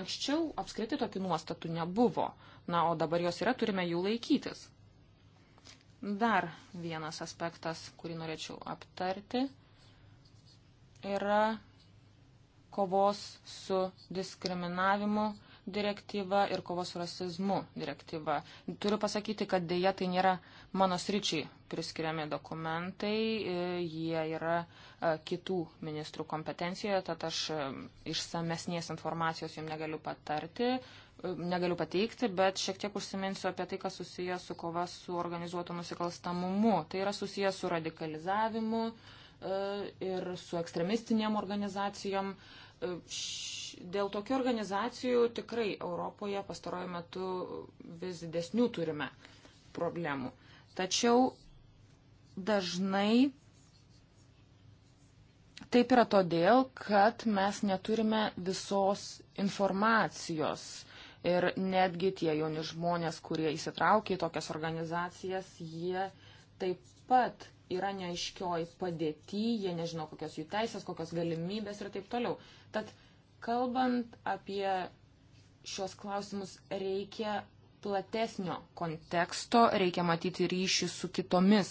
Anksčiau apskritai tokių nuostatų nebuvo, na, o dabar jos yra, turime jų laikytis. Dar vienas aspektas, kurį norėčiau aptarti, yra kovos su diskriminavimu direktyva ir kovos su rasizmu direktyva. Turiu pasakyti, kad dėja tai nėra mano sričiai priskiriami dokumentai, e, jie yra e, kitų ministrų kompetencijoje, tad aš e, išsamesnės informacijos jums negaliu patarti, negaliu pateikti, bet šiek tiek užsiminsiu apie tai, kas susijęs su kova su organizuotu nusikalstamumu. Tai yra susijęs su radikalizavimu ir su ekstremistinėm organizacijom. Uh, E, dėl tokių organizacijų tikrai Europoje pastarojame metu vis didesnių turime problemų. Tačiau dažnai taip yra todėl, kad mes neturime visos informacijos. Ir netgi tie jauni žmonės, kurie įsitraukia į tokias organizacijas, jie taip pat yra neaiškioj padėty, jie nežino, kokios jų teisės, kokios galimybės ir taip toliau. Tad kalbant apie šios klausimus reikia platesnio konteksto, reikia matyti ryšį su kitomis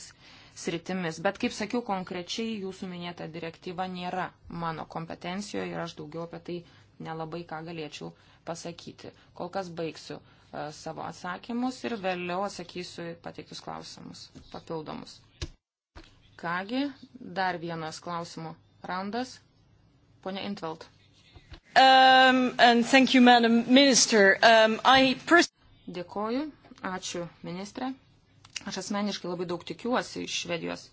sritimis. Bet, kaip sakiau, konkrečiai jūsų minėta direktyva nėra mano kompetencijoje ir aš daugiau apie tai nelabai ką galėčiau pasakyti. Kol kas baigsiu e, savo atsakymus ir vėliau atsakysiu į pateiktus klausimus papildomus. Kągi, dar vienas klausimų raundas. Pone Intveld. Um, you, um, I... Dėkoju, ačiū ministrė. Aš asmeniškai labai daug tikiuosi iš Švedijos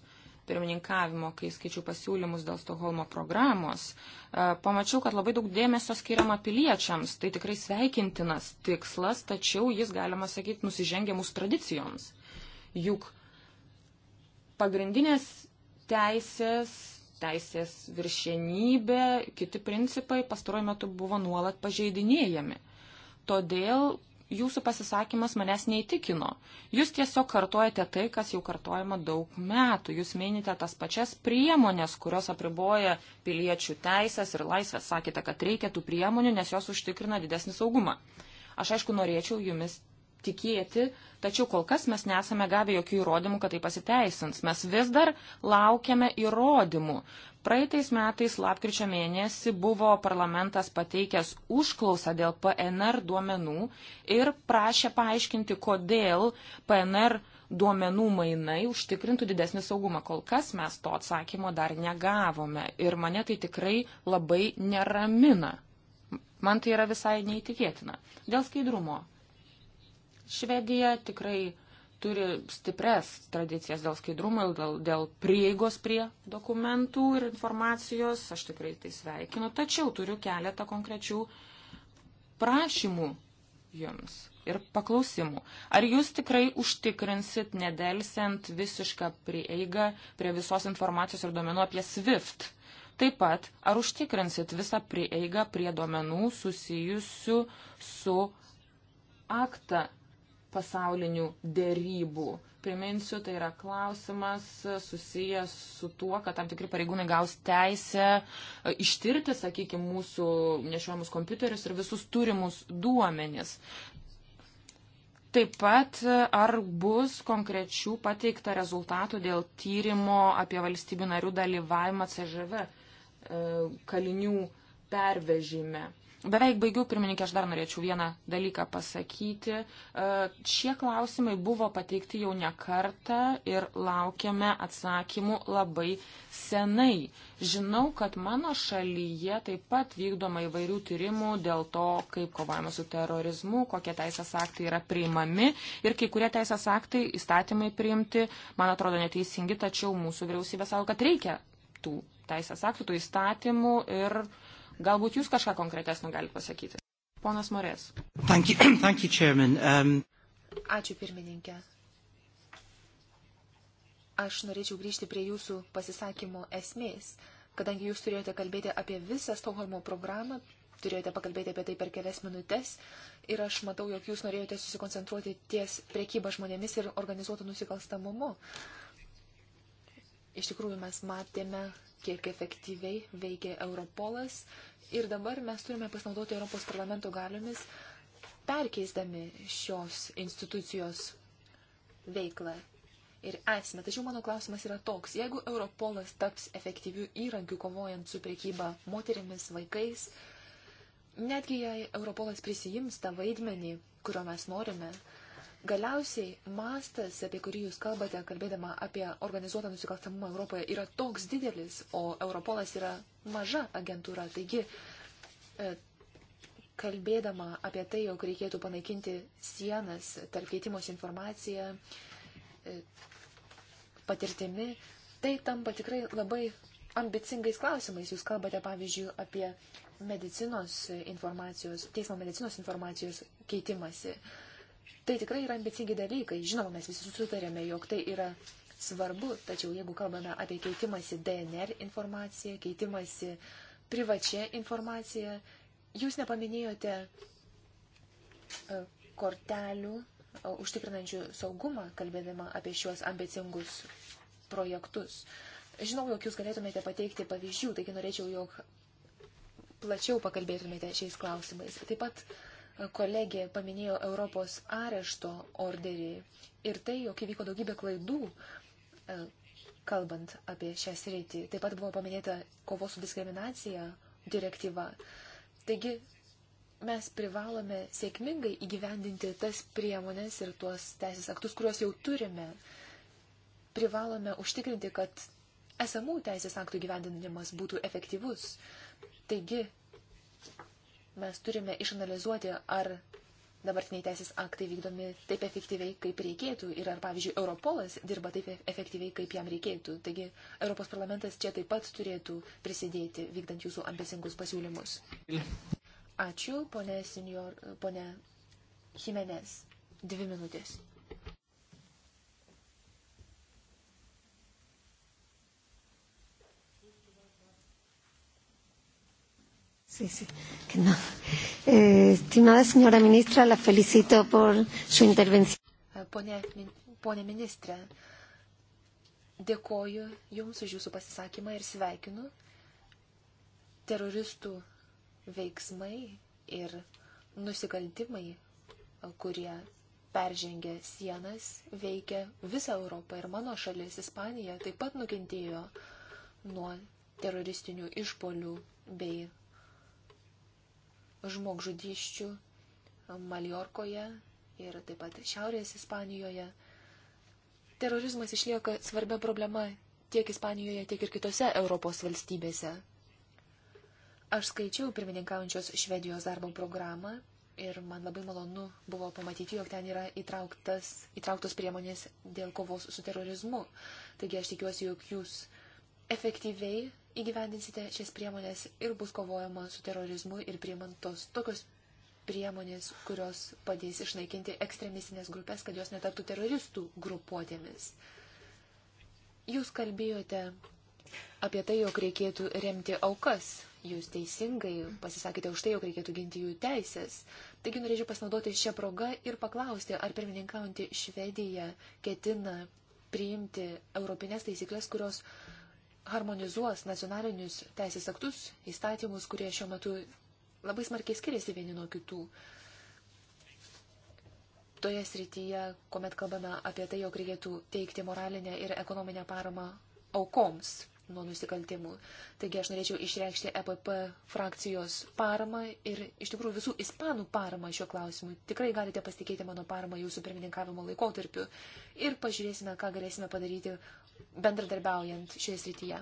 pirmininkavimo, kai skaičiau pasiūlymus dėl Stoholmo programos, uh, pamačiau, kad labai daug dėmesio skiriama piliečiams. Tai tikrai sveikintinas tikslas, tačiau jis, galima sakyti, nusižengia mūsų tradicijoms. Juk pagrindinės teisės teisės viršienybė, kiti principai pastaruoju metu buvo nuolat pažeidinėjami. Todėl jūsų pasisakymas manęs neįtikino. Jūs tiesiog kartuojate tai, kas jau kartuojama daug metų. Jūs minite tas pačias priemonės, kurios apriboja piliečių teisės ir laisvės. Sakėte, kad reikia tų priemonių, nes jos užtikrina didesnį saugumą. Aš aišku norėčiau jumis tikėti, tačiau kol kas mes nesame gavę jokių įrodymų, kad tai pasiteisins. Mes vis dar laukiame įrodymų. Praeitais metais lapkričio mėnesį buvo parlamentas pateikęs užklausą dėl PNR duomenų ir prašė paaiškinti, kodėl PNR duomenų mainai užtikrintų didesnį saugumą. Kol kas mes to atsakymo dar negavome ir mane tai tikrai labai neramina. Man tai yra visai neįtikėtina. Dėl skaidrumo Švedija tikrai turi stipres tradicijas dėl skaidrumo, dėl, dėl prieigos prie dokumentų ir informacijos, aš tikrai tai sveikinu, tačiau turiu keletą konkrečių prašymų jums ir paklausimų. Ar jūs tikrai užtikrinsit nedelsiant visišką prieigą prie visos informacijos ir duomenų apie SWIFT? Taip pat, ar užtikrinsit visą prieigą prie duomenų susijusių su aktą pasaulinių dėrybų. Priminsiu, tai yra klausimas susijęs su tuo, kad tam tikri pareigūnai gaus teisę e, ištirti, sakykime, mūsų nešiojamus kompiuterius ir visus turimus duomenis. Taip pat, e, ar bus konkrečių pateikta rezultatų dėl tyrimo apie valstybių narių dalyvavimą CŽV e, kalinių pervežime. Beveik baigiau, pirmininkė, aš dar norėčiau vieną dalyką pasakyti. E, šie klausimai buvo pateikti jau ne kartą ir laukiame atsakymų labai senai. Žinau, kad mano šalyje taip pat vykdoma įvairių tyrimų dėl to, kaip kovojama su terorizmu, kokie teisės aktai yra priimami ir kai kurie teisės aktai įstatymai priimti, man atrodo, neteisingi, tačiau mūsų vyriausybė savo, kad reikia tų teisės aktų, tų įstatymų ir uh, Galbūt jūs kažką konkretesnio galite pasakyti. Ponas Morės. Thank you, [clears throat] thank you, chairman. um... Ačiū pirmininkė. Aš norėčiau grįžti prie jūsų pasisakymo esmės, kadangi jūs turėjote kalbėti apie visą Stokholmo programą, turėjote pakalbėti apie tai per kelias minutės ir aš matau, jog jūs norėjote susikoncentruoti ties priekybą žmonėmis ir organizuotų nusikalstamumu. Iš tikrųjų, mes matėme, kiek efektyviai veikia Europolas. Ir dabar mes turime pasinaudoti Europos parlamento galiomis, perkeisdami šios institucijos veiklą ir esmę. Tačiau mano klausimas yra toks. Jeigu Europolas taps efektyvių įrankių kovojant su priekyba moterimis, vaikais, netgi jei Europolas prisijims tą vaidmenį, kurio mes norime, Galiausiai mastas, apie kurį jūs kalbate, kalbėdama apie organizuotą nusikalstamumą Europoje, yra toks didelis, o Europolas yra maža agentūra. Taigi, e, kalbėdama apie tai, jog reikėtų panaikinti sienas tarp keitimos informaciją, e, patirtimi, tai tampa tikrai labai ambicingais klausimais. Jūs kalbate, pavyzdžiui, apie medicinos informacijos, teismo medicinos informacijos keitimasi. Uh, Tai tikrai yra ambicingi dalykai. Žinoma, mes visi sutarėme, jog tai yra svarbu, tačiau jeigu kalbame apie keitimąsi DNR informaciją, keitimąsi privačią informaciją, jūs nepaminėjote e, kortelių e, užtikrinančių saugumą, kalbėdama apie šiuos ambicingus projektus. Žinau, jog jūs galėtumėte pateikti pavyzdžių, taigi norėčiau, jog plačiau pakalbėtumėte šiais klausimais. Taip pat kolegė paminėjo Europos arešto orderį ir tai, jog įvyko daugybė klaidų, e, kalbant apie šią sritį. Taip pat buvo paminėta kovos su diskriminacija direktyva. Taigi mes privalome sėkmingai įgyvendinti tas priemonės ir tuos teisės aktus, kuriuos jau turime. Privalome užtikrinti, kad esamų teisės aktų gyvendinimas būtų efektyvus. Taigi, Mes turime išanalizuoti, ar dabartiniai teisės aktai vykdomi taip efektyviai, kaip reikėtų ir ar, pavyzdžiui, Europolas dirba taip efektyviai, kaip jam reikėtų. Taigi Europos parlamentas čia taip pat turėtų prisidėti, vykdant jūsų ambicingus pasiūlymus. Ačiū, ponė, senior, ponė Jimenez. Dvi minutės. Sí, sí, que no. Eh, estimada señora ministra, la felicito por su intervención. Pone, eh, pone ministrė, dėkoju Jums už Jūsų pasisakymą ir sveikinu. Teroristų veiksmai ir nusikaltimai, kurie peržengia sienas, veikia visą Europą ir mano šalis Ispanija taip pat nukentėjo nuo teroristinių išpolių bei žmogžudyščių Maliorkoje ir taip pat Šiaurės Ispanijoje. Terorizmas išlieka svarbia problema tiek Ispanijoje, tiek ir kitose Europos valstybėse. Aš skaičiau pirmininkaujančios Švedijos darbo programą ir man labai malonu buvo pamatyti, jog ten yra įtrauktas, įtrauktos priemonės dėl kovos su terorizmu. Taigi aš tikiuosi, jog jūs efektyviai įgyvendinsite šias priemonės ir bus kovojama su terorizmu ir priemantos tokios priemonės, kurios padės išnaikinti ekstremistinės grupės, kad jos netaptų teroristų grupuotėmis. Jūs kalbėjote apie tai, jog reikėtų remti aukas. Jūs teisingai pasisakėte už tai, jog reikėtų ginti jų teisės. Taigi norėčiau pasinaudoti šią progą ir paklausti, ar pirmininkaujantį Švediją ketina priimti europinės taisyklės, kurios uh, harmonizuos nacionalinius teisės aktus, įstatymus, kurie šiuo metu labai smarkiai skiriasi vieni nuo kitų. Toje srityje, kuomet kalbame apie tai, jog reikėtų teikti moralinę ir ekonominę paramą aukoms nuo nusikaltimų. Taigi aš norėčiau išreikšti EPP frakcijos paramą ir iš tikrųjų visų ispanų paramą šiuo klausimu. Tikrai galite pasitikėti mano paramą jūsų pirmininkavimo laikotarpiu ir pažiūrėsime, ką galėsime padaryti bendradarbiaujant šioje srityje.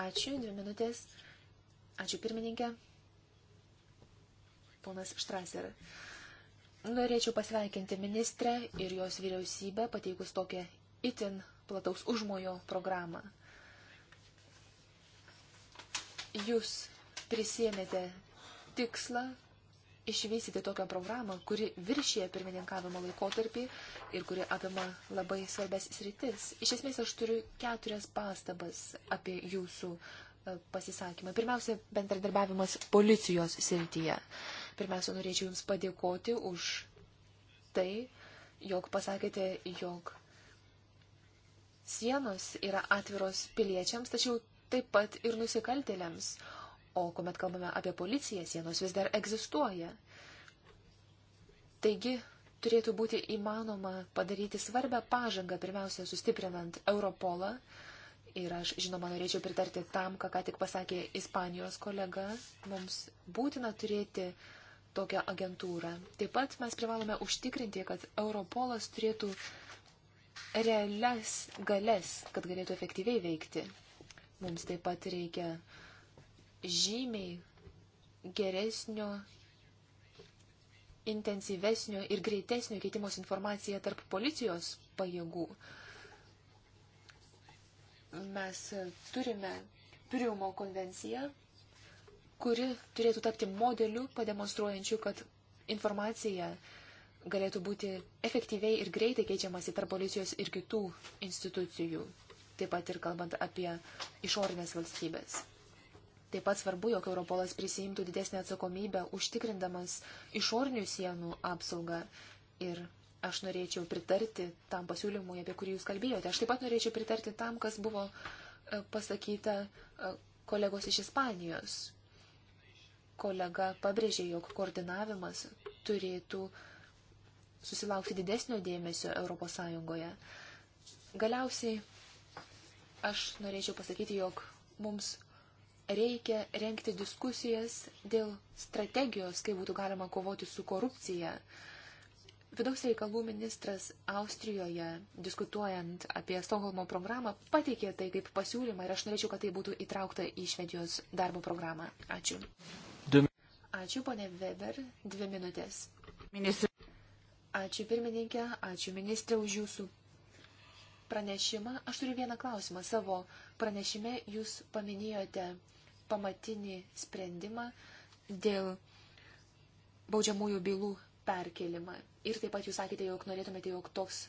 Ačiū, dvi minutės. Ačiū pirmininkė. Ponas Štraser. Norėčiau pasveikinti ministrę ir jos vyriausybę pateikus tokią itin plataus užmojo programą. Jūs prisėmėte tikslą išvystyti tokią programą, kuri viršyje pirmininkavimo laikotarpį ir kuri apima labai svarbės sritis. Iš esmės aš turiu keturias pastabas apie jūsų e, pasisakymą. Pirmiausia, bendradarbiavimas policijos srityje. Pirmiausia, norėčiau Jums padėkoti už tai, jog pasakėte, jog sienos yra atviros piliečiams, tačiau taip pat ir nusikaltėliams. O kuomet kalbame apie policiją, sienos vis dar egzistuoja. Taigi turėtų būti įmanoma padaryti svarbę pažangą, pirmiausia, sustiprinant Europolą. Ir aš, žinoma, norėčiau pritarti tam, ką ką tik pasakė Ispanijos kolega. Mums būtina turėti tokią agentūrą. Taip pat mes privalome užtikrinti, kad Europolas turėtų realias galės, kad galėtų efektyviai veikti. Mums taip pat reikia uh, žymiai geresnio, intensyvesnio ir greitesnio keitimos informacija tarp policijos pajėgų. Mes turime Priumo konvenciją, kuri turėtų tapti modeliu, pademonstruojančiu, kad informacija galėtų būti efektyviai ir greitai keičiamasi tarp policijos ir kitų institucijų, taip pat ir kalbant apie išorinės valstybės. Taip pat svarbu, jog Europolas prisijimtų didesnį atsakomybę užtikrindamas išornių sienų apsaugą. Ir aš norėčiau pritarti tam pasiūlymui, apie kurį jūs kalbėjote. Aš taip pat norėčiau pritarti tam, kas buvo e, pasakyta e, kolegos iš Ispanijos. Kolega pabrėžė, jog koordinavimas turėtų susilaukti didesnio dėmesio Europos Sąjungoje. Galiausiai aš norėčiau pasakyti, jog mums reikia renkti diskusijas dėl strategijos, kaip būtų galima kovoti su korupcija. Vidaus reikalų ministras Austrijoje, diskutuojant apie Stokholmo programą, pateikė tai kaip pasiūlymą ir aš norėčiau, kad tai būtų įtraukta į Švedijos darbo programą. Ačiū. Ačiū, ponė Weber. Dvi minutės. Ministr... Ačiū pirmininkė, ačiū ministrė už jūsų pranešimą. Aš turiu vieną klausimą. Savo pranešime jūs paminėjote pamatinį sprendimą dėl baudžiamųjų bylų perkelimą. Ir taip pat jūs sakėte, jog norėtumėte, jog toks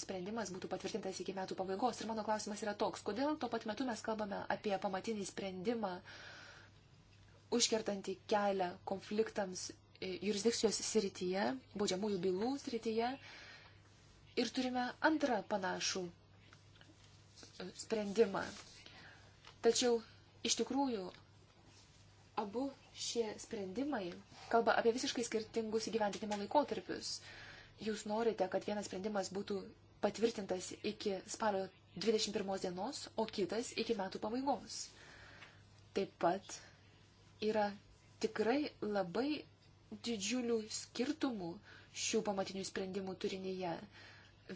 sprendimas būtų patvirtintas iki metų pabaigos. Ir mano klausimas yra toks, kodėl tuo pat metu mes kalbame apie pamatinį sprendimą, užkertantį kelią konfliktams e, jurisdikcijos srityje, baudžiamųjų bylų srityje. Ir turime antrą panašų e, sprendimą. Tačiau Iš tikrųjų, abu šie sprendimai kalba apie visiškai skirtingus įgyvendinimo laikotarpius. Jūs norite, kad vienas sprendimas būtų patvirtintas iki spalio 21 dienos, o kitas iki metų pabaigos. Taip pat yra tikrai labai didžiulių skirtumų šių pamatinių sprendimų turinyje.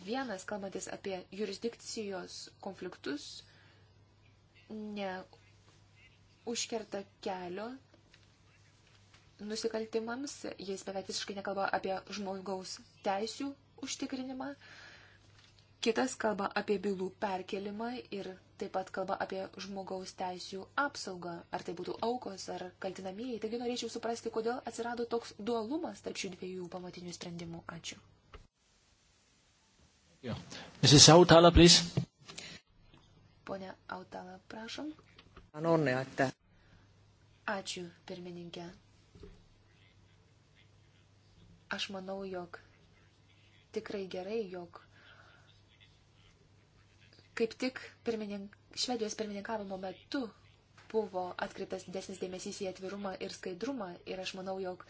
Vienas, kalbantis apie jurisdikcijos konfliktus, ne užkerta kelio nusikaltimams, jis beveik visiškai nekalba apie žmogaus teisių užtikrinimą, kitas kalba apie bylų perkelimą ir taip pat kalba apie žmogaus teisių apsaugą, ar tai būtų aukos ar kaltinamieji. Taigi norėčiau suprasti, kodėl atsirado toks dualumas tarp šių dviejų pamatinių sprendimų. Ačiū. Ja. Mrs. Autala, please. Pone Autala, prašom. Onnea, että... Ačiū, pirmininkė. Aš manau, jog tikrai gerai, jog kaip tik pirminink... Švedijos pirmininkavimo metu buvo atkreiptas didesnis dėmesys į atvirumą ir skaidrumą ir aš manau, jog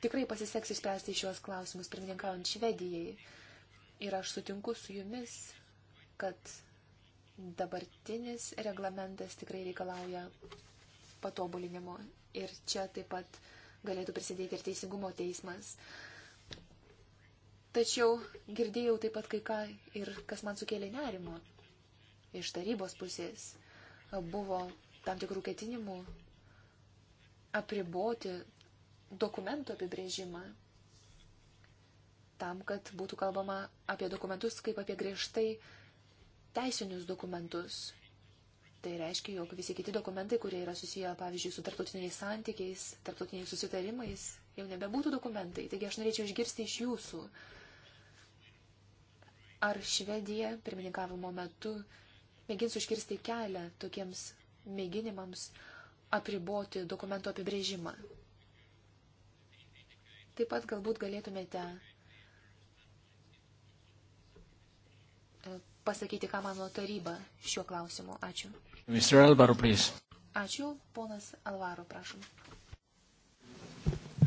tikrai pasiseks išspręsti šiuos klausimus pirmininkaujant Švedijai. Ir aš sutinku su jumis, kad Dabartinis reglamentas tikrai reikalauja patobulinimo ir čia taip pat galėtų prisidėti ir Teisingumo teismas. Tačiau girdėjau taip pat kai ką ir kas man sukėlė nerimo. Iš tarybos pusės buvo tam tikrų ketinimų apriboti dokumentų apibrėžimą tam, kad būtų kalbama apie dokumentus kaip apie griežtai teisinius dokumentus. Tai reiškia, jog visi kiti dokumentai, kurie yra susiję, pavyzdžiui, su tarptautiniais santykiais, tarptautiniais susitarimais, jau nebebūtų dokumentai. Taigi aš norėčiau išgirsti iš jūsų, ar Švedija pirmininkavimo metu mėgins užkirsti kelią tokiems mėginimams apriboti dokumento apibrėžimą. Taip pat galbūt galėtumėte pasakyti, ką mano taryba šiuo klausimu. Ačiū. Mr. Alvaro, please. Ačiū, ponas Alvaro, prašom.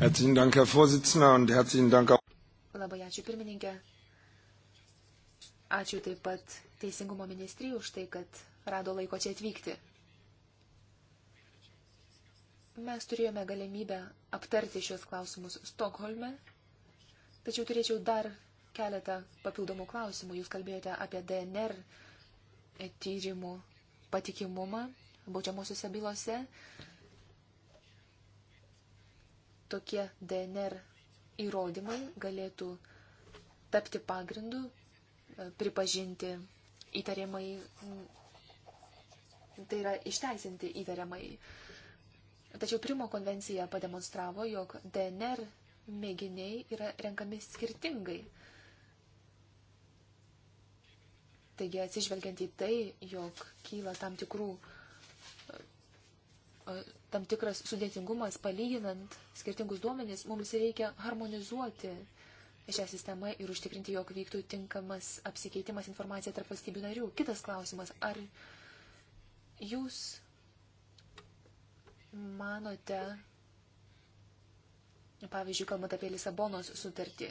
Herzlichen Dank, Herr Vorsitzender, und herzlichen Dank auch. Labai ačiū pirmininkė. Ačiū taip pat Teisingumo ministrijai už tai, kad rado laiko čia atvykti. Mes turėjome galimybę aptarti šios klausimus Stokholme, tačiau turėčiau dar keletą papildomų klausimų. Jūs kalbėjote apie DNR tyrimų patikimumą baudžiamosiuose bylose. Tokie DNR įrodymai galėtų tapti pagrindu, e, pripažinti įtariamai, tai yra išteisinti įtariamai. Tačiau Primo konvencija pademonstravo, jog DNR mėginiai yra renkami skirtingai. Taigi atsižvelgiant į tai, jog kyla tam tikrų, e, e, tam tikras sudėtingumas palyginant skirtingus duomenys, mums reikia harmonizuoti šią sistemą ir užtikrinti, jog vyktų tinkamas apsikeitimas informacija tarp valstybių narių. Kitas klausimas, ar jūs manote, pavyzdžiui, kalbant apie Lisabonos sutartį,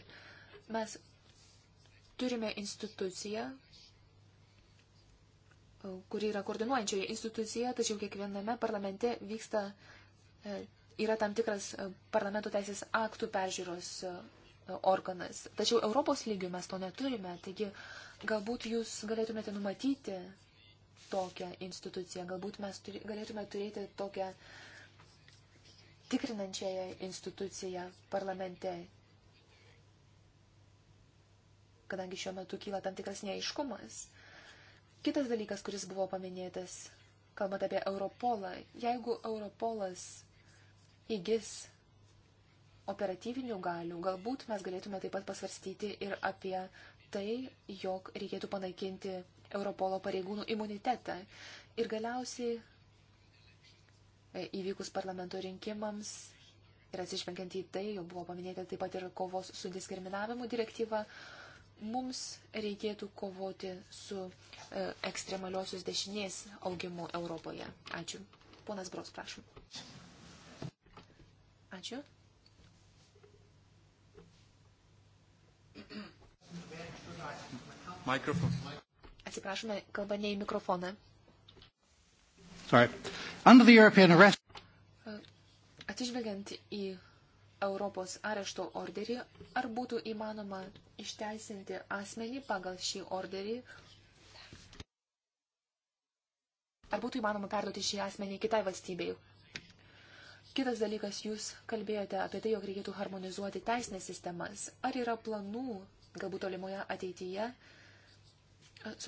mes turime instituciją, kuri yra koordinuojančioje institucija, tačiau kiekviename parlamente vyksta, e, yra tam tikras e, parlamento teisės aktų peržiūros e, organas. Tačiau Europos lygių mes to neturime, taigi galbūt jūs galėtumėte numatyti tokią instituciją, galbūt mes turi, galėtume turėti tokią tikrinančiąją instituciją parlamente, kadangi šiuo metu kyla tam tikras neaiškumas. Kitas dalykas, kuris buvo paminėtas, kalbant apie Europolą, jeigu Europolas įgis operatyvinių galių, galbūt mes galėtume taip pat pasvarstyti ir apie tai, jog reikėtų panaikinti Europolo pareigūnų imunitetą. Ir galiausiai e, įvykus parlamento rinkimams ir atsižvengiant į tai, jau buvo paminėta taip pat ir kovos su diskriminavimu direktyva, mums reikėtų kovoti su e, ekstremaliosios dešinės augimu Europoje. Ačiū. Ponas Bros, prašom. Ačiū. Mikrofon. Atsiprašome, kalba ne į mikrofoną. Sorry. Under the European arrest... E, atsižvelgiant į Europos arešto orderį, ar būtų įmanoma išteisinti asmenį pagal šį orderį, ar būtų įmanoma perduoti šį asmenį kitai valstybei. Kitas dalykas, jūs kalbėjote apie tai, jog reikėtų harmonizuoti teisinės sistemas. Ar yra planų, galbūt tolimoje ateityje,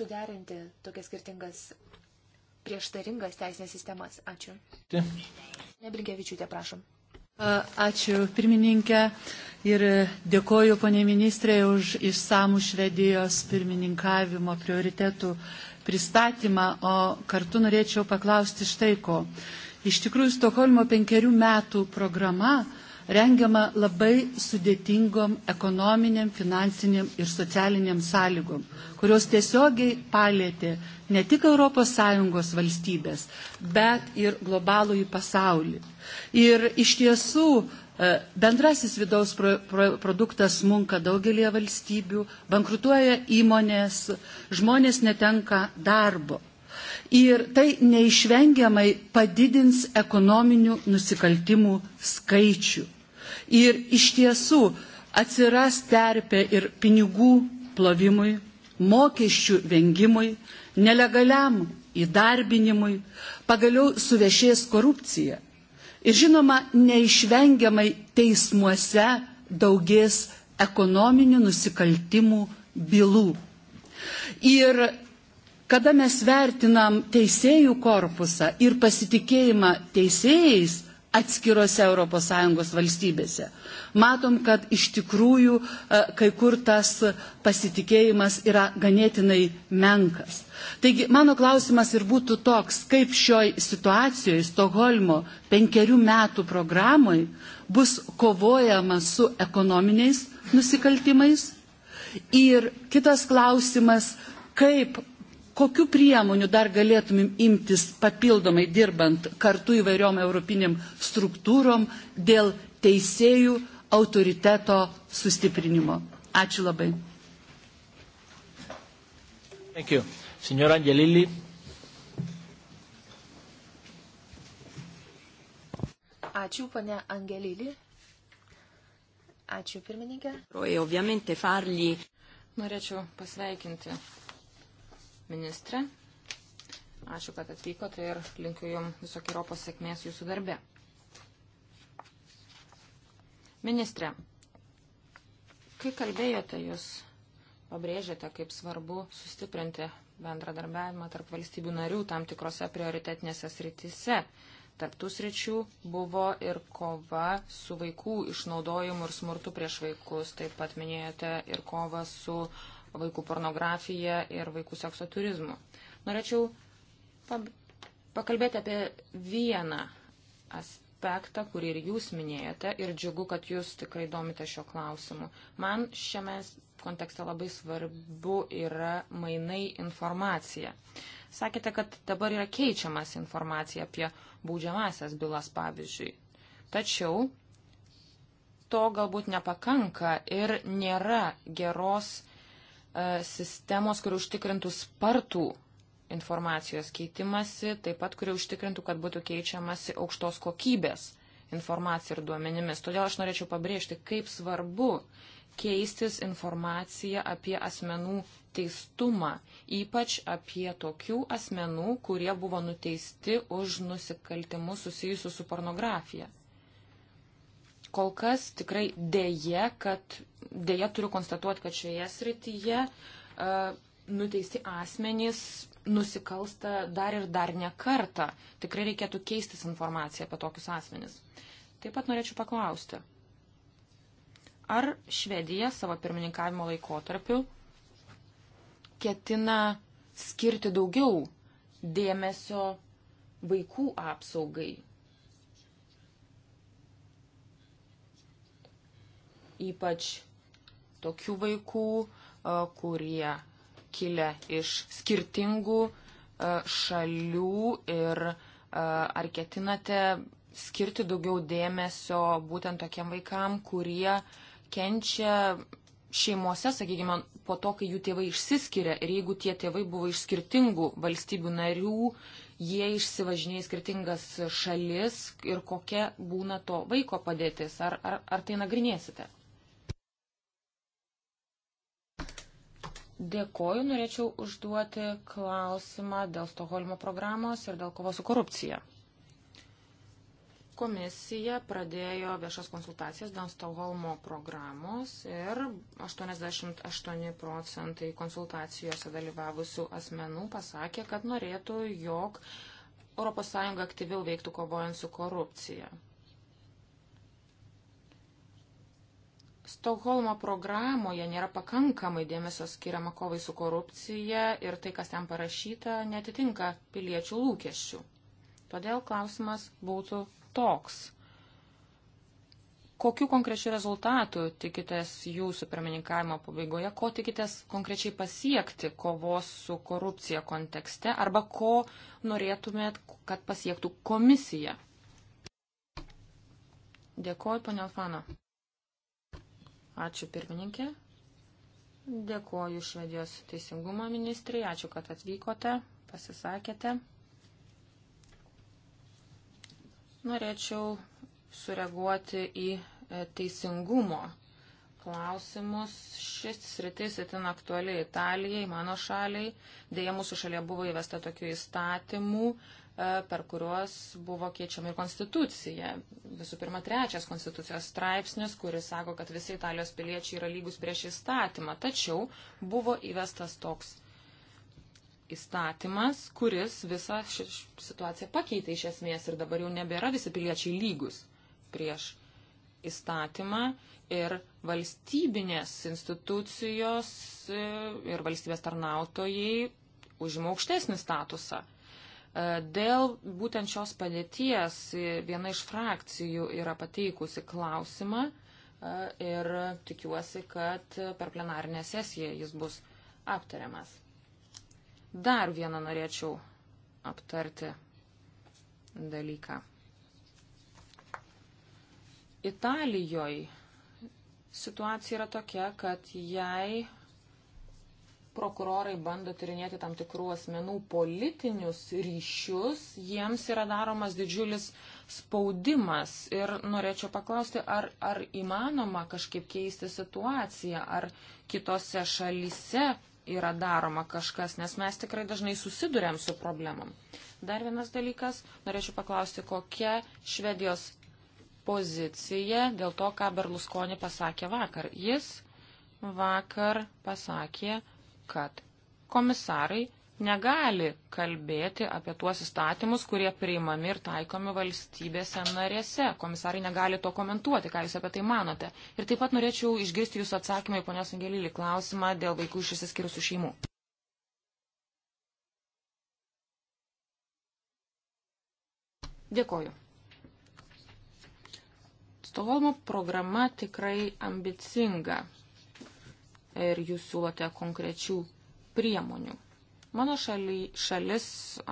suderinti tokias skirtingas prieštaringas teisinės sistemas? Ačiū. Nebrigevičiūtė, prašom. Ačiū pirmininkė ir e, dėkoju ponė ministrė už išsamų Švedijos pirmininkavimo prioritetų pristatymą, o kartu norėčiau paklausti štai ko. Iš tikrųjų, Stokholmo penkerių metų programa rengiama labai sudėtingom ekonominiam, finansiniam ir socialiniam sąlygom, kurios tiesiogiai palėtė ne tik ES valstybės, bet ir globalų į pasaulį. Ir iš tiesų e, bendrasis vidaus pro, pro, produktas munka daugelie valstybių, bankrutuoja įmonės, žmonės netenka darbo. Ir tai neišvengiamai padidins ekonominių nusikaltimų skaičių. Ir iš tiesų atsiras terpė ir pinigų plovimui, mokesčių vengimui, nelegaliam įdarbinimui, pagaliau suvešės korupcija. Ir žinoma, neišvengiamai teismuose daugės ekonominių nusikaltimų bylų. Ir kada mes vertinam teisėjų korpusą ir pasitikėjimą teisėjais, atskirose ES valstybėse. Matom, kad iš tikrųjų e, kai kur tas pasitikėjimas yra ganėtinai menkas. Taigi mano klausimas ir būtų toks, kaip šioj situacijoje Stokholmo penkerių metų programai bus kovojama su ekonominiais nusikaltimais. Ir kitas klausimas, kaip kokiu priemoniu dar galėtumėm imtis papildomai dirbant kartu įvairiom europiniam struktūrom dėl teisėjų autoriteto sustiprinimo. Ačiū labai. Thank you. Signor Angelilli. Ačiū, pane Angelilli. Ačiū, pirmininkė. E ovviamente fargli. Norėčiau pasveikinti ministrė. Ačiū, kad atvykote tai ir linkiu Jums visokiojo sėkmės Jūsų darbe. Ministrė, kai kalbėjote, Jūs pabrėžėte, kaip svarbu sustiprinti bendradarbiavimą tarp valstybių narių tam tikrose prioritetinėse srityse. Tarptų sričių buvo ir kova su vaikų išnaudojimu ir smurtu prieš vaikus, taip pat minėjote ir kova su uh, vaikų pornografija ir vaikų sekso turizmu. Norėčiau pakalbėti apie vieną aspektą, kurį ir jūs minėjote, ir džiugu, kad jūs tikrai domite šio klausimu. Man šiame kontekste labai svarbu yra mainai informacija. Sakėte, kad dabar yra keičiamas informacija apie baudžiamasias bylas, pavyzdžiui. Tačiau to galbūt nepakanka ir nėra geros E, sistemos, kuri užtikrintų spartų informacijos keitimasi, taip pat kuri užtikrintų, kad būtų keičiamasi aukštos kokybės informacija ir duomenimis. Todėl aš norėčiau pabrėžti, kaip svarbu keistis informacija apie asmenų teistumą, ypač apie tokių asmenų, kurie buvo nuteisti už nusikaltimus susijusius su pornografija. Kol kas tikrai dėje, kad dėje turiu konstatuoti, kad šioje srityje uh, nuteisti asmenys nusikalsta dar ir dar ne kartą. Tikrai reikėtų keistis informaciją apie tokius asmenis. Taip pat norėčiau paklausti, ar Švedija savo pirmininkavimo laikotarpiu ketina skirti daugiau dėmesio vaikų apsaugai, ypač tokių vaikų, kurie kilę iš skirtingų šalių ir ar ketinate skirti daugiau dėmesio būtent tokiem vaikam, kurie kenčia šeimose, sakykime, po to, kai jų tėvai išsiskiria ir jeigu tie tėvai buvo iš skirtingų valstybių narių, jie išsivažinėja į skirtingas šalis ir kokia būna to vaiko padėtis. Ar, ar, ar tai nagrinėsite? Dėkoju, norėčiau užduoti klausimą dėl Stoholmo programos ir dėl kovos su korupcija. Komisija pradėjo viešas konsultacijas dėl Stoholmo programos ir 88 procentai konsultacijose dalyvavusių asmenų pasakė, kad norėtų, jog ES aktyviau veiktų kovojant su korupcija. Stokholmo programoje nėra pakankamai dėmesio skiriama kovai su korupcija ir tai, kas ten parašyta, netitinka piliečių lūkesčių. Todėl klausimas būtų toks. Kokiu konkrečiu rezultatu tikitės jūsų pirmininkavimo pabaigoje, ko tikitės konkrečiai pasiekti kovos su korupcija kontekste arba ko norėtumėt, kad pasiektų komisija? Dėkuoju, ponia Alfano. Ačiū pirmininkė. Dėkuoju Švedijos teisingumo ministrai, ačiū, kad atvykote, pasisakėte. Norėčiau sureaguoti į e, teisingumo klausimus. Šis sritis itin aktuali Italijai, mano šaliai. Dėja, mūsų šalia buvo įvesta tokių įstatymų, per kuriuos buvo keičiama ir konstitucija. Visų pirma, trečias konstitucijos straipsnis, kuris sako, kad visi Italijos piliečiai yra lygus prieš įstatymą. Tačiau buvo įvestas toks įstatymas, kuris visą ši situaciją pakeitė iš esmės ir dabar jau nebėra visi piliečiai lygus prieš įstatymą ir valstybinės institucijos e, ir valstybės tarnautojai užima aukštesnį statusą E, dėl būtent šios padėties e, viena iš frakcijų yra pateikusi klausimą e, ir tikiuosi, kad per plenarinę sesiją jis bus aptariamas. Dar vieną norėčiau aptarti dalyką. Italijoje situacija yra tokia, kad jei prokurorai bando tyrinėti tam tikrų asmenų politinius ryšius, jiems yra daromas didžiulis spaudimas. Ir norėčiau paklausti, ar, ar įmanoma kažkaip keisti situaciją, ar kitose šalyse yra daroma kažkas, nes mes tikrai dažnai susidurėm su problemam. Dar vienas dalykas, norėčiau paklausti, kokia Švedijos pozicija dėl to, ką Berlusconi pasakė vakar. Jis vakar pasakė, kad komisarai negali kalbėti apie tuos įstatymus, kurie priimami ir taikomi valstybėse narėse. Komisarai negali to komentuoti, ką jūs apie tai manote. Ir taip pat norėčiau išgirsti jūsų atsakymą į ponios Angelilį klausimą dėl vaikų iš įsiskirusių šeimų. Dėkoju. Stokholmo programa tikrai ambicinga ir jūs siūlote konkrečių priemonių. Mano šaly, šalis,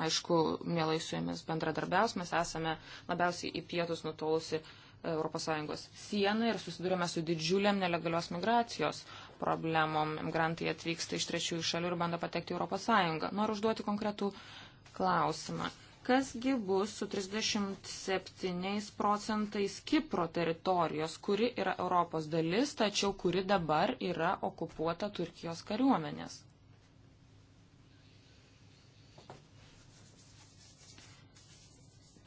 aišku, mielai su jumis bendradarbiaus, mes esame labiausiai į pietus nutolusi ES sieną ir susidurėme su didžiuliam nelegalios migracijos problemom. Migrantai atvyksta iš trečiųjų šalių ir bando patekti į ES. Noriu užduoti konkretų klausimą kasgi bus su 37 procentais Kipro teritorijos, kuri yra Europos dalis, tačiau kuri dabar yra okupuota Turkijos kariuomenės.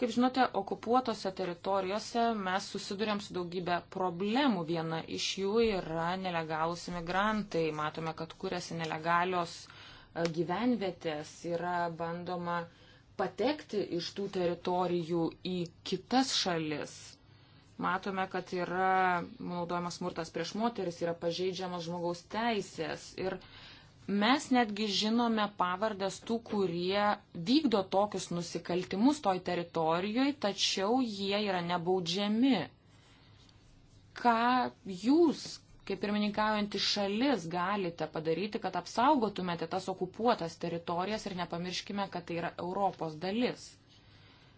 Kaip žinote, okupuotose teritorijose mes susidurėm su daugybė problemų. Viena iš jų yra nelegalus imigrantai. Matome, kad kuriasi nelegalios e, gyvenvietės, yra bandoma uh, patekti iš tų teritorijų į kitas šalis. Matome, kad yra naudojamas smurtas prieš moteris, yra pažeidžiamas žmogaus teisės ir mes netgi žinome pavardės tų, kurie vykdo tokius nusikaltimus toj teritorijoje, tačiau jie yra nebaudžiami. Ką jūs kaip pirmininkaujantis šalis galite padaryti, kad apsaugotumėte tas okupuotas teritorijas ir nepamirškime, kad tai yra Europos dalis?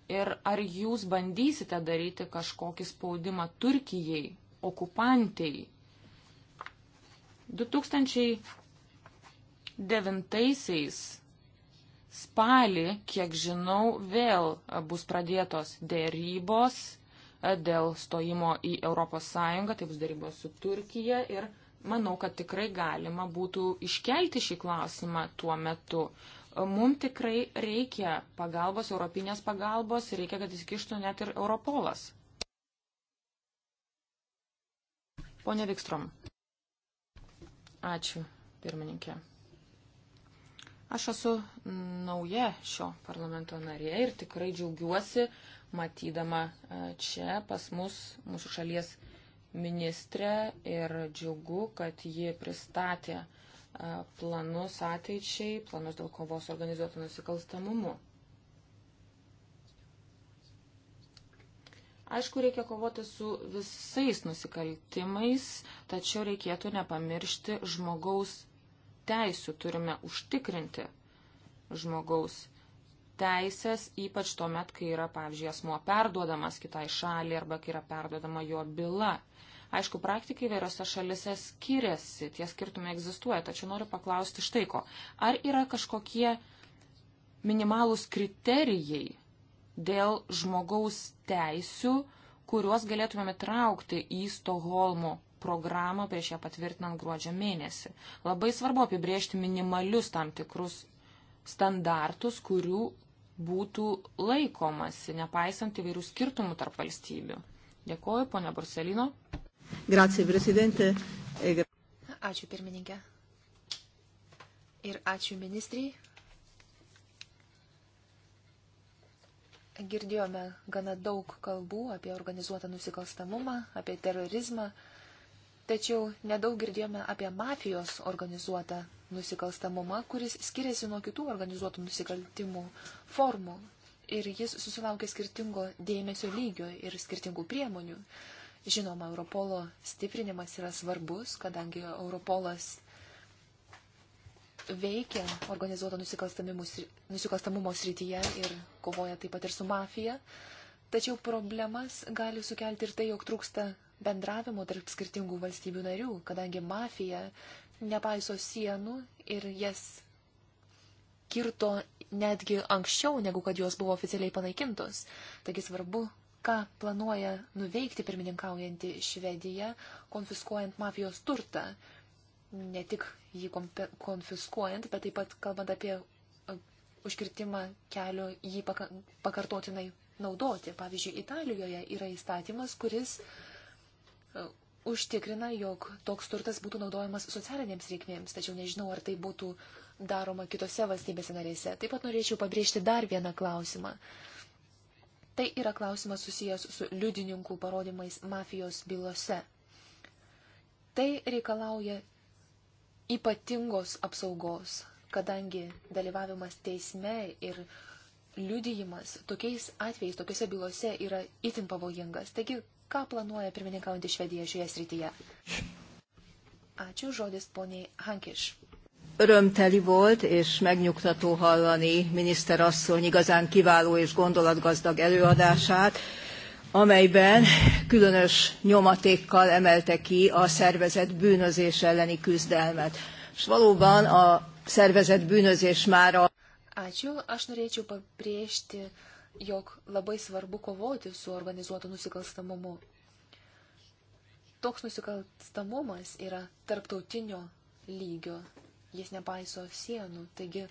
Ir ar jūs bandysite daryti kažkokį spaudimą Turkijai, okupantiai? 2009 spalį, kiek žinau, vėl bus pradėtos dėrybos dėl stojimo į ES, tai bus darybos su Turkija ir manau, kad tikrai galima būtų iškelti šį klausimą tuo metu. Mums tikrai reikia pagalbos, europinės pagalbos, reikia, kad įsikištų net ir Europolas. Pone Vikstrom. Ačiū, pirmininkė. Aš esu nauja šio parlamento narė ir tikrai džiaugiuosi, matydama e, čia pas mus, mūsų šalies ministrę ir džiugu, kad ji pristatė e, planus ateičiai, planus dėl kovos organizuotų nusikalstamumu. Aišku, reikia kovoti su visais nusikaltimais, tačiau reikėtų nepamiršti žmogaus teisų, turime užtikrinti žmogaus teisės, ypač tuo met, kai yra, pavyzdžiui, asmuo perduodamas kitai šaliai arba kai yra perduodama jo byla. Aišku, praktikai įvairiose šalise skiriasi, tie skirtumai egzistuoja, tačiau noriu paklausti štai ko. Ar yra kažkokie minimalūs kriterijai dėl žmogaus teisių, kuriuos galėtumėme traukti į Stoholmo programą prieš ją patvirtinant gruodžio mėnesį. Labai svarbu apibriežti minimalius tam tikrus standartus, kurių, būtų laikomasi, nepaisant įvairių skirtumų tarp valstybių. Dėkuoju, ponia Bruselino. Grazie, prezidente. E ačiū, pirmininkė. Ir ačiū ministrijai. Girdėjome gana daug kalbų apie organizuotą nusikalstamumą, apie terorizmą, tačiau nedaug girdėjome apie mafijos organizuotą nusikalstamumą, kuris skiriasi nuo kitų organizuotų nusikaltimų formų ir jis susilaukia skirtingo dėmesio lygio ir skirtingų priemonių. Žinoma, Europolo stiprinimas yra svarbus, kadangi Europolas veikia organizuoto nusikalstamumo srityje ir kovoja taip pat ir su mafija. Tačiau problemas gali sukelti ir tai, jog trūksta bendravimo tarp skirtingų valstybių narių, kadangi mafija nepaiso sienų ir jas kirto netgi anksčiau, negu kad jos buvo oficialiai panaikintos. Taigi svarbu, ką planuoja nuveikti pirmininkaujanti Švedija, konfiskuojant mafijos turtą. Ne tik jį konfiskuojant, bet taip pat kalbant apie e, užkirtimą kelio jį pakartotinai naudoti. Pavyzdžiui, Italijoje yra įstatymas, kuris e, užtikrina, jog toks turtas būtų naudojamas socialinėms reikmėms, tačiau nežinau, ar tai būtų daroma kitose valstybėse narėse. Taip pat norėčiau pabrėžti dar vieną klausimą. Tai yra klausimas susijęs su liudininkų parodymais mafijos bylose. Tai reikalauja ypatingos apsaugos, kadangi dalyvavimas teisme ir liudijimas tokiais atvejais, tokiuose bylose yra itin pavojingas. Taigi, Ką planuoja pirmininkaujantį Švediją šioje srityje? Ačiū žodis poniai Hankiš. Örömteli volt és megnyugtató hallani miniszter asszony igazán kiváló és gondolatgazdag előadását, amelyben különös nyomatékkal emelte ki a szervezet bűnözés elleni küzdelmet. És valóban a szervezet bűnözés már a... Ačiū, aš norėčiau pabrėžti uh, jog labai svarbu kovoti su organizuotu nusikalstamumu. Toks nusikalstamumas yra tarptautinio lygio, jis nepaiso sienų, taigi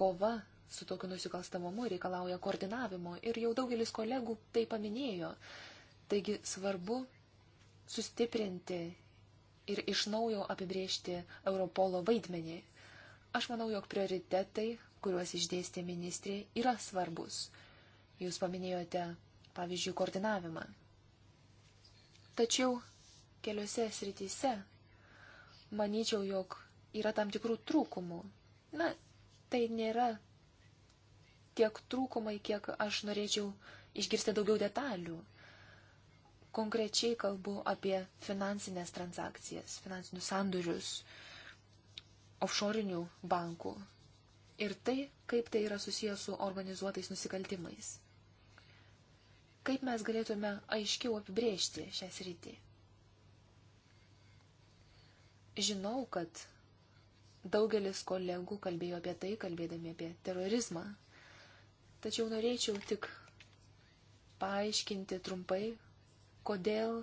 kova su tokiu nusikalstamumu reikalauja koordinavimo ir jau daugelis kolegų tai paminėjo. Taigi svarbu sustiprinti ir iš naujo apibriežti Europolo vaidmenį. Aš manau, jog prioritetai, kuriuos išdėstė ministrė, yra svarbus. Jūs paminėjote, pavyzdžiui, koordinavimą. Tačiau keliose srityse manyčiau, jog yra tam tikrų trūkumų. Na, tai nėra tiek trūkumai, kiek aš norėčiau išgirsti daugiau detalių. Konkrečiai kalbu apie finansinės transakcijas, finansinius sandurius, offshorinių bankų ir tai, kaip tai yra susijęs su organizuotais nusikaltimais. Kaip mes galėtume aiškiau apibrėžti šią sritį? Žinau, kad daugelis kolegų kalbėjo apie tai, kalbėdami apie terorizmą. Tačiau norėčiau tik paaiškinti trumpai, kodėl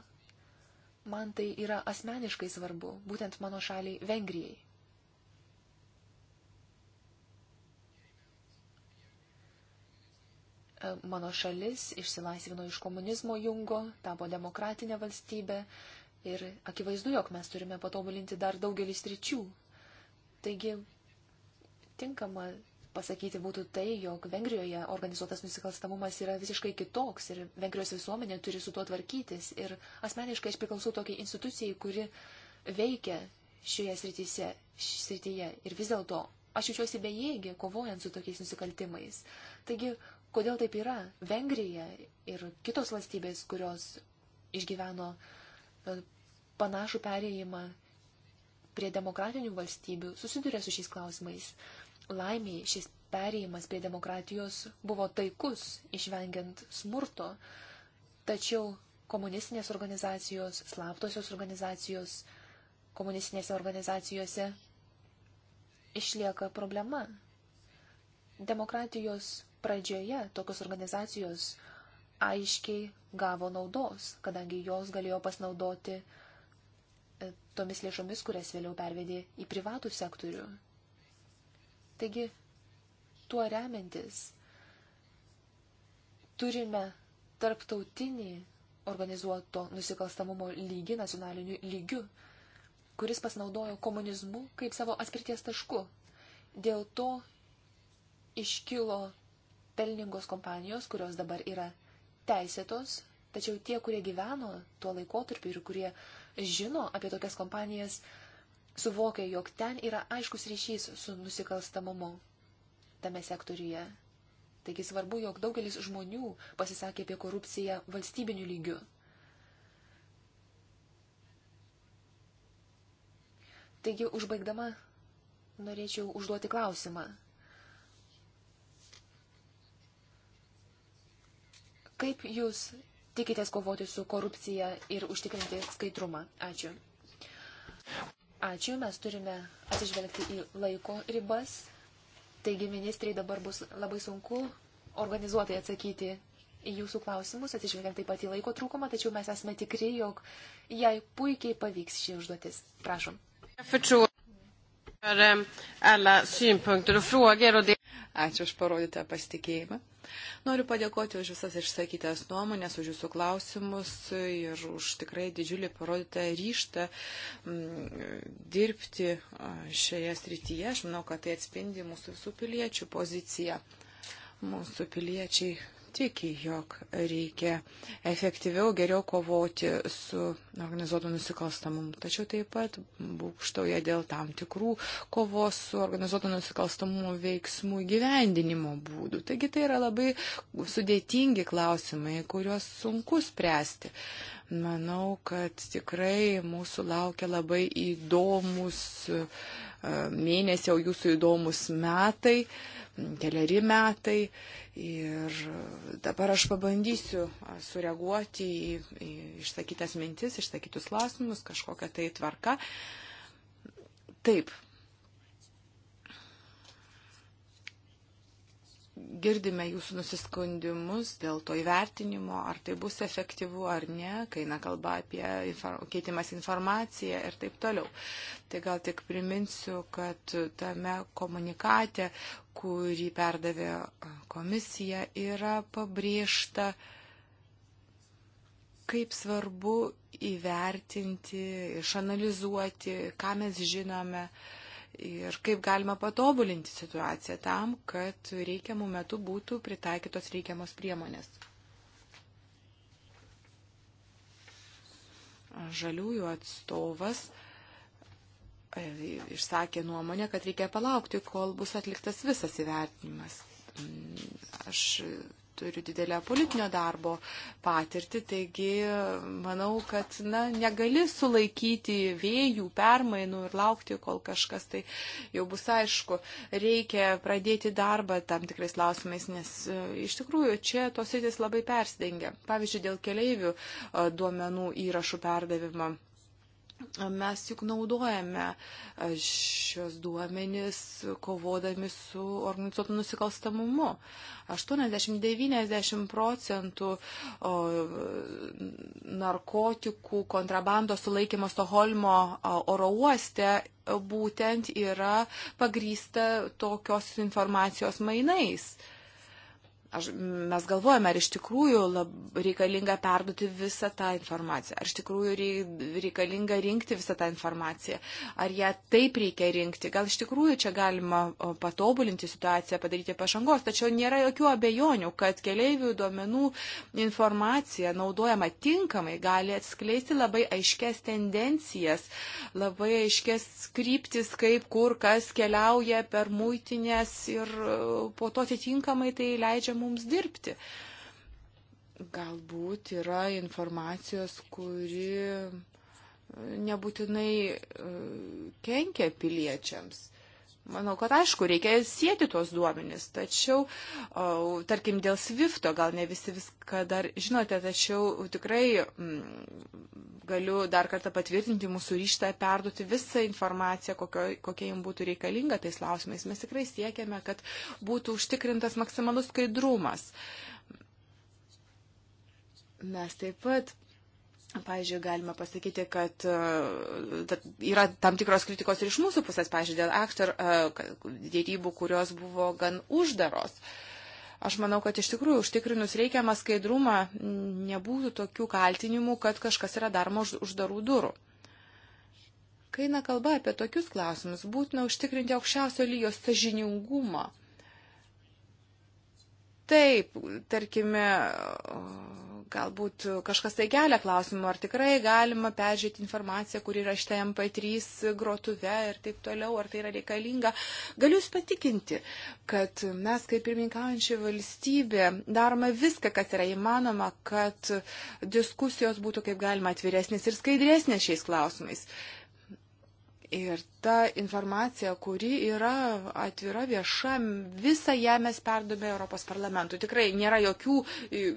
man tai yra asmeniškai svarbu, būtent mano šaliai Vengrijai. E, mano šalis išsilaisvino iš komunizmo jungo, tapo demokratinė valstybė ir akivaizdu, jog mes turime patobulinti dar daugelį sričių. Taigi, tinkama pasakyti būtų tai, jog Vengrijoje organizuotas nusikalstamumas yra visiškai kitoks ir Vengrijos visuomenė turi su tuo tvarkytis. Ir asmeniškai aš priklausau tokiai institucijai, kuri veikia šioje srityse, srityje. Ir vis dėlto aš jaučiuosi bejėgė, kovojant su tokiais nusikaltimais. Taigi, Kodėl taip yra? Vengrija ir kitos valstybės, kurios išgyveno e, panašų perėjimą prie demokratinių valstybių, susiduria su šiais klausimais. Laimiai šis perėjimas prie demokratijos buvo taikus, išvengiant smurto, tačiau komunistinės organizacijos, slaptosios organizacijos, komunistinėse organizacijose išlieka problema. Demokratijos pradžioje tokios organizacijos aiškiai gavo naudos, kadangi jos galėjo pasinaudoti e, tomis lėšomis, kurias vėliau pervedė į privatų sektorių. Taigi, tuo remiantis, turime tarptautinį organizuoto nusikalstamumo lygį nacionaliniu lygiu, kuris pasinaudojo komunizmu kaip savo atspirties tašku. Dėl to iškilo pelningos kompanijos, kurios dabar yra teisėtos, tačiau tie, kurie gyveno tuo laikotarpiu ir kurie žino apie tokias kompanijas, suvokia, jog ten yra aiškus ryšys su nusikalstamumu tame sektoriuje. Taigi svarbu, jog daugelis žmonių pasisakė apie korupciją valstybiniu lygiu. Taigi, užbaigdama, norėčiau užduoti klausimą. Kaip jūs tikitės kovoti su korupcija ir užtikrinti skaidrumą? Ačiū. Ačiū, mes turime atsižvelgti į laiko ribas. Taigi, ministrai, dabar bus labai sunku organizuotai atsakyti į jūsų klausimus, atsižvelgiant taip pat į laiko trūkumą, tačiau mes esame tikri, jog jai puikiai pavyks šį užduotis. Prašom. Ačiū už parodytą pasitikėjimą. Noriu padėkoti už visas išsakytas nuomonės, už jūsų klausimus ir už tikrai didžiulį parodytą ryštą mm, dirbti šioje srityje. Aš manau, kad tai atspindi mūsų visų piliečių poziciją. Mūsų piliečiai tiki, jog reikia efektyviau, geriau kovoti su organizuotu nusikalstamumu. Tačiau taip pat būkštauja dėl tam tikrų kovos su organizuotu nusikalstamumu veiksmų gyvendinimo būdų. Taigi tai yra labai sudėtingi klausimai, kuriuos sunku spręsti. Uh, Manau, kad tikrai mūsų laukia labai įdomus e, mėnesiai, o jūsų įdomus metai, keliari metai. Ir dabar aš pabandysiu sureaguoti į išsakytas mintis, išsakytus klausimus, kažkokią tai tvarką. Taip, girdime jūsų nusiskundimus dėl to įvertinimo, ar tai bus efektyvu ar ne, kai eina kalba apie infor keitimas informaciją ir taip toliau. Tai gal tik priminsiu, kad tame komunikate, kurį perdavė komisija, yra pabrėžta, kaip svarbu įvertinti, išanalizuoti, ką mes žinome, uh, ir kaip galima patobulinti situaciją tam, kad reikiamų metų būtų pritaikytos reikiamos priemonės. Žaliųjų atstovas e, išsakė nuomonę, kad reikia palaukti, kol bus atliktas visas įvertinimas. Aš turiu didelę politinio darbo patirtį, taigi manau, kad na, negali sulaikyti vėjų, permainų ir laukti, kol kažkas tai jau bus aišku. Reikia pradėti darbą tam tikrais klausimais, nes e, iš tikrųjų čia tos sėdės labai persidengia. Pavyzdžiui, dėl keleivių e, duomenų įrašų perdavimo. Mes juk naudojame e, šios duomenys kovodami su organizuotu nusikalstamumu. 80-90 procentų o, narkotikų kontrabandos sulaikymo Stoholmo oro uoste būtent yra pagrysta tokios informacijos mainais. Aš, mes galvojame, ar iš tikrųjų lab, reikalinga perduoti visą tą informaciją, ar iš tikrųjų reikalinga rinkti visą tą informaciją, ar ją taip reikia rinkti. Gal iš tikrųjų čia galima patobulinti situaciją, padaryti pažangos, tačiau nėra jokių abejonių, kad keliaivių duomenų informacija naudojama tinkamai gali atskleisti labai aiškes tendencijas, labai aiškes kryptis, kaip kur kas keliauja per muitinės ir po to atitinkamai tai leidžiama mums dirbti. Galbūt yra informacijos, kuri e, nebūtinai e, kenkia piliečiams. Manau, kad aišku, reikia sėti tuos duomenis, tačiau, o, tarkim, dėl Swifto, gal ne visi viską dar žinote, tačiau tikrai mm, galiu dar kartą patvirtinti mūsų ryštą perduoti visą informaciją, kokio, kokia jums būtų reikalinga tais klausimais. Mes tikrai siekiame, kad būtų užtikrintas maksimalus skaidrumas. Mes taip pat Pavyzdžiui, galima pasakyti, kad e, yra tam tikros kritikos ir iš mūsų pusės, pavyzdžiui, dėl aktor e, dėrybų, kurios buvo gan uždaros. Aš manau, kad iš tikrųjų užtikrinus reikiamą skaidrumą nebūtų tokių kaltinimų, kad kažkas yra daroma už uždarų durų. Kai eina kalba apie tokius klausimus, būtina užtikrinti aukščiausio lygio sažiningumą. Taip, tarkime, galbūt kažkas tai kelia klausimą, ar tikrai galima peržiūrėti informaciją, kur yra šitą MP3 grotuve ir taip toliau, ar tai yra reikalinga. Galiu Jūs patikinti, kad mes kaip pirmininkaujančia valstybė darome viską, kas yra įmanoma, kad diskusijos būtų kaip galima atviresnės ir skaidresnės šiais klausimais. Ir ta informacija, kuri yra atvira vieša, visą ją mes perdome Europos parlamentui. Tikrai nėra jokių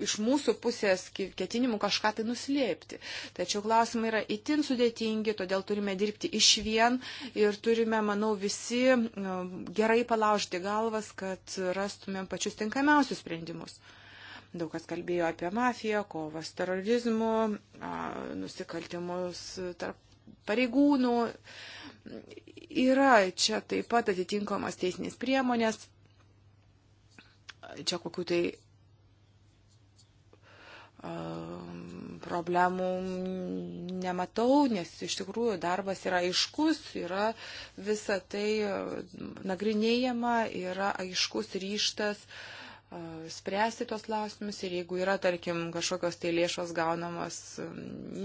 iš mūsų pusės ketinimų kažką tai nuslėpti. Tačiau klausimai yra itin sudėtingi, todėl turime dirbti iš vien ir turime, manau, visi nu, gerai palaužti galvas, kad rastumėm pačius tinkamiausius sprendimus. Daug kas kalbėjo apie mafiją, kovas terorizmu, nusikaltimus tarp pareigūnų. Yra čia taip pat atitinkamas teisinės priemonės, čia kokių tai um, problemų nematau, nes iš tikrųjų darbas yra aiškus, yra visa tai um, nagrinėjama, yra aiškus ryštas uh, spręsti tos klausimus ir jeigu yra, tarkim, kažkokios tai lėšos gaunamos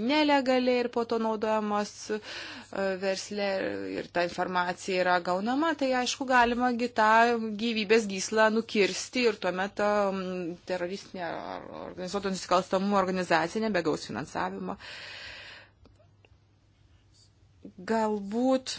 nelegaliai ir po to naudojamos verslė ir ta informacija yra gaunama, tai aišku, galima tą gyvybės gyslą nukirsti ir tuomet ta teroristinė ar organizuoto nusikalstamų organizacija nebegaus finansavimo. Galbūt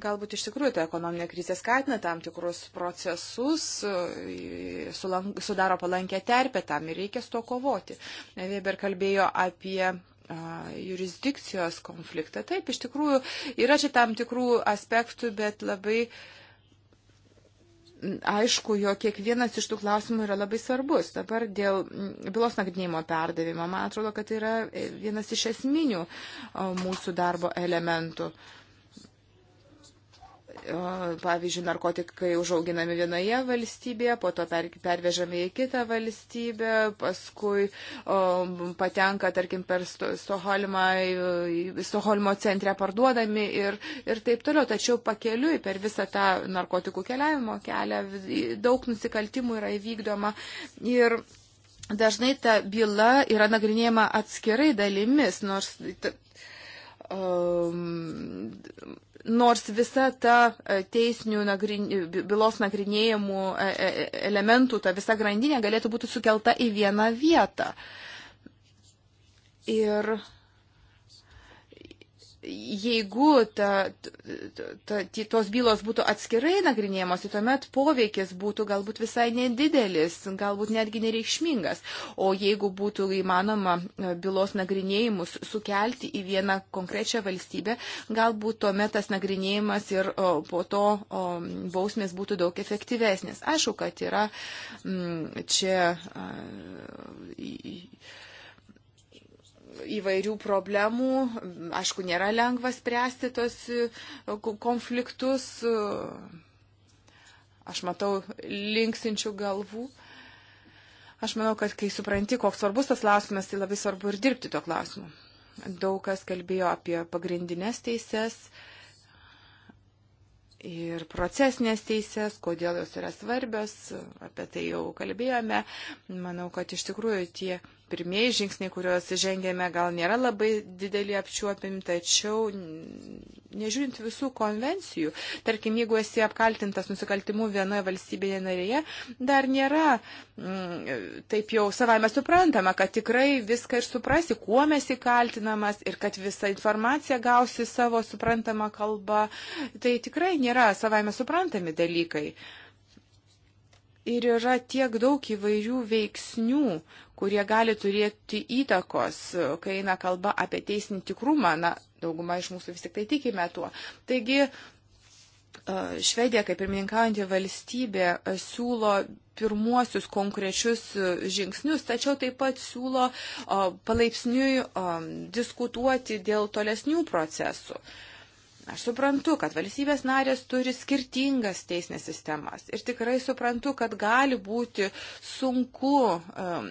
Galbūt iš tikrųjų ta ekonominė krizė skatina tam tikrus procesus, e, sudaro palankę terpę tam ir reikia su to kovoti. Weber kalbėjo apie jurisdikcijos konfliktą. Taip, iš tikrųjų yra čia tam tikrų aspektų, bet labai aišku, jo kiekvienas iš tų klausimų yra labai svarbus. Dabar dėl bylos nagrinėjimo perdavimo, man atrodo, kad tai yra e, vienas iš esminių mūsų darbo elementų. Uh, pavyzdžiui, narkotikai užauginami vienoje valstybėje, po to per, pervežami į kitą valstybę, paskui o, patenka, tarkim, per Stoholmą, Stoholmo centre parduodami ir, ir taip toliau. Tačiau pakeliui per visą tą narkotikų keliavimo kelią daug nusikaltimų yra įvykdoma. Ir dažnai ta byla yra nagrinėjama atskirai dalimis, nors. T, um, nors visa ta e, teisinių nagrin, bylos nagrinėjimų e, e, elementų, ta visa grandinė galėtų būti sukelta į vieną vietą. Ir jeigu ta, ta, ta, tos bylos būtų atskirai nagrinėjamos, tai tuomet poveikis būtų galbūt visai nedidelis, galbūt netgi nereikšmingas. O jeigu būtų įmanoma e, bylos nagrinėjimus sukelti į vieną konkrečią valstybę, galbūt tuomet tas nagrinėjimas ir o, po to o, bausmės būtų daug efektyvesnis. Aišku, kad yra m, čia. A, i, įvairių problemų. Aišku, nėra lengva spręsti tos e, konfliktus. Aš matau linksinčių galvų. Aš manau, kad kai supranti, koks svarbus tas klausimas, tai labai svarbu ir dirbti tuo klausimu. Daug kas kalbėjo apie pagrindinės teises ir procesinės teises, kodėl jos yra svarbios, apie tai jau kalbėjome. Manau, kad iš tikrųjų tie pirmieji žingsniai, kuriuos žengėme, gal nėra labai didelį apčiuopim, tačiau nežiūrint visų konvencijų, tarkim, jeigu esi apkaltintas nusikaltimu vienoje valstybėje narėje, dar nėra m, taip jau savai mes suprantama, kad tikrai viską ir suprasi, kuo mes įkaltinamas ir kad visą informaciją gausi savo suprantamą kalbą. Tai tikrai nėra savai mes suprantami dalykai ir yra tiek daug įvairių veiksnių, kurie gali turėti įtakos, kai eina kalba apie teisinį tikrumą. Na, dauguma iš mūsų vis tik tai tikime tuo. Taigi, e, Švedija, kaip pirmininkaujanti valstybė, e, siūlo pirmuosius konkrečius e, žingsnius, tačiau taip pat siūlo palaipsniui diskutuoti dėl tolesnių procesų. Aš suprantu, kad valstybės narės turi skirtingas teisinės sistemas ir tikrai suprantu, kad gali būti sunku um,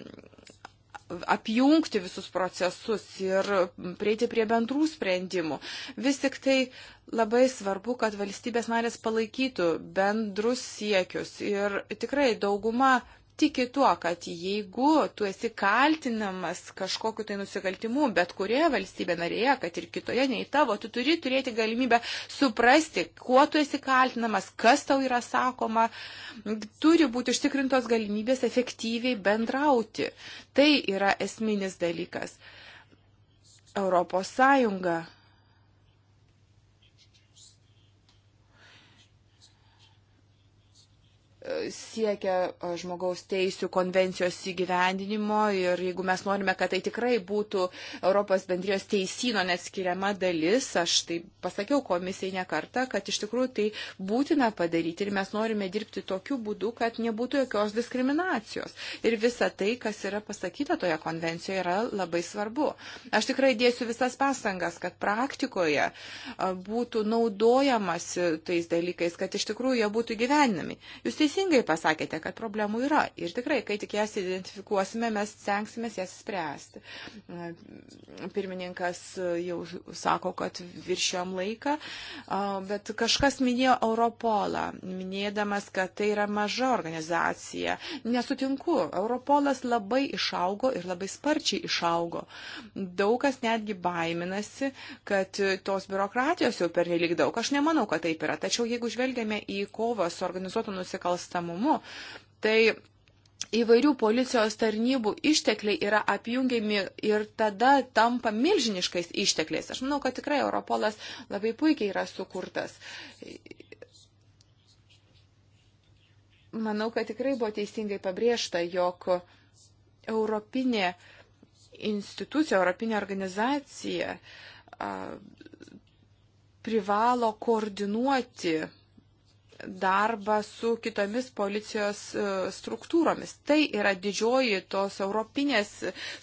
apjungti visus procesus ir prieiti prie bendrų sprendimų. Vis tik tai labai svarbu, kad valstybės narės palaikytų bendrus siekius. Ir tikrai dauguma tiki tuo, kad jeigu tu esi kaltinamas kažkokiu tai nusikaltimu, bet kurioje valstybė narėje, kad ir kitoje nei tavo, tu turi turėti galimybę suprasti, kuo tu esi kaltinamas, kas tau yra sakoma, turi būti užtikrintos galimybės efektyviai bendrauti. Tai yra esminis dalykas. Europos Sąjunga siekia žmogaus teisų konvencijos įgyvendinimo ir jeigu mes norime, kad tai tikrai būtų Europos bendrijos teisino neatskiriama dalis, aš tai pasakiau komisijai nekartą, kad iš tikrųjų tai būtina padaryti ir mes norime dirbti tokiu būdu, kad nebūtų jokios diskriminacijos. Ir visa tai, kas yra pasakyta toje konvencijoje, yra labai svarbu. Aš tikrai dėsiu visas pastangas, kad praktikoje būtų naudojamasi tais dalykais, kad iš tikrųjų jie būtų gyvenami. Jūs teisė teisingai pasakėte, kad problemų yra. Ir tikrai, kai tik jas identifikuosime, mes stengsimės jas spręsti. Pirmininkas jau sako, kad viršiom laiką, bet kažkas minėjo Europolą, minėdamas, kad tai yra maža organizacija. Nesutinku, Europolas labai išaugo ir labai sparčiai išaugo. Daug kas netgi baiminasi, kad tos biurokratijos jau pernelyg daug. Aš nemanau, kad taip yra. Tačiau jeigu žvelgiame į kovą su organizuotu nusikalstamu, nusikalstamumu, tai įvairių policijos tarnybų ištekliai yra apjungiami ir tada tampa milžiniškais ištekliais. Aš manau, kad tikrai Europolas labai puikiai yra sukurtas. Manau, kad tikrai buvo teisingai pabrėžta, jog Europinė institucija, Europinė organizacija a, privalo koordinuoti darbą su kitomis policijos e, struktūromis. Tai yra didžioji tos europinės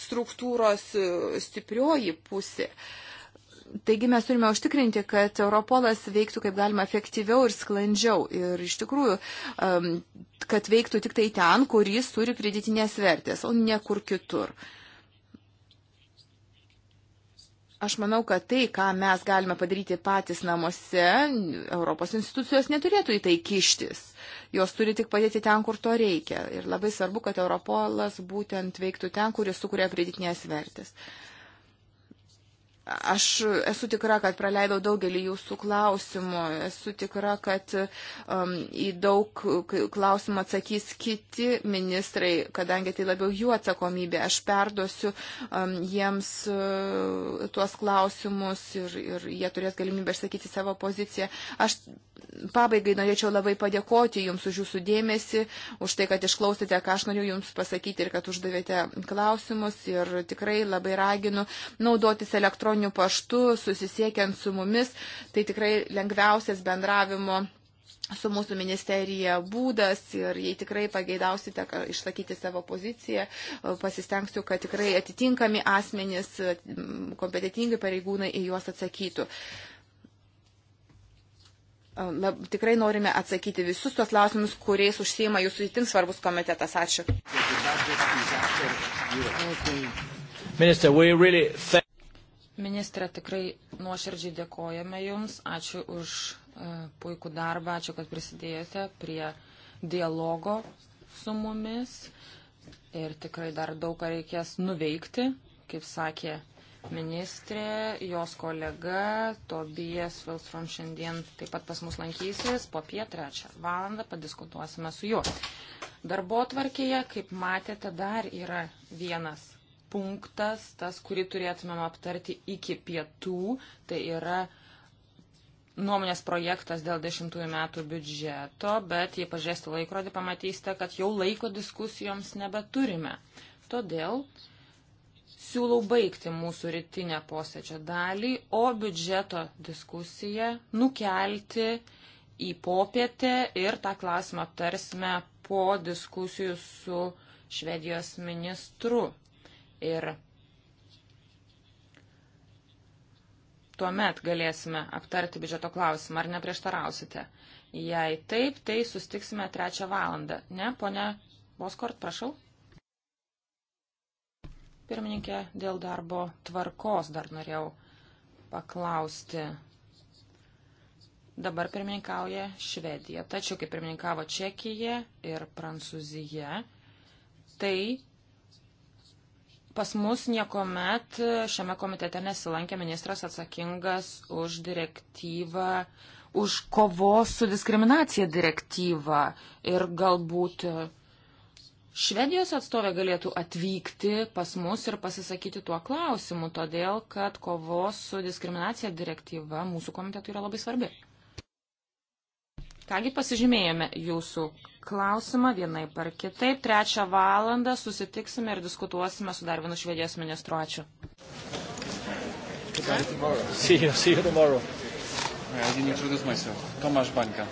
struktūros e, stiprioji pusė. Taigi mes turime užtikrinti, kad Europolas veiktų kaip galima efektyviau ir sklandžiau. Ir iš tikrųjų, kad veiktų tik tai ten, kur jis turi pridėtinės vertės, o ne kur kitur. Uh, Aš manau, kad tai, ką mes galime padaryti patys namuose, Europos institucijos neturėtų į tai kištis. Jos turi tik padėti ten, kur to reikia. Ir labai svarbu, kad Europolas būtent veiktų ten, kuris sukuria pridėtinės vertės. Uh, Aš esu tikra, kad praleidau daugelį jūsų klausimų. Esu tikra, kad um, į daug klausimų atsakys kiti ministrai, kadangi tai labiau jų atsakomybė. Aš perduosiu um, jiems uh, tuos klausimus ir, ir jie turės galimybę išsakyti savo poziciją. Aš pabaigai norėčiau labai padėkoti Jums už Jūsų dėmesį, už tai, kad išklausėte, ką aš noriu Jums pasakyti ir kad uždavėte klausimus. Ir tikrai labai raginu naudotis elektroniniu elektroniniu paštu, susisiekiant su mumis, tai tikrai lengviausias bendravimo su mūsų ministerija būdas ir jei tikrai pageidausite išsakyti savo poziciją, pasistengsiu, kad tikrai atitinkami asmenys, kompetitingi pareigūnai į juos atsakytų. Lab, tikrai norime atsakyti visus tos klausimus, kuriais užsieima jūsų itin svarbus komitetas. Ačiū. Minister, really Ministrė, tikrai nuoširdžiai dėkojame Jums. Ačiū už e, puikų darbą, ačiū, kad prisidėjote prie dialogo su mumis. Ir tikrai dar daug ką reikės nuveikti, kaip sakė ministrė, jos kolega Tobijas Vilsrom šiandien taip pat pas mus lankysis, po piet trečią valandą padiskutuosime su juo. Darbo tvarkėje, kaip matėte, dar yra vienas punktas, tas, kurį turėtumėm aptarti iki pietų, tai yra nuomonės projektas dėl dešimtųjų metų biudžeto, bet jei pažiūrėsite laikrodį, pamatysite, kad jau laiko diskusijoms nebeturime. Todėl siūlau baigti mūsų rytinę posėdžio dalį, o biudžeto diskusiją nukelti į popietę ir tą klausimą aptarsime po diskusijų su Švedijos ministru ir tuomet galėsime aptarti biudžeto klausimą, ar neprieštarausite. Jei taip, tai sustiksime trečią valandą. Ne, ponia Boskort, prašau. Pirmininkė, dėl darbo tvarkos dar norėjau paklausti. Dabar pirmininkauja Švedija, tačiau kaip pirmininkavo Čekija ir Prancūzija, tai Pas mus niekuomet šiame komitete nesilankė ministras atsakingas už direktyvą, už kovos su diskriminacija direktyvą ir galbūt Švedijos atstovė galėtų atvykti pas mus ir pasisakyti tuo klausimu, todėl kad kovos su diskriminacija direktyva mūsų komitetui yra labai svarbi. Kągi pasižymėjome jūsų klausimą vienai par kitaip. Trečią valandą susitiksime ir diskutuosime su dar vienu švedijos ministru. Ačiū. See you, see you tomorrow. I didn't introduce myself. Tomasz Bańka.